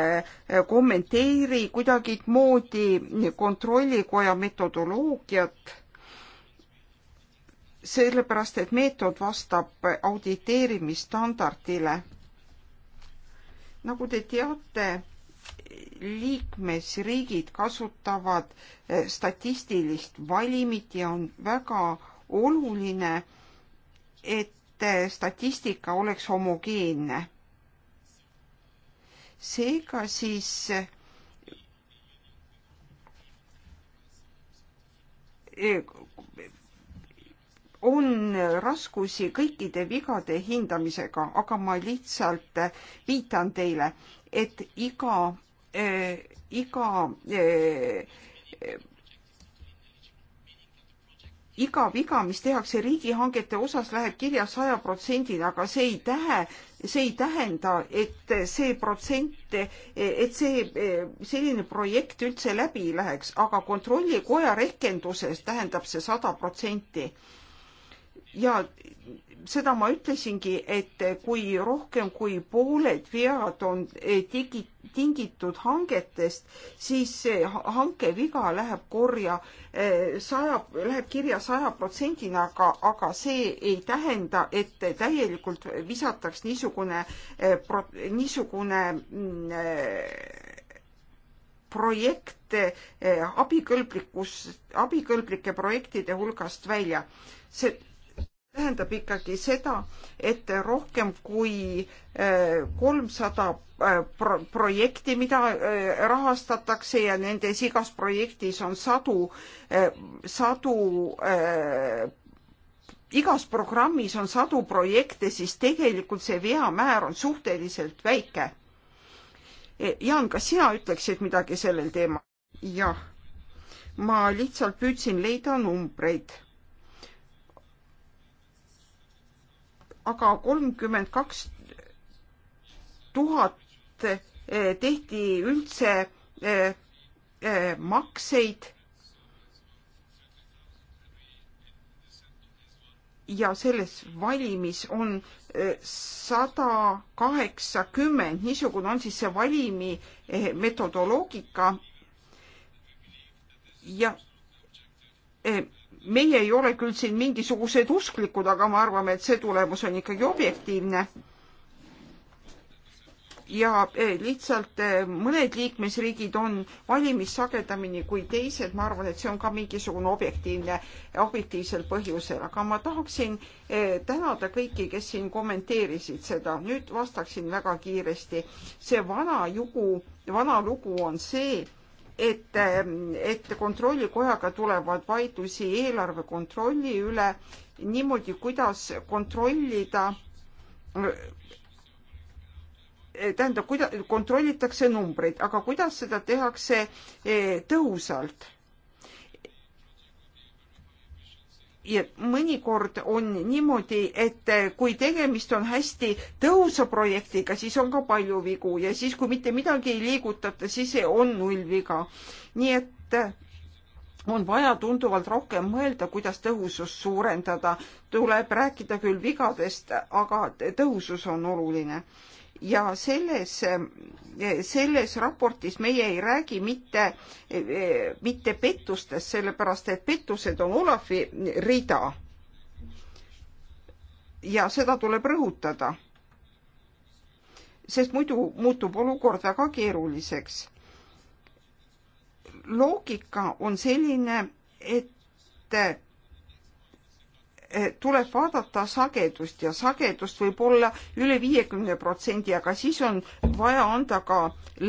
S1: kommenteeri kuidagimoodi kontrollikoja metodoloogiat, sellepärast et meetod vastab auditeerimisstandardile nagu te teate, liikmesriigid kasutavad eh, statistilist valimit ja on väga oluline, et eh, statistika oleks homogeenne. seega siis eh, on raskusi kõikide vigade hindamisega, aga ma lihtsalt eh, viitan teile, et iga äh,, iga äh, iga viga, mis tehakse riigihangete osas, läheb kirja saja protsendina, aga see ei tähe, see ei tähenda, et see protsent, et see selline projekt üldse läbi läheks, aga kontrollikoja rehkenduses tähendab see sada protsenti ja seda ma ütlesingi, et kui rohkem kui pooled vead on digi, eh, tingitud hangetest, siis see hanke viga läheb korja eh, saja, läheb kirja sajaprotsendina, aga, aga see ei tähenda, et täielikult visataks niisugune, eh, niisugune mm, projekt abikõlblikkus, abikõlblike projektide hulgast välja. see tähendab ikkagi seda, et rohkem kui eh, kolmsada eh, projekti, mida eh, rahastatakse ja nendes igas projektis on sadu, sadu igas programmis on sadu projekte, siis tegelikult see veamäär on suhteliselt väike. Jaan, kas sina ütleksid midagi sellel teemal? jah, ma lihtsalt püüdsin leida numbreid aga kolmkümmend kaks tuhat eh, tehti üldse eh, eh, makseid. ja selles valimis on sada kaheksakümmend, niisugune on siis see valimi metodoloogika. ja meie ei ole küll siin mingisugused usklikud, aga me arvame, et see tulemus on ikkagi objektiivne. ja e, lihtsalt e, mõned liikmesriigid on valimis sagedamini kui teised, ma arvan, et see on ka mingisugune objektiivne, objektiivsel põhjusel, aga ma tahaksin e, tänada kõiki, kes siin kommenteerisid seda, nüüd vastaksin väga kiiresti. see vana jugu, vana lugu on see, et, ähm, et kontrollikojaga tulevad vaidlusi eelarve kontrolli üle niimoodi, kuidas kontrollida tähendab, kuida-, kontrollitakse numbreid, aga kuidas seda tehakse eh, tõhusalt ja mõnikord on niimoodi, et eh, kui tegemist on hästi tõhusa projektiga, siis on ka palju vigu ja siis, kui mitte midagi ei liigutata, siis on nullviga. nii et eh, on vaja tunduvalt rohkem mõelda, kuidas tõhusust suurendada. tuleb rääkida küll vigadest, aga tõhusus on oluline ja selles, selles raportis meie ei räägi mitte, mitte pettustest, sellepärast et pettused on Olavi rida. ja seda tuleb rõhutada. sest muidu muutub olukord väga keeruliseks. loogika on selline, et Eh, tuleb vaadata sagedust ja sagedust võib olla üle viiekümne protsendi, aga siis on vaja anda ka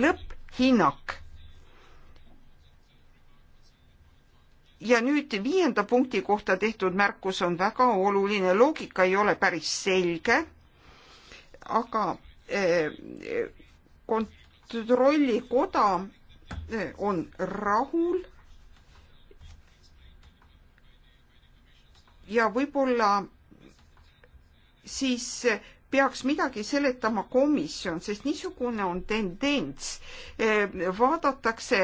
S1: lõpphinnak. ja nüüd viienda punkti kohta tehtud märkus on väga oluline, loogika ei ole päris selge, aga eh, kontrollikoda eh, on rahul ja võib-olla siis peaks midagi seletama komisjon, sest niisugune on tendents. vaadatakse,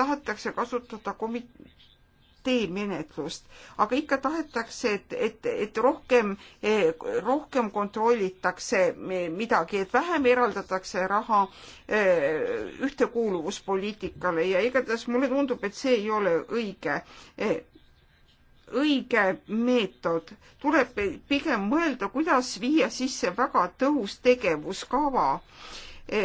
S1: tahetakse kasutada komitee menetlust, aga ikka tahetakse, et, et, et rohkem, rohkem kontrollitakse midagi, et vähem eraldatakse raha e, ühtekuuluvuspoliitikale ja igatahes mulle tundub, et see ei ole õige õige meetod. tuleb pigem mõelda, kuidas viia sisse väga tõhus tegevuskava. E,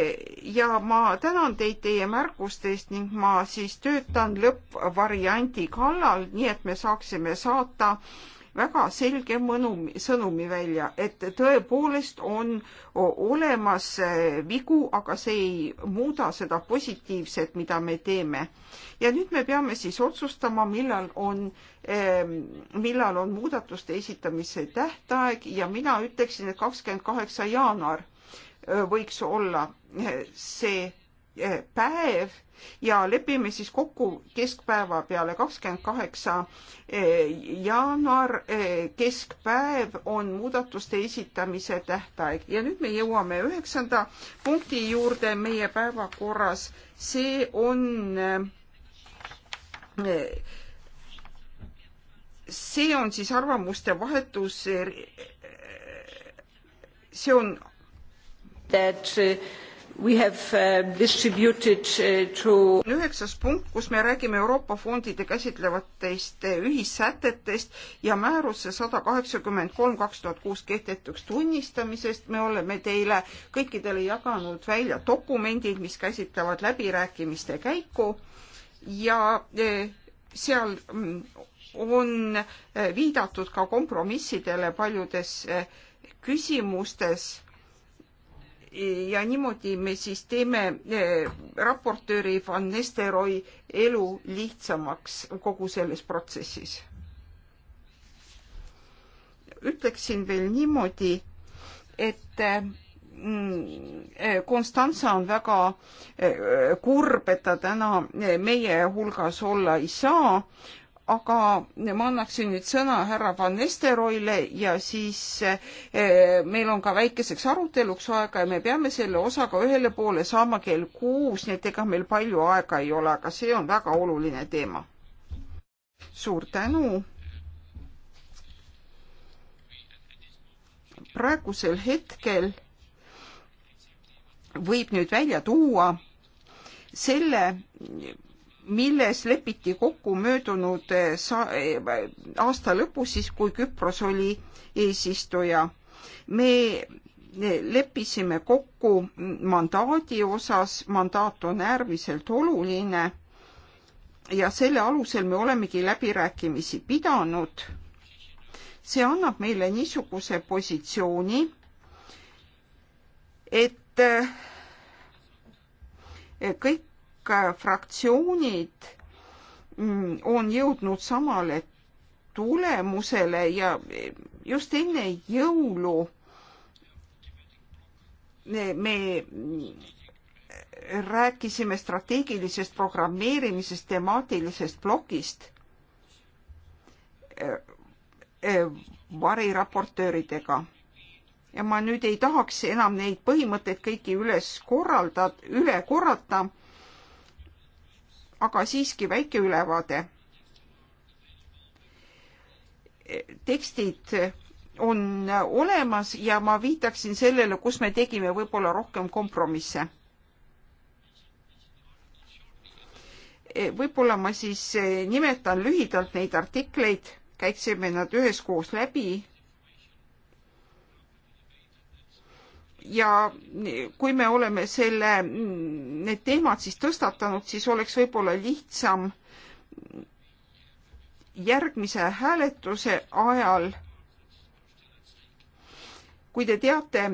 S1: ja ma tänan teid teie märkustest ning ma siis töötan lõppvariandi kallal, nii et me saaksime saata väga selge mõnumi, sõnumi välja, et tõepoolest on olemas eh, vigu, aga see ei muuda seda positiivset, mida me teeme. ja nüüd me peame siis otsustama, millal on, ehm, millal on muudatuste esitamise tähtaeg ja mina ütleksin, et kakskümmend kaheksa jaanuar eh, võiks olla eh, see päev ja lepime siis kokku keskpäeva peale kakskümmend kaheksa eh, jaanuar. Eh, keskpäev on muudatuste esitamise tähtaeg ja nüüd me jõuame üheksanda punkti juurde meie päevakorras. see on eh, see on siis arvamuste vahetus. see on. Uh, uh, üheksas punkt, kus me räägime Euroopa fondide käsitlevatest äh, ühissätetest ja määruse sada kaheksakümmend kolm kaks tuhat kuus kehtetuks tunnistamisest. me oleme teile kõikidele jaganud välja dokumendid, mis käsitlevad läbirääkimiste käiku ja äh, seal mm, on äh, viidatud ka kompromissidele paljudes küsimustes ja niimoodi me siis teeme eh, raportööri Van Nesteroi elu lihtsamaks kogu selles protsessis. ütleksin veel niimoodi, et Konstantsa mm, eh, on väga eh, kurb, et ta täna meie hulgas olla ei saa, aga ma annaksin nüüd sõna härra Van Nesteroile ja siis eh, meil on ka väikeseks aruteluks aega ja me peame selle osaga ühele poole saama kell kuus, nii et ega meil palju aega ei ole, aga see on väga oluline teema. suur tänu. praegusel hetkel võib nüüd välja tuua selle milles lepiti kokku möödunud eh, eh, aasta lõpus, siis kui Küpros oli eesistuja. me leppisime kokku mandaadi osas, mandaat on äärmiselt oluline ja selle alusel me olemegi läbirääkimisi pidanud. see annab meile niisuguse positsiooni, et eh, kõik kõik fraktsioonid mm, on jõudnud samale tulemusele ja just enne jõulu me rääkisime strateegilisest programmeerimisest, temaatilisest plokist äh, äh, variraportööridega. ja ma nüüd ei tahaks enam neid põhimõtteid kõiki üles korraldada, üle korrata aga siiski väike ülevaade. tekstid on olemas ja ma viitaksin sellele, kus me tegime võib-olla rohkem kompromisse võib-olla ma siis nimetan lühidalt neid artikleid, käiksime nad üheskoos läbi. ja kui me oleme selle, need teemad siis tõstatanud, siis oleks võib-olla lihtsam järgmise hääletuse ajal, kui te teate,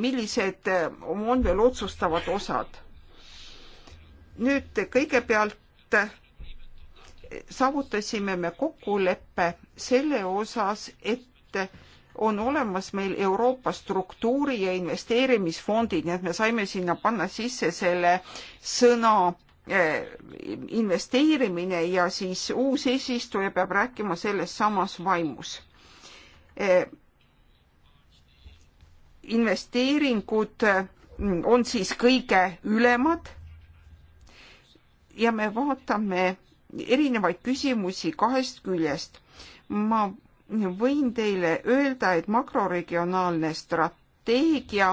S1: millised on veel otsustavad osad. nüüd kõigepealt saavutasime me kokkuleppe selle osas, et on olemas meil Euroopa struktuuri ja investeerimisfondid, nii et me saime sinna panna sisse selle sõna eh, investeerimine ja siis uus eesistuja peab rääkima selles samas vaimus. Eh, investeeringud mm, on siis kõige ülemad ja me vaatame erinevaid küsimusi kahest küljest. ma võin teile öelda, et makroregionaalne strateegia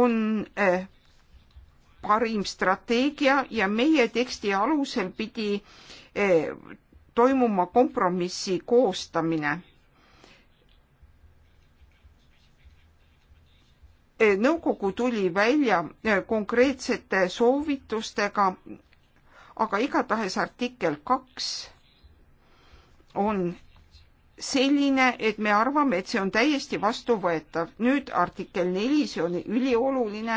S1: on eh, parim strateegia ja meie teksti alusel pidi eh, toimuma kompromissi koostamine. Eh, nõukogu tuli välja konkreetsete soovitustega, aga igatahes artikkel kaks on selline, et me arvame, et see on täiesti vastuvõetav. nüüd artikkel neli, see on ülioluline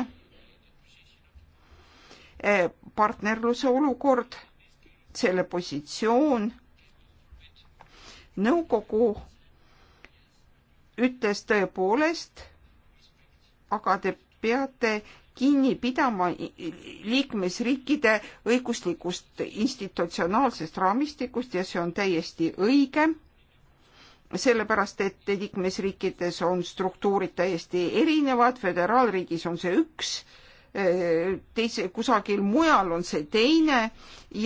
S1: eh, partnerluse olukord, selle positsioon. nõukogu ütles tõepoolest, aga te peate kinni pidama liikmesriikide õiguslikust institutsionaalsest raamistikust ja see on täiesti õige, sellepärast et liikmesriikides on struktuurid täiesti erinevad, föderaalriigis on see üks, eh, teise, kusagil mujal on see teine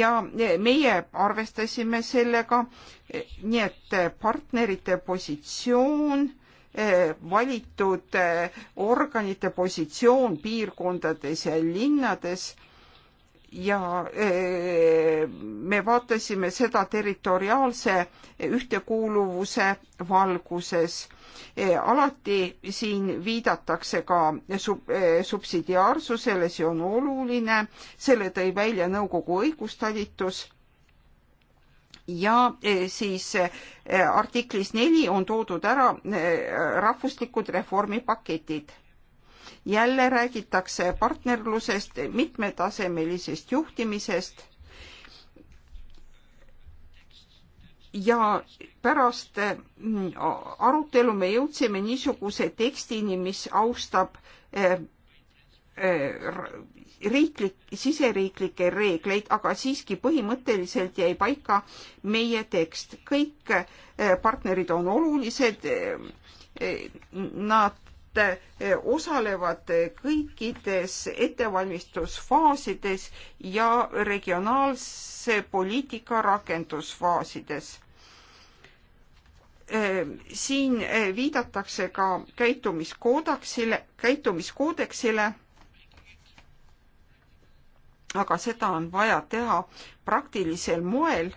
S1: ja eh, meie arvestasime sellega, eh, nii et partnerite positsioon Eh, valitud eh, organite positsioon piirkondades ja linnades ja eh, me vaatasime seda territoriaalse ühtekuuluvuse valguses. alati siin viidatakse ka sub-, subsidiaarsusele, see on oluline, selle tõi välja nõukogu õigustalitus ja e, siis e, artiklis neli on toodud ära e, rahvuslikud reformipaketid. jälle räägitakse partnerlusest, mitmetasemelisest juhtimisest ja pärast arutelu me jõudsime niisuguse tekstini, mis austab Äh, riiklik, siseriiklikke reegleid, aga siiski põhimõtteliselt jäi paika meie tekst. kõik äh, partnerid on olulised, äh, nad osalevad kõikides ettevalmistusfaasides ja regionaalse poliitika rakendusfaasides siin viidatakse ka käitumiskoodeksile, käitumiskoodeksile aga seda on vaja teha praktilisel moel.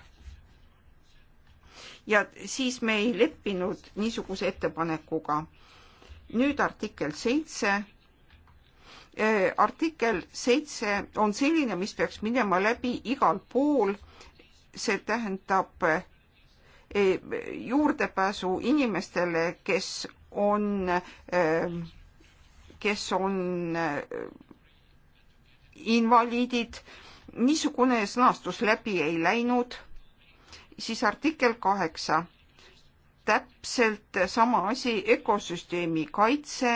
S1: ja siis me ei leppinud niisuguse ettepanekuga. nüüd artikkel seitse äh, artikkel seitse on selline, mis peaks minema läbi igal pool. see tähendab äh, juurdepääsu inimestele, kes on, äh, kes on invaliidid, niisugune sõnastus läbi ei läinud, siis artikkel kaheksa, täpselt sama asi, ökosüsteemi kaitse,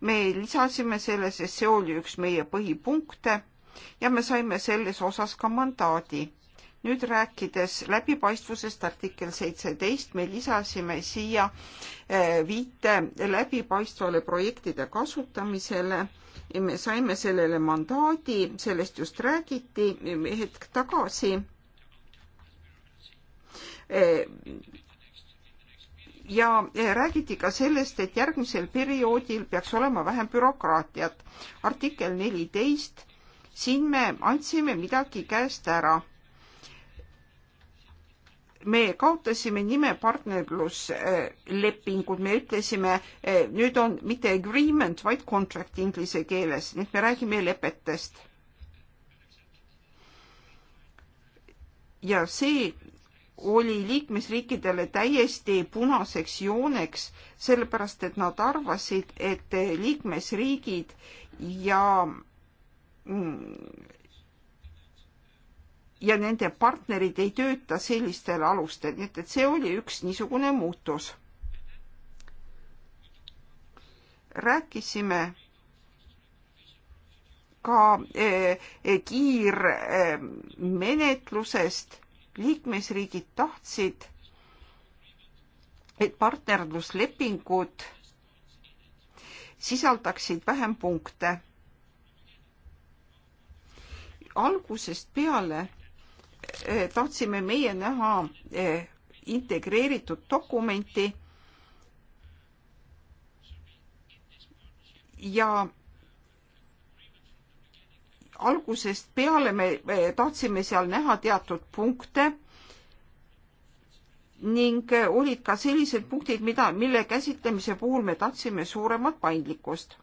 S1: me lisasime selle, sest see oli üks meie põhipunkte ja me saime selles osas ka mandaadi. nüüd rääkides läbipaistvusest, artikkel seitseteist, me lisasime siia eh, viite läbipaistvale projektide kasutamisele me saime sellele mandaadi, sellest just räägiti hetk tagasi. ja räägiti ka sellest, et järgmisel perioodil peaks olema vähem bürokraatiat. artikkel neliteist, siin me andsime midagi käest ära me kaotasime nime partnerluslepingud, me ütlesime, eh, nüüd on mitte agreement, vaid contract inglise keeles, nii et me räägime lepetest. ja see oli liikmesriikidele täiesti punaseks jooneks, sellepärast et nad arvasid, et liikmesriigid ja mm, ja nende partnerid ei tööta sellistel alustel, nii et, et see oli üks niisugune muutus. rääkisime ka eh, kiirmenetlusest eh,, eh liikmesriigid tahtsid, et partnerluslepingud sisaldaksid vähem punkte. algusest peale Eh, tahtsime meie näha eh, integreeritud dokumenti ja algusest peale me eh, tahtsime seal näha teatud punkte ning olid ka sellised punktid, mida, mille käsitlemise puhul me tahtsime suuremat paindlikkust.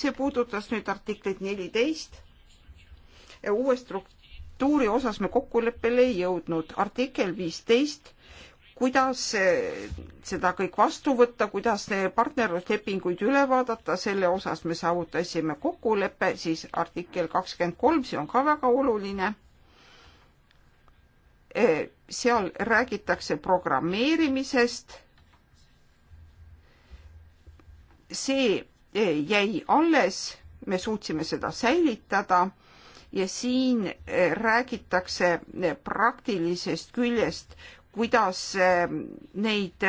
S1: see puudutas nüüd artiklit neliteist uue struktuuri osas me kokkuleppele ei jõudnud. artikkel viisteist, kuidas eh, seda kõik vastu võtta, kuidas partnerluslepinguid üle vaadata, selle osas me saavutasime kokkuleppe, siis artikkel kakskümmend kolm, see on ka väga oluline eh, seal räägitakse programmeerimisest. see eh, jäi alles, me suutsime seda säilitada ja siin eh, räägitakse eh, praktilisest küljest, kuidas eh, neid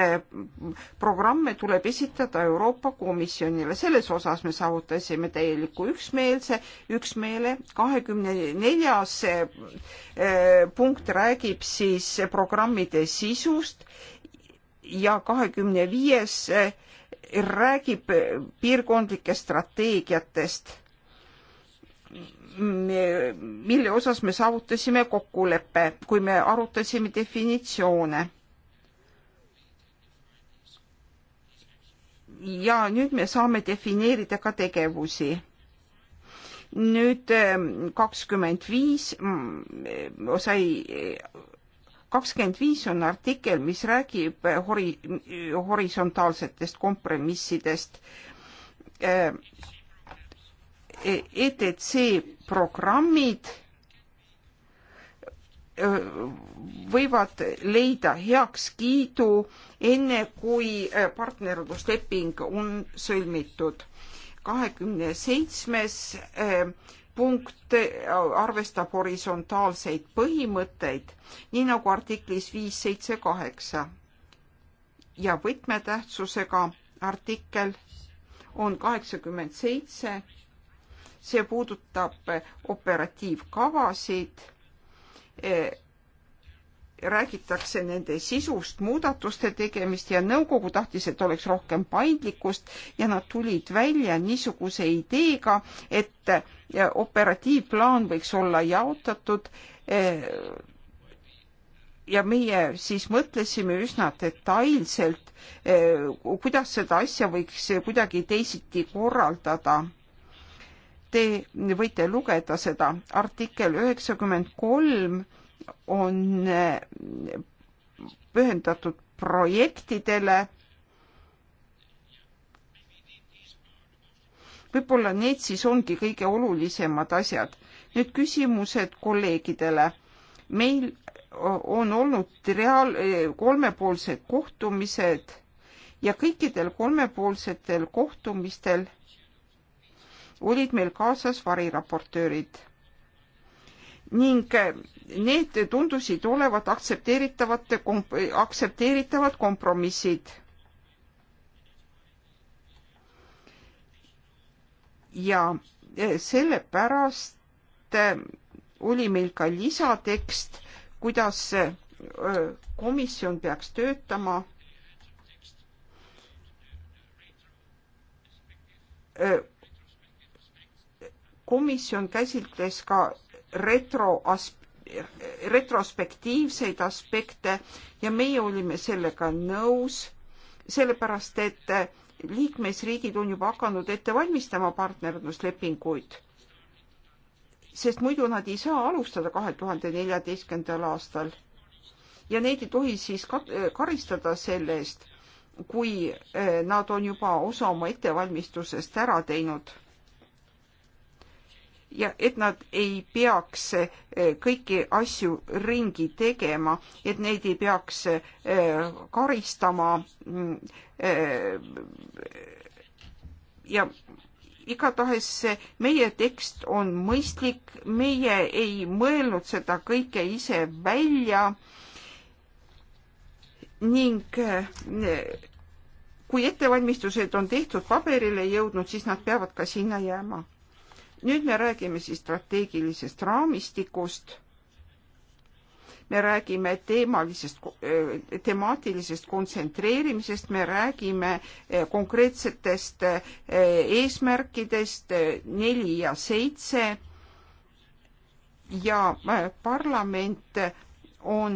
S1: programme tuleb esitada Euroopa Komisjonile. selles osas me saavutasime täieliku üksmeelse, üksmeele. kahekümne neljas punkt räägib siis programmide sisust ja kahekümne viies räägib piirkondlikest strateegiatest mille osas me saavutasime kokkuleppe, kui me arutasime definitsioone. ja nüüd me saame defineerida ka tegevusi nüüd ehm, kakskümmend viis mm, sai, kakskümmend viis on artikkel, mis räägib hori-, horisontaalsetest kompromissidest. Ehm, ETC programmid võivad leida heakskiidu enne, kui partnerlusleping on sõlmitud. kahekümne seitsmes punkt arvestab horisontaalseid põhimõtteid, nii nagu artiklis viis, seitse, kaheksa. ja võtmetähtsusega artikkel on kaheksakümmend seitse see puudutab operatiivkavasid, e, räägitakse nende sisust, muudatuste tegemist ja nõukogu tahtis, et oleks rohkem paindlikkust ja nad tulid välja niisuguse ideega, et operatiivplaan võiks olla jaotatud e, ja meie siis mõtlesime üsna detailselt, e, kuidas seda asja võiks kuidagi teisiti korraldada Te võite lugeda seda. artikkel üheksakümmend kolm on eh, pühendatud projektidele. võib-olla need siis ongi kõige olulisemad asjad. nüüd küsimused kolleegidele. meil on olnud reaal-, kolmepoolsed kohtumised ja kõikidel kolmepoolsetel kohtumistel olid meil kaasas variraportöörid ning eh, need tundusid olevat aktsepteeritavate komp,, aktsepteeritavad kompromissid. ja eh, sellepärast eh, oli meil ka lisatekst, kuidas komisjon peaks töötama komisjon käsitles ka retroasp-, retrospektiivseid aspekte ja meie olime sellega nõus, sellepärast et liikmesriigid on juba hakanud ette valmistama partnerluslepinguid, sest muidu nad ei saa alustada kahe tuhande neljateistkümnendal aastal. ja neid ei tohi siis karistada selle eest, kui eh, nad on juba osa oma ettevalmistusest ära teinud ja et nad ei peaks eh, kõiki asju ringi tegema, et neid ei peaks eh, karistama. Mm, eh, ja igatahes meie tekst on mõistlik, meie ei mõelnud seda kõike ise välja ning kui ettevalmistused on tehtud paberile jõudnud, siis nad peavad ka sinna jääma nüüd me räägime siis strateegilisest raamistikust. me räägime teemalisest, eh, temaatilisest kontsentreerimisest, me räägime eh, konkreetsetest eh, eesmärkidest neli ja seitse. ja parlament on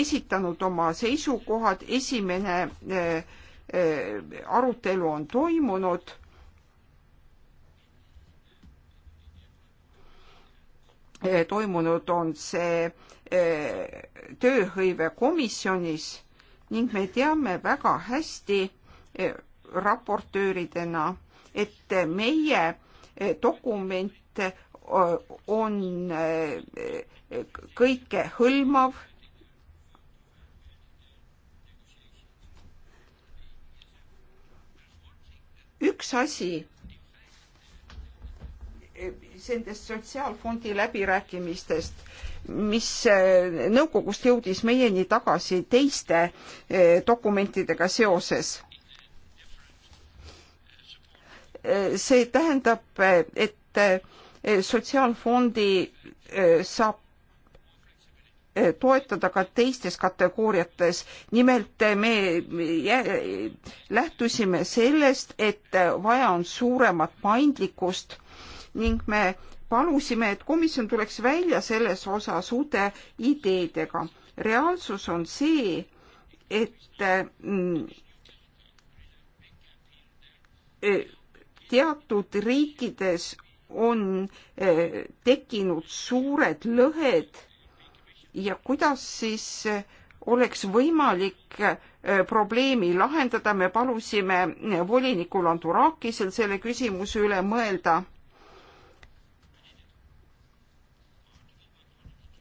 S1: esitanud oma seisukohad, esimene arutelu on toimunud Eh, toimunud on see eh, tööhõive komisjonis ning me teame väga hästi eh, raportööridena, et meie dokument on kõike hõlmav. üks asi nendest sotsiaalfondi läbirääkimistest, mis eh, nõukogust jõudis meieni tagasi teiste eh, dokumentidega seoses. Eh, see tähendab, et sotsiaalfondi saab toetada ka teistes kategooriates. nimelt me lähtusime sellest, et vaja on suuremat paindlikkust ning me palusime, et komisjon tuleks välja selles osas uute ideedega. reaalsus on see, et mm, teatud riikides on eh, tekkinud suured lõhed ja kuidas siis eh, oleks võimalik eh, probleemi lahendada, me palusime volinikul Andurakisel selle küsimuse üle mõelda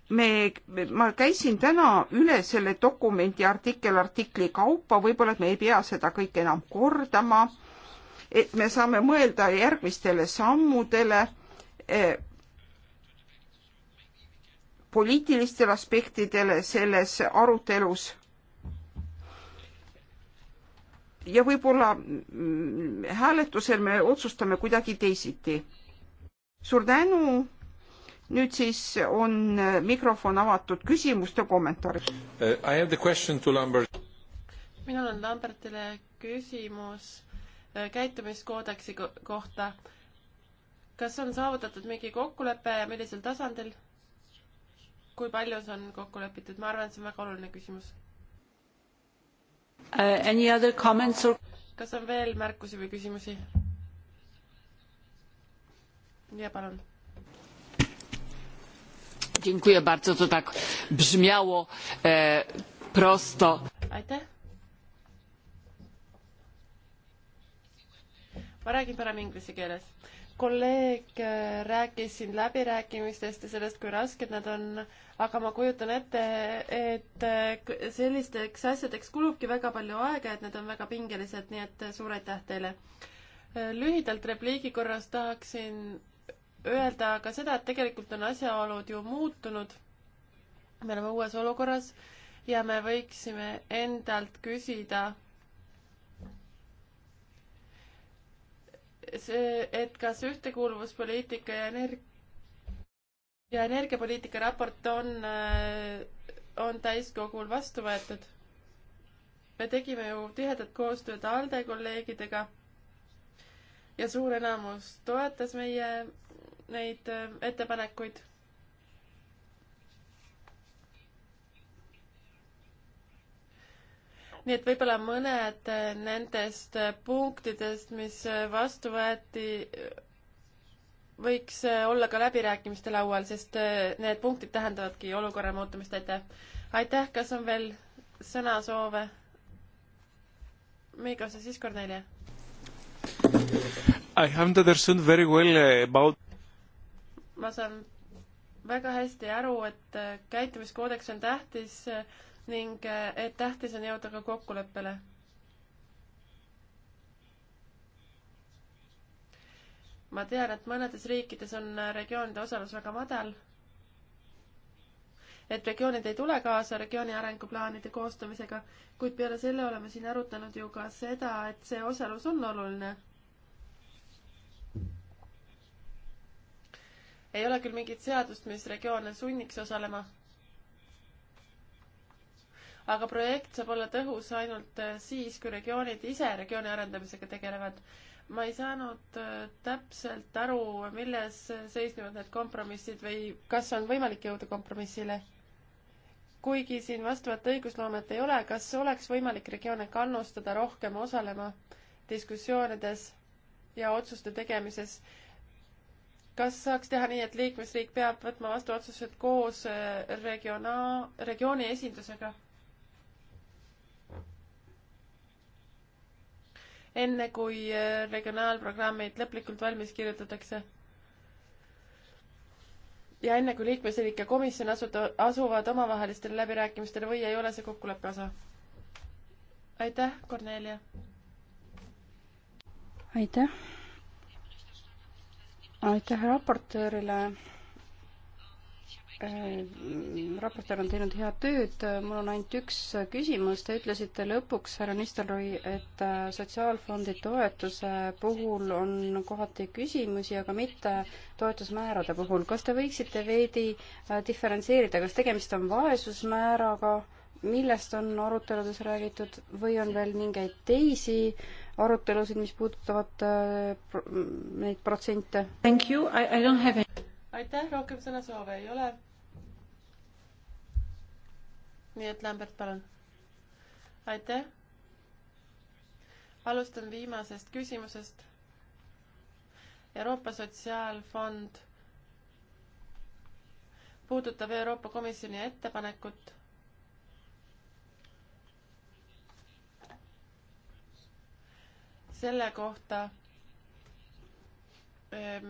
S1: me, ma käisin täna üle selle dokumendi artikkel artikli kaupa, võib-olla et me ei pea seda kõike enam kordama, et me saame mõelda järgmistele sammudele eh,, poliitilistele aspektidele selles arutelus ja võib-olla mm, hääletusel me otsustame kuidagi teisiti. suur tänu nüüd siis on äh, mikrofon avatud küsimuste kommentaariks uh,.
S2: minul on Lambertile küsimus äh, käitumiskoodeksi kohta. kas on saavutatud mingi kokkulepe ja millisel tasandil? kui palju see on kokku lepitud, ma arvan, et see on väga oluline küsimus uh,. Or... kas on veel märkusi või küsimusi? ja palun Dziękuję bardzo, to tak brzmiało e, prosto. aitäh. ma räägin parem inglise keeles. kolleeg e, rääkis siin läbirääkimistest ja sellest, kui rasked nad on, aga ma kujutan ette, et e, sellisteks asjadeks kulubki väga palju aega, et need on väga pingelised, nii et suur aitäh teile. E, lühidalt repliigi korras tahaksin öelda ka seda, et tegelikult on asjaolud ju muutunud. me oleme uues olukorras ja me võiksime endalt küsida see, et kas ühtekuuluvuspoliitika ja energ- ja energiapoliitika raport on, äh, on täiskogul vastu võetud. me tegime ju tihedat koostööd ALDE kolleegidega ja suur enamus toetas meie neid äh, ettepanekuid. nii et võib-olla mõned äh, nendest äh, punktidest, mis vastu võeti, võiks olla ka läbirääkimiste laual, sest need punktid tähendavadki olukorra muutumist, aitäh. aitäh, kas on veel sõnasoove? Mikose, siis Kornelia. I
S3: haven't understood very well about
S2: ma saan väga hästi aru, et äh, käitumiskoodeks on tähtis äh, ning äh, et tähtis on jõuda ka kokkuleppele. ma tean, et mõnedes riikides on regioonide osalus väga madal. et regioonid ei tule kaasa regiooni arenguplaanide koostamisega, kuid peale selle oleme siin arutanud ju ka seda, et see osalus on oluline ei ole küll mingit seadust, mis regioone sunniks osalema. aga projekt saab olla tõhus ainult eh, siis, kui regioonid ise regiooni arendamisega tegelevad. ma ei saanud eh, täpselt aru, milles seisnevad need kompromissid või kas on võimalik jõuda kompromissile. kuigi siin vastavat õigusloomet ei ole, kas oleks võimalik regioone kannustada rohkem osalema diskussioonides ja otsuste tegemises kas saaks teha nii, et liikmesriik peab võtma vastu otsused koos äh, regiona-, regiooni esindusega? enne kui äh, regionaalprogrammid lõplikult valmis kirjutatakse. ja enne kui liikmesriik ja komisjon asuta-, asuvad omavahelistele läbirääkimistele või ei ole see kokkuleppe osa? aitäh, Kornelia!
S3: aitäh! aitäh raportöörile. Äh, raportöör on teinud head tööd, mul on ainult üks küsimus, te ütlesite lõpuks, härra Nistelrooi, et äh, sotsiaalfondi toetuse puhul on kohati küsimusi, aga mitte toetusmäärade puhul. kas te võiksite veidi äh, diferentseerida, kas tegemist on vaesusmääraga, millest on aruteludes räägitud või on veel mingeid teisi äh, arutelusid, mis puudutavad äh, neid protsente. Have...
S2: aitäh, rohkem sõnasoove ei ole. nii et Lambert, palun. aitäh. alustan viimasest küsimusest. Euroopa Sotsiaalfond puudutab Euroopa Komisjoni ettepanekut selle kohta, ehm,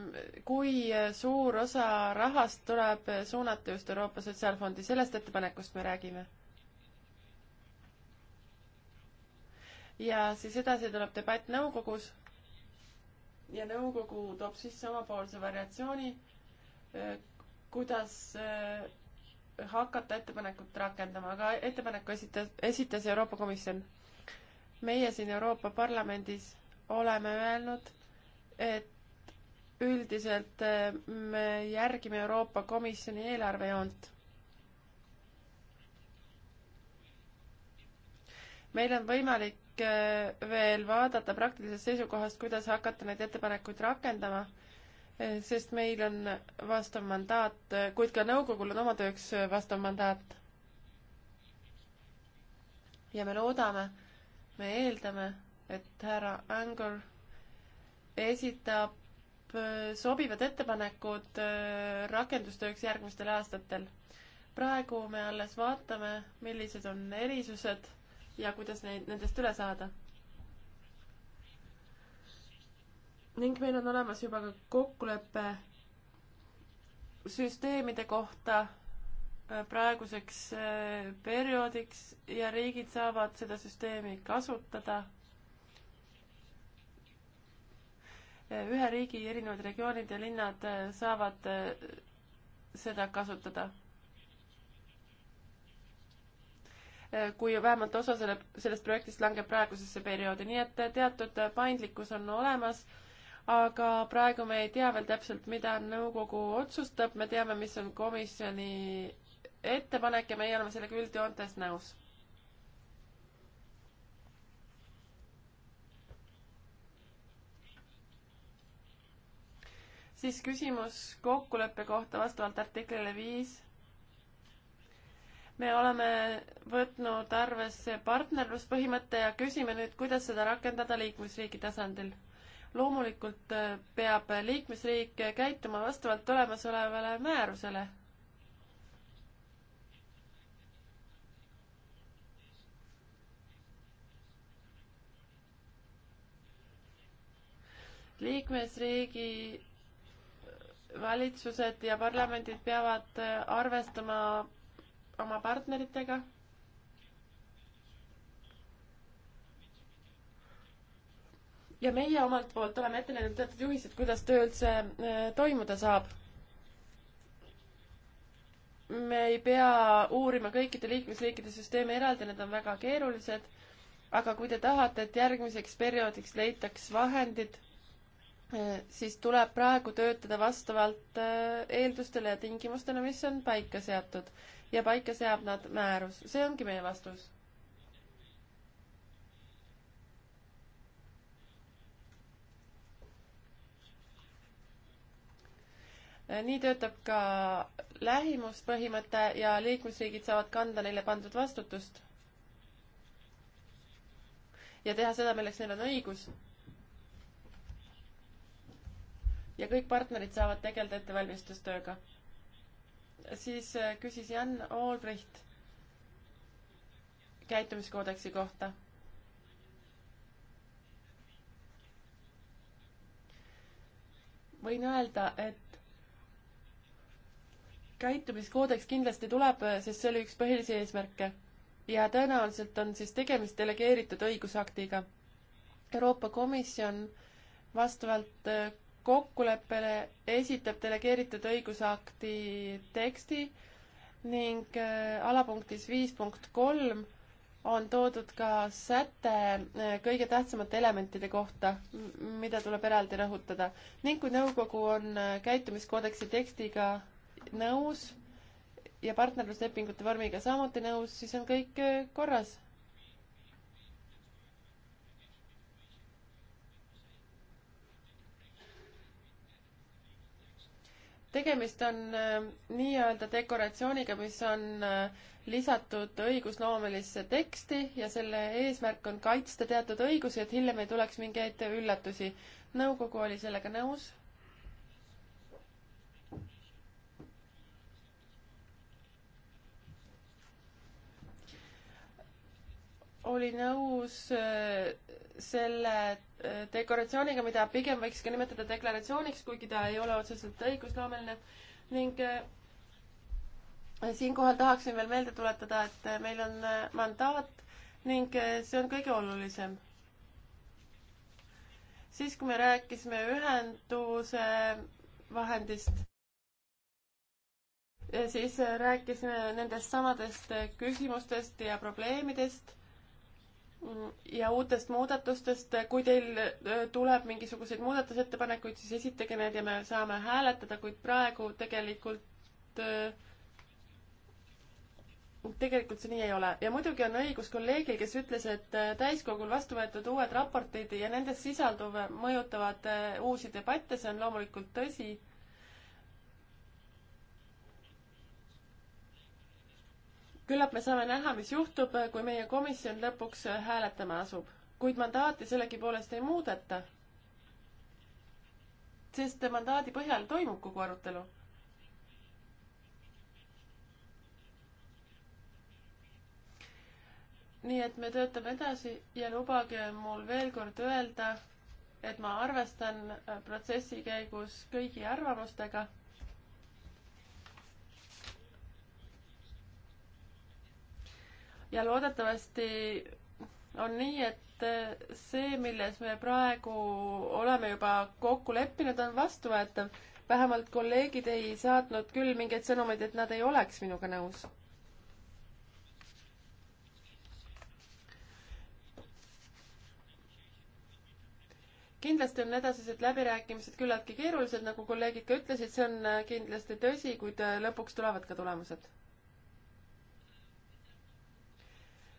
S2: kui suur osa rahast tuleb suunata just Euroopa Sotsiaalfondi, sellest ettepanekust me räägime. ja siis edasi tuleb debatt nõukogus ja nõukogu toob sisse omapoolse variatsiooni, e, kuidas e, hakata ettepanekut rakendama, aga ettepaneku esitas, esitas Euroopa Komisjon meie siin Euroopa Parlamendis oleme öelnud, et üldiselt eh, me järgime Euroopa Komisjoni eelarvejoont. meil on võimalik eh, veel vaadata praktilisest seisukohast, kuidas hakata neid ettepanekuid rakendama, eh, sest meil on vastav mandaat, kuid ka nõukogul on oma tööks vastav mandaat. ja me loodame me eeldame, et härra Anger esitab äh, sobivad ettepanekud äh, rakendustööks järgmistel aastatel. praegu me alles vaatame, millised on erisused ja kuidas neid, nendest üle saada. ning meil on olemas juba ka kokkulepe süsteemide kohta Äh, praeguseks äh, perioodiks ja riigid saavad seda süsteemi kasutada. Äh, ühe riigi erinevad regioonid ja linnad saavad seda kasutada. kui vähemalt osa selle, sellest projektist langeb praegusesse perioodi, nii et teatud paindlikkus on olemas aga praegu me ei tea veel täpselt, mida nõukogu otsustab, me teame, mis on komisjoni ettepanek ja meie oleme sellega üldjoontes nõus. siis küsimus kokkuleppe kohta vastavalt artiklile viis me oleme võtnud arvesse partnerluspõhimõtte ja küsime nüüd, kuidas seda rakendada liikmesriigi tasandil. loomulikult peab liikmesriik käituma vastavalt olemasolevale määrusele. liikmesriigi valitsused ja parlamendid peavad arvestama oma partneritega. ja meie omalt poolt oleme ette näinud teatud juhised, kuidas töö üldse äh, toimuda saab. me ei pea uurima kõikide liikmesriikide süsteeme eraldi, need on väga keerulised. aga kui te tahate, et järgmiseks perioodiks leitaks vahendid Äh, siis tuleb praegu töötada vastavalt äh, eeldustele ja tingimustele, mis on paika seatud ja paika seab nad määrus. see ongi meie vastus. Äh, nii töötab ka lähimuspõhimõte ja liikmesriigid saavad kanda neile pandud vastutust ja teha seda, milleks neil on õigus ja kõik partnerid saavad tegeleda ettevalmistustööga. siis äh, küsis Jan Olbricht käitumiskoodeksi kohta. võin öelda, et käitumiskoodeks kindlasti tuleb, äh, sest see oli üks põhilisi eesmärke ja tõenäoliselt on siis tegemist delegeeritud õigusaktiga. Euroopa Komisjon vastavalt äh, kokkuleppele, esitab delegeeritud õigusakti teksti ning äh, alapunktis viis punkt kolm on toodud ka säte äh, kõige tähtsamate elementide kohta, mida tuleb eraldi rõhutada. ning kui nõukogu on äh, käitumiskoodeksi tekstiga nõus ja partnerluslepingute vormiga samuti nõus, siis on kõik korras tegemist on äh, nii-öelda dekoratsiooniga, mis on äh, lisatud õigusloomelisse teksti ja selle eesmärk on kaitsta teatud õigusi, et hiljem ei tuleks mingeid üllatusi. nõukogu oli sellega nõus. oli nõus äh, selle äh, dekoratsiooniga, mida pigem võiks ka nimetada deklaratsiooniks, kuigi ta ei ole otseselt õigusloomeline ning äh, siinkohal tahaksin veel meelde tuletada, et äh, meil on mandaat ning see on kõige olulisem. siis, kui me rääkisime ühenduse vahendist, siis rääkisime nendest samadest küsimustest ja probleemidest ja uutest muudatustest, kui teil äh, tuleb mingisuguseid muudatusettepanekuid, siis esitage need ja me saame hääletada, kuid praegu tegelikult, äh, tegelikult see nii ei ole. ja muidugi on õigus kolleegil, kes ütles, et äh, täiskogul vastu võetud uued raportid ja nendes sisalduv mõjutavad uusi debatte, see on loomulikult tõsi küllap me saame näha, mis juhtub, kui meie komisjon lõpuks hääletama asub, kuid mandaati sellegipoolest ei muudeta. sest mandaadi põhjal toimub kogu arutelu. nii et me töötame edasi ja lubage mul veel kord öelda, et ma arvestan protsessi käigus kõigi arvamustega ja loodetavasti on nii, et see, milles me praegu oleme juba kokku leppinud, on vastuvõetav. vähemalt kolleegid ei saatnud küll mingeid sõnumeid, et nad ei oleks minuga nõus. kindlasti on edasised läbirääkimised küllaltki keerulised, nagu kolleegid ka ütlesid, see on kindlasti tõsi, kuid lõpuks tulevad ka tulemused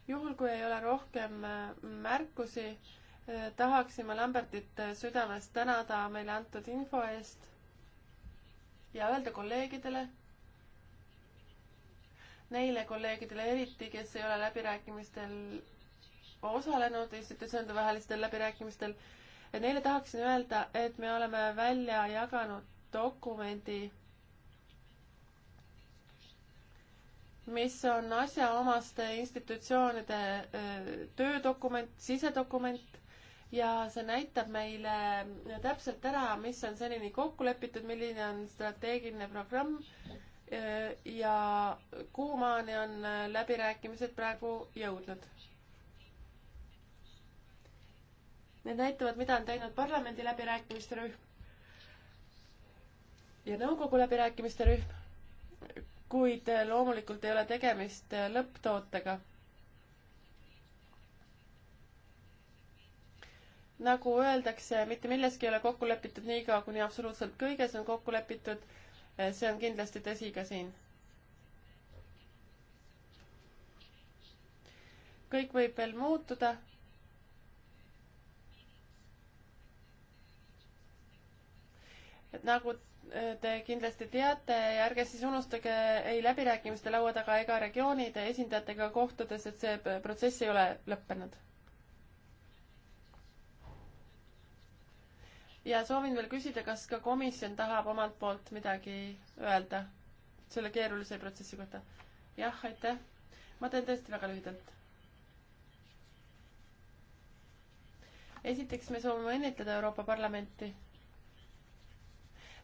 S2: juhul, kui ei ole rohkem äh, märkusi, äh, tahaksime Lambertit äh, südamest tänada meile antud info eest ja öelda kolleegidele, neile kolleegidele eriti, kes ei ole läbirääkimistel osalenud institutsioonide vahelistel läbirääkimistel, et neile tahaksin öelda, et me oleme välja jaganud dokumendi mis on asjaomaste institutsioonide töödokument, sisedokument ja see näitab meile täpselt ära, mis on senini kokku lepitud, milline on strateegiline programm ja kuhumaani on läbirääkimised praegu jõudnud. Need näitavad, mida on teinud parlamendi läbirääkimiste rühm ja nõukogu läbirääkimiste rühm kuid äh, loomulikult ei ole tegemist äh, lõpptootega. nagu öeldakse, mitte milleski ei ole kokku lepitud niikaua, kuni absoluutselt kõiges on kokku lepitud. Äh, see on kindlasti tõsi ka siin. kõik võib veel muutuda et nagu te kindlasti teate ja ärge siis unustage ei läbirääkimiste laua taga ega regioonide esindajatega kohtudes, et see protsess ei ole lõppenud. ja soovin veel küsida, kas ka komisjon tahab omalt poolt midagi öelda selle keerulise protsessi kohta? jah, aitäh. ma teen tõesti väga lühidalt. esiteks me soovime õnnitleda Euroopa Parlamenti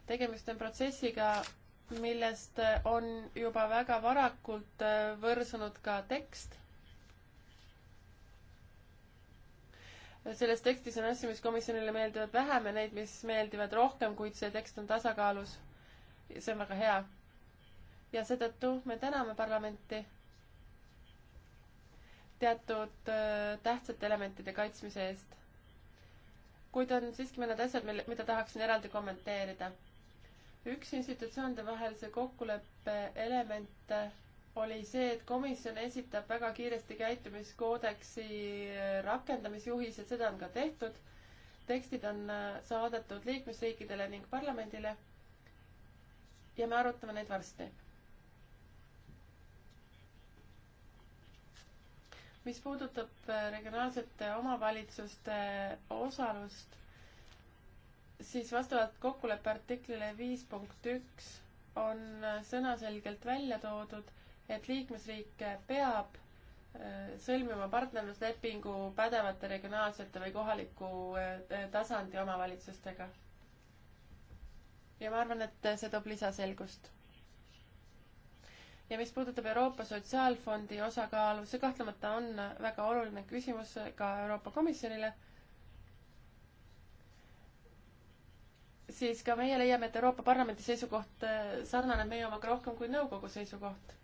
S2: tegemist on protsessiga, millest on juba väga varakult äh, võrsunud ka tekst. selles tekstis on asju, mis komisjonile meeldivad vähem ja neid, mis meeldivad rohkem, kuid see tekst on tasakaalus. see on väga hea. ja seetõttu me täname parlamenti teatud äh, tähtsate elementide kaitsmise eest. kuid on siiski mõned asjad, mille, mida tahaksin eraldi kommenteerida üks institutsioonide vahelise kokkuleppe elemente oli see, et komisjon esitab väga kiiresti käitumiskoodeksi rakendamisjuhised, seda on ka tehtud. tekstid on äh, saadetud liikmesriikidele ning parlamendile. ja me arutame neid varsti. mis puudutab äh, regionaalsete omavalitsuste osalust siis vastavalt kokkuleppe artiklile viis punkt üks on sõnaselgelt välja toodud, et liikmesriik peab äh, sõlmima partnerluslepingu pädevate regionaalsete või kohaliku äh, tasandi omavalitsustega. ja ma arvan, et äh, see toob lisaselgust. ja mis puudutab Euroopa Sotsiaalfondi osakaalu, see kahtlemata on väga oluline küsimus ka Euroopa Komisjonile siis ka meie leiame, et Euroopa Parlamendi seisukoht äh, sarnaneb meie omaga rohkem kui nõukogu seisukoht.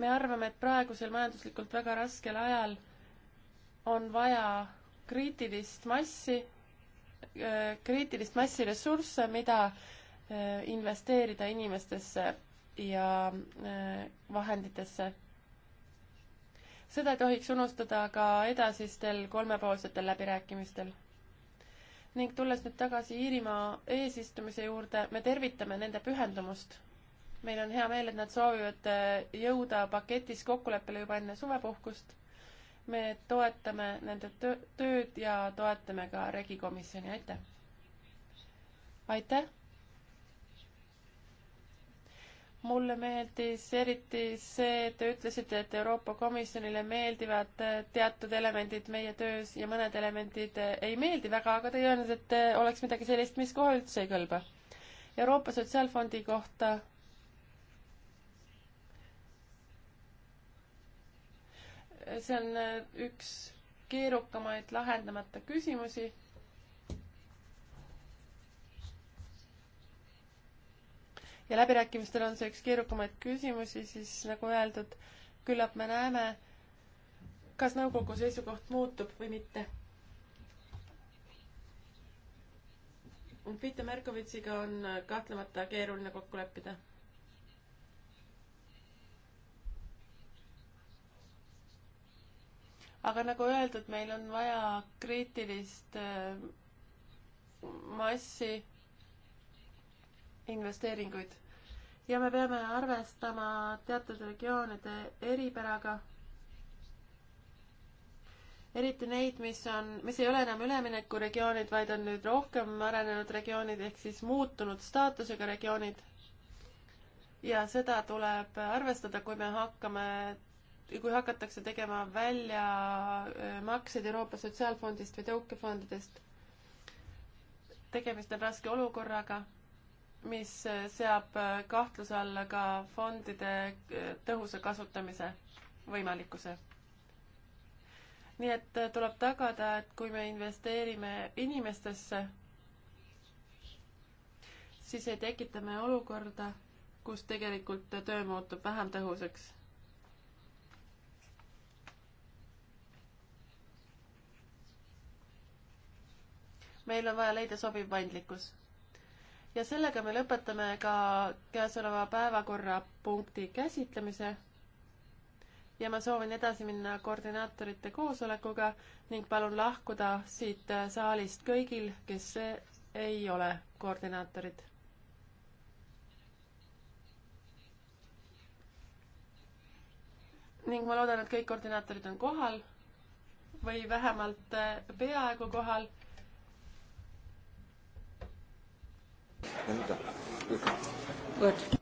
S2: me arvame, et praegusel majanduslikult väga raskel ajal on vaja kriitilist massi, äh, kriitilist massi ressursse, mida äh, investeerida inimestesse ja vahenditesse. seda ei tohiks unustada ka edasistel kolmepoolsetel läbirääkimistel ning tulles nüüd tagasi Iirimaa eesistumise juurde, me tervitame nende pühendumust. meil on hea meel, et nad soovivad äh, jõuda paketis kokkuleppele juba enne suvepuhkust. me toetame nende tööd ja toetame ka regikomisjoni, aitäh! aitäh! mulle meeldis eriti see, et te ütlesite, et Euroopa Komisjonile meeldivad äh, teatud elemendid meie töös ja mõned elemendid äh, ei meeldi väga, aga te ei öelnud, et äh, oleks midagi sellist, mis kohe üldse ei kõlba. Euroopa Sotsiaalfondi kohta see on üks keerukamaid lahendamata küsimusi ja läbirääkimistel on see üks keerukamaid küsimusi, siis nagu öeldud, küllap me näeme, kas nõukogu seisukoht muutub või mitte. Peter Merkovitšiga on kahtlemata keeruline kokku leppida aga nagu öeldud, meil on vaja kriitilist eh, massi investeeringuid ja me peame arvestama teatud regioonide eripäraga, eriti neid, mis on, mis ei ole enam üleminekuregioonid, vaid on nüüd rohkem arenenud regioonid ehk siis muutunud staatusega regioonid. ja seda tuleb arvestada, kui me hakkame, kui hakatakse tegema väljamakseid äh, Euroopa Sotsiaalfondist või tõukefondidest. tegemist on raske olukorraga mis äh, seab äh, kahtluse alla ka fondide äh, tõhusa kasutamise võimalikkuse. nii et tuleb tagada, et kui me investeerime inimestesse, siis ei tekita me olukorda, kus tegelikult töö muutub vähem tõhusaks. meil on vaja leida sobiv paindlikkus ja sellega me lõpetame ka käesoleva päevakorrapunkti käsitlemise. ja ma soovin edasi minna koordinaatorite koosolekuga ning palun lahkuda siit saalist kõigil, kes ei ole koordinaatorid ning ma loodan, et kõik koordinaatorid on kohal või vähemalt peaaegu kohal
S1: Gut.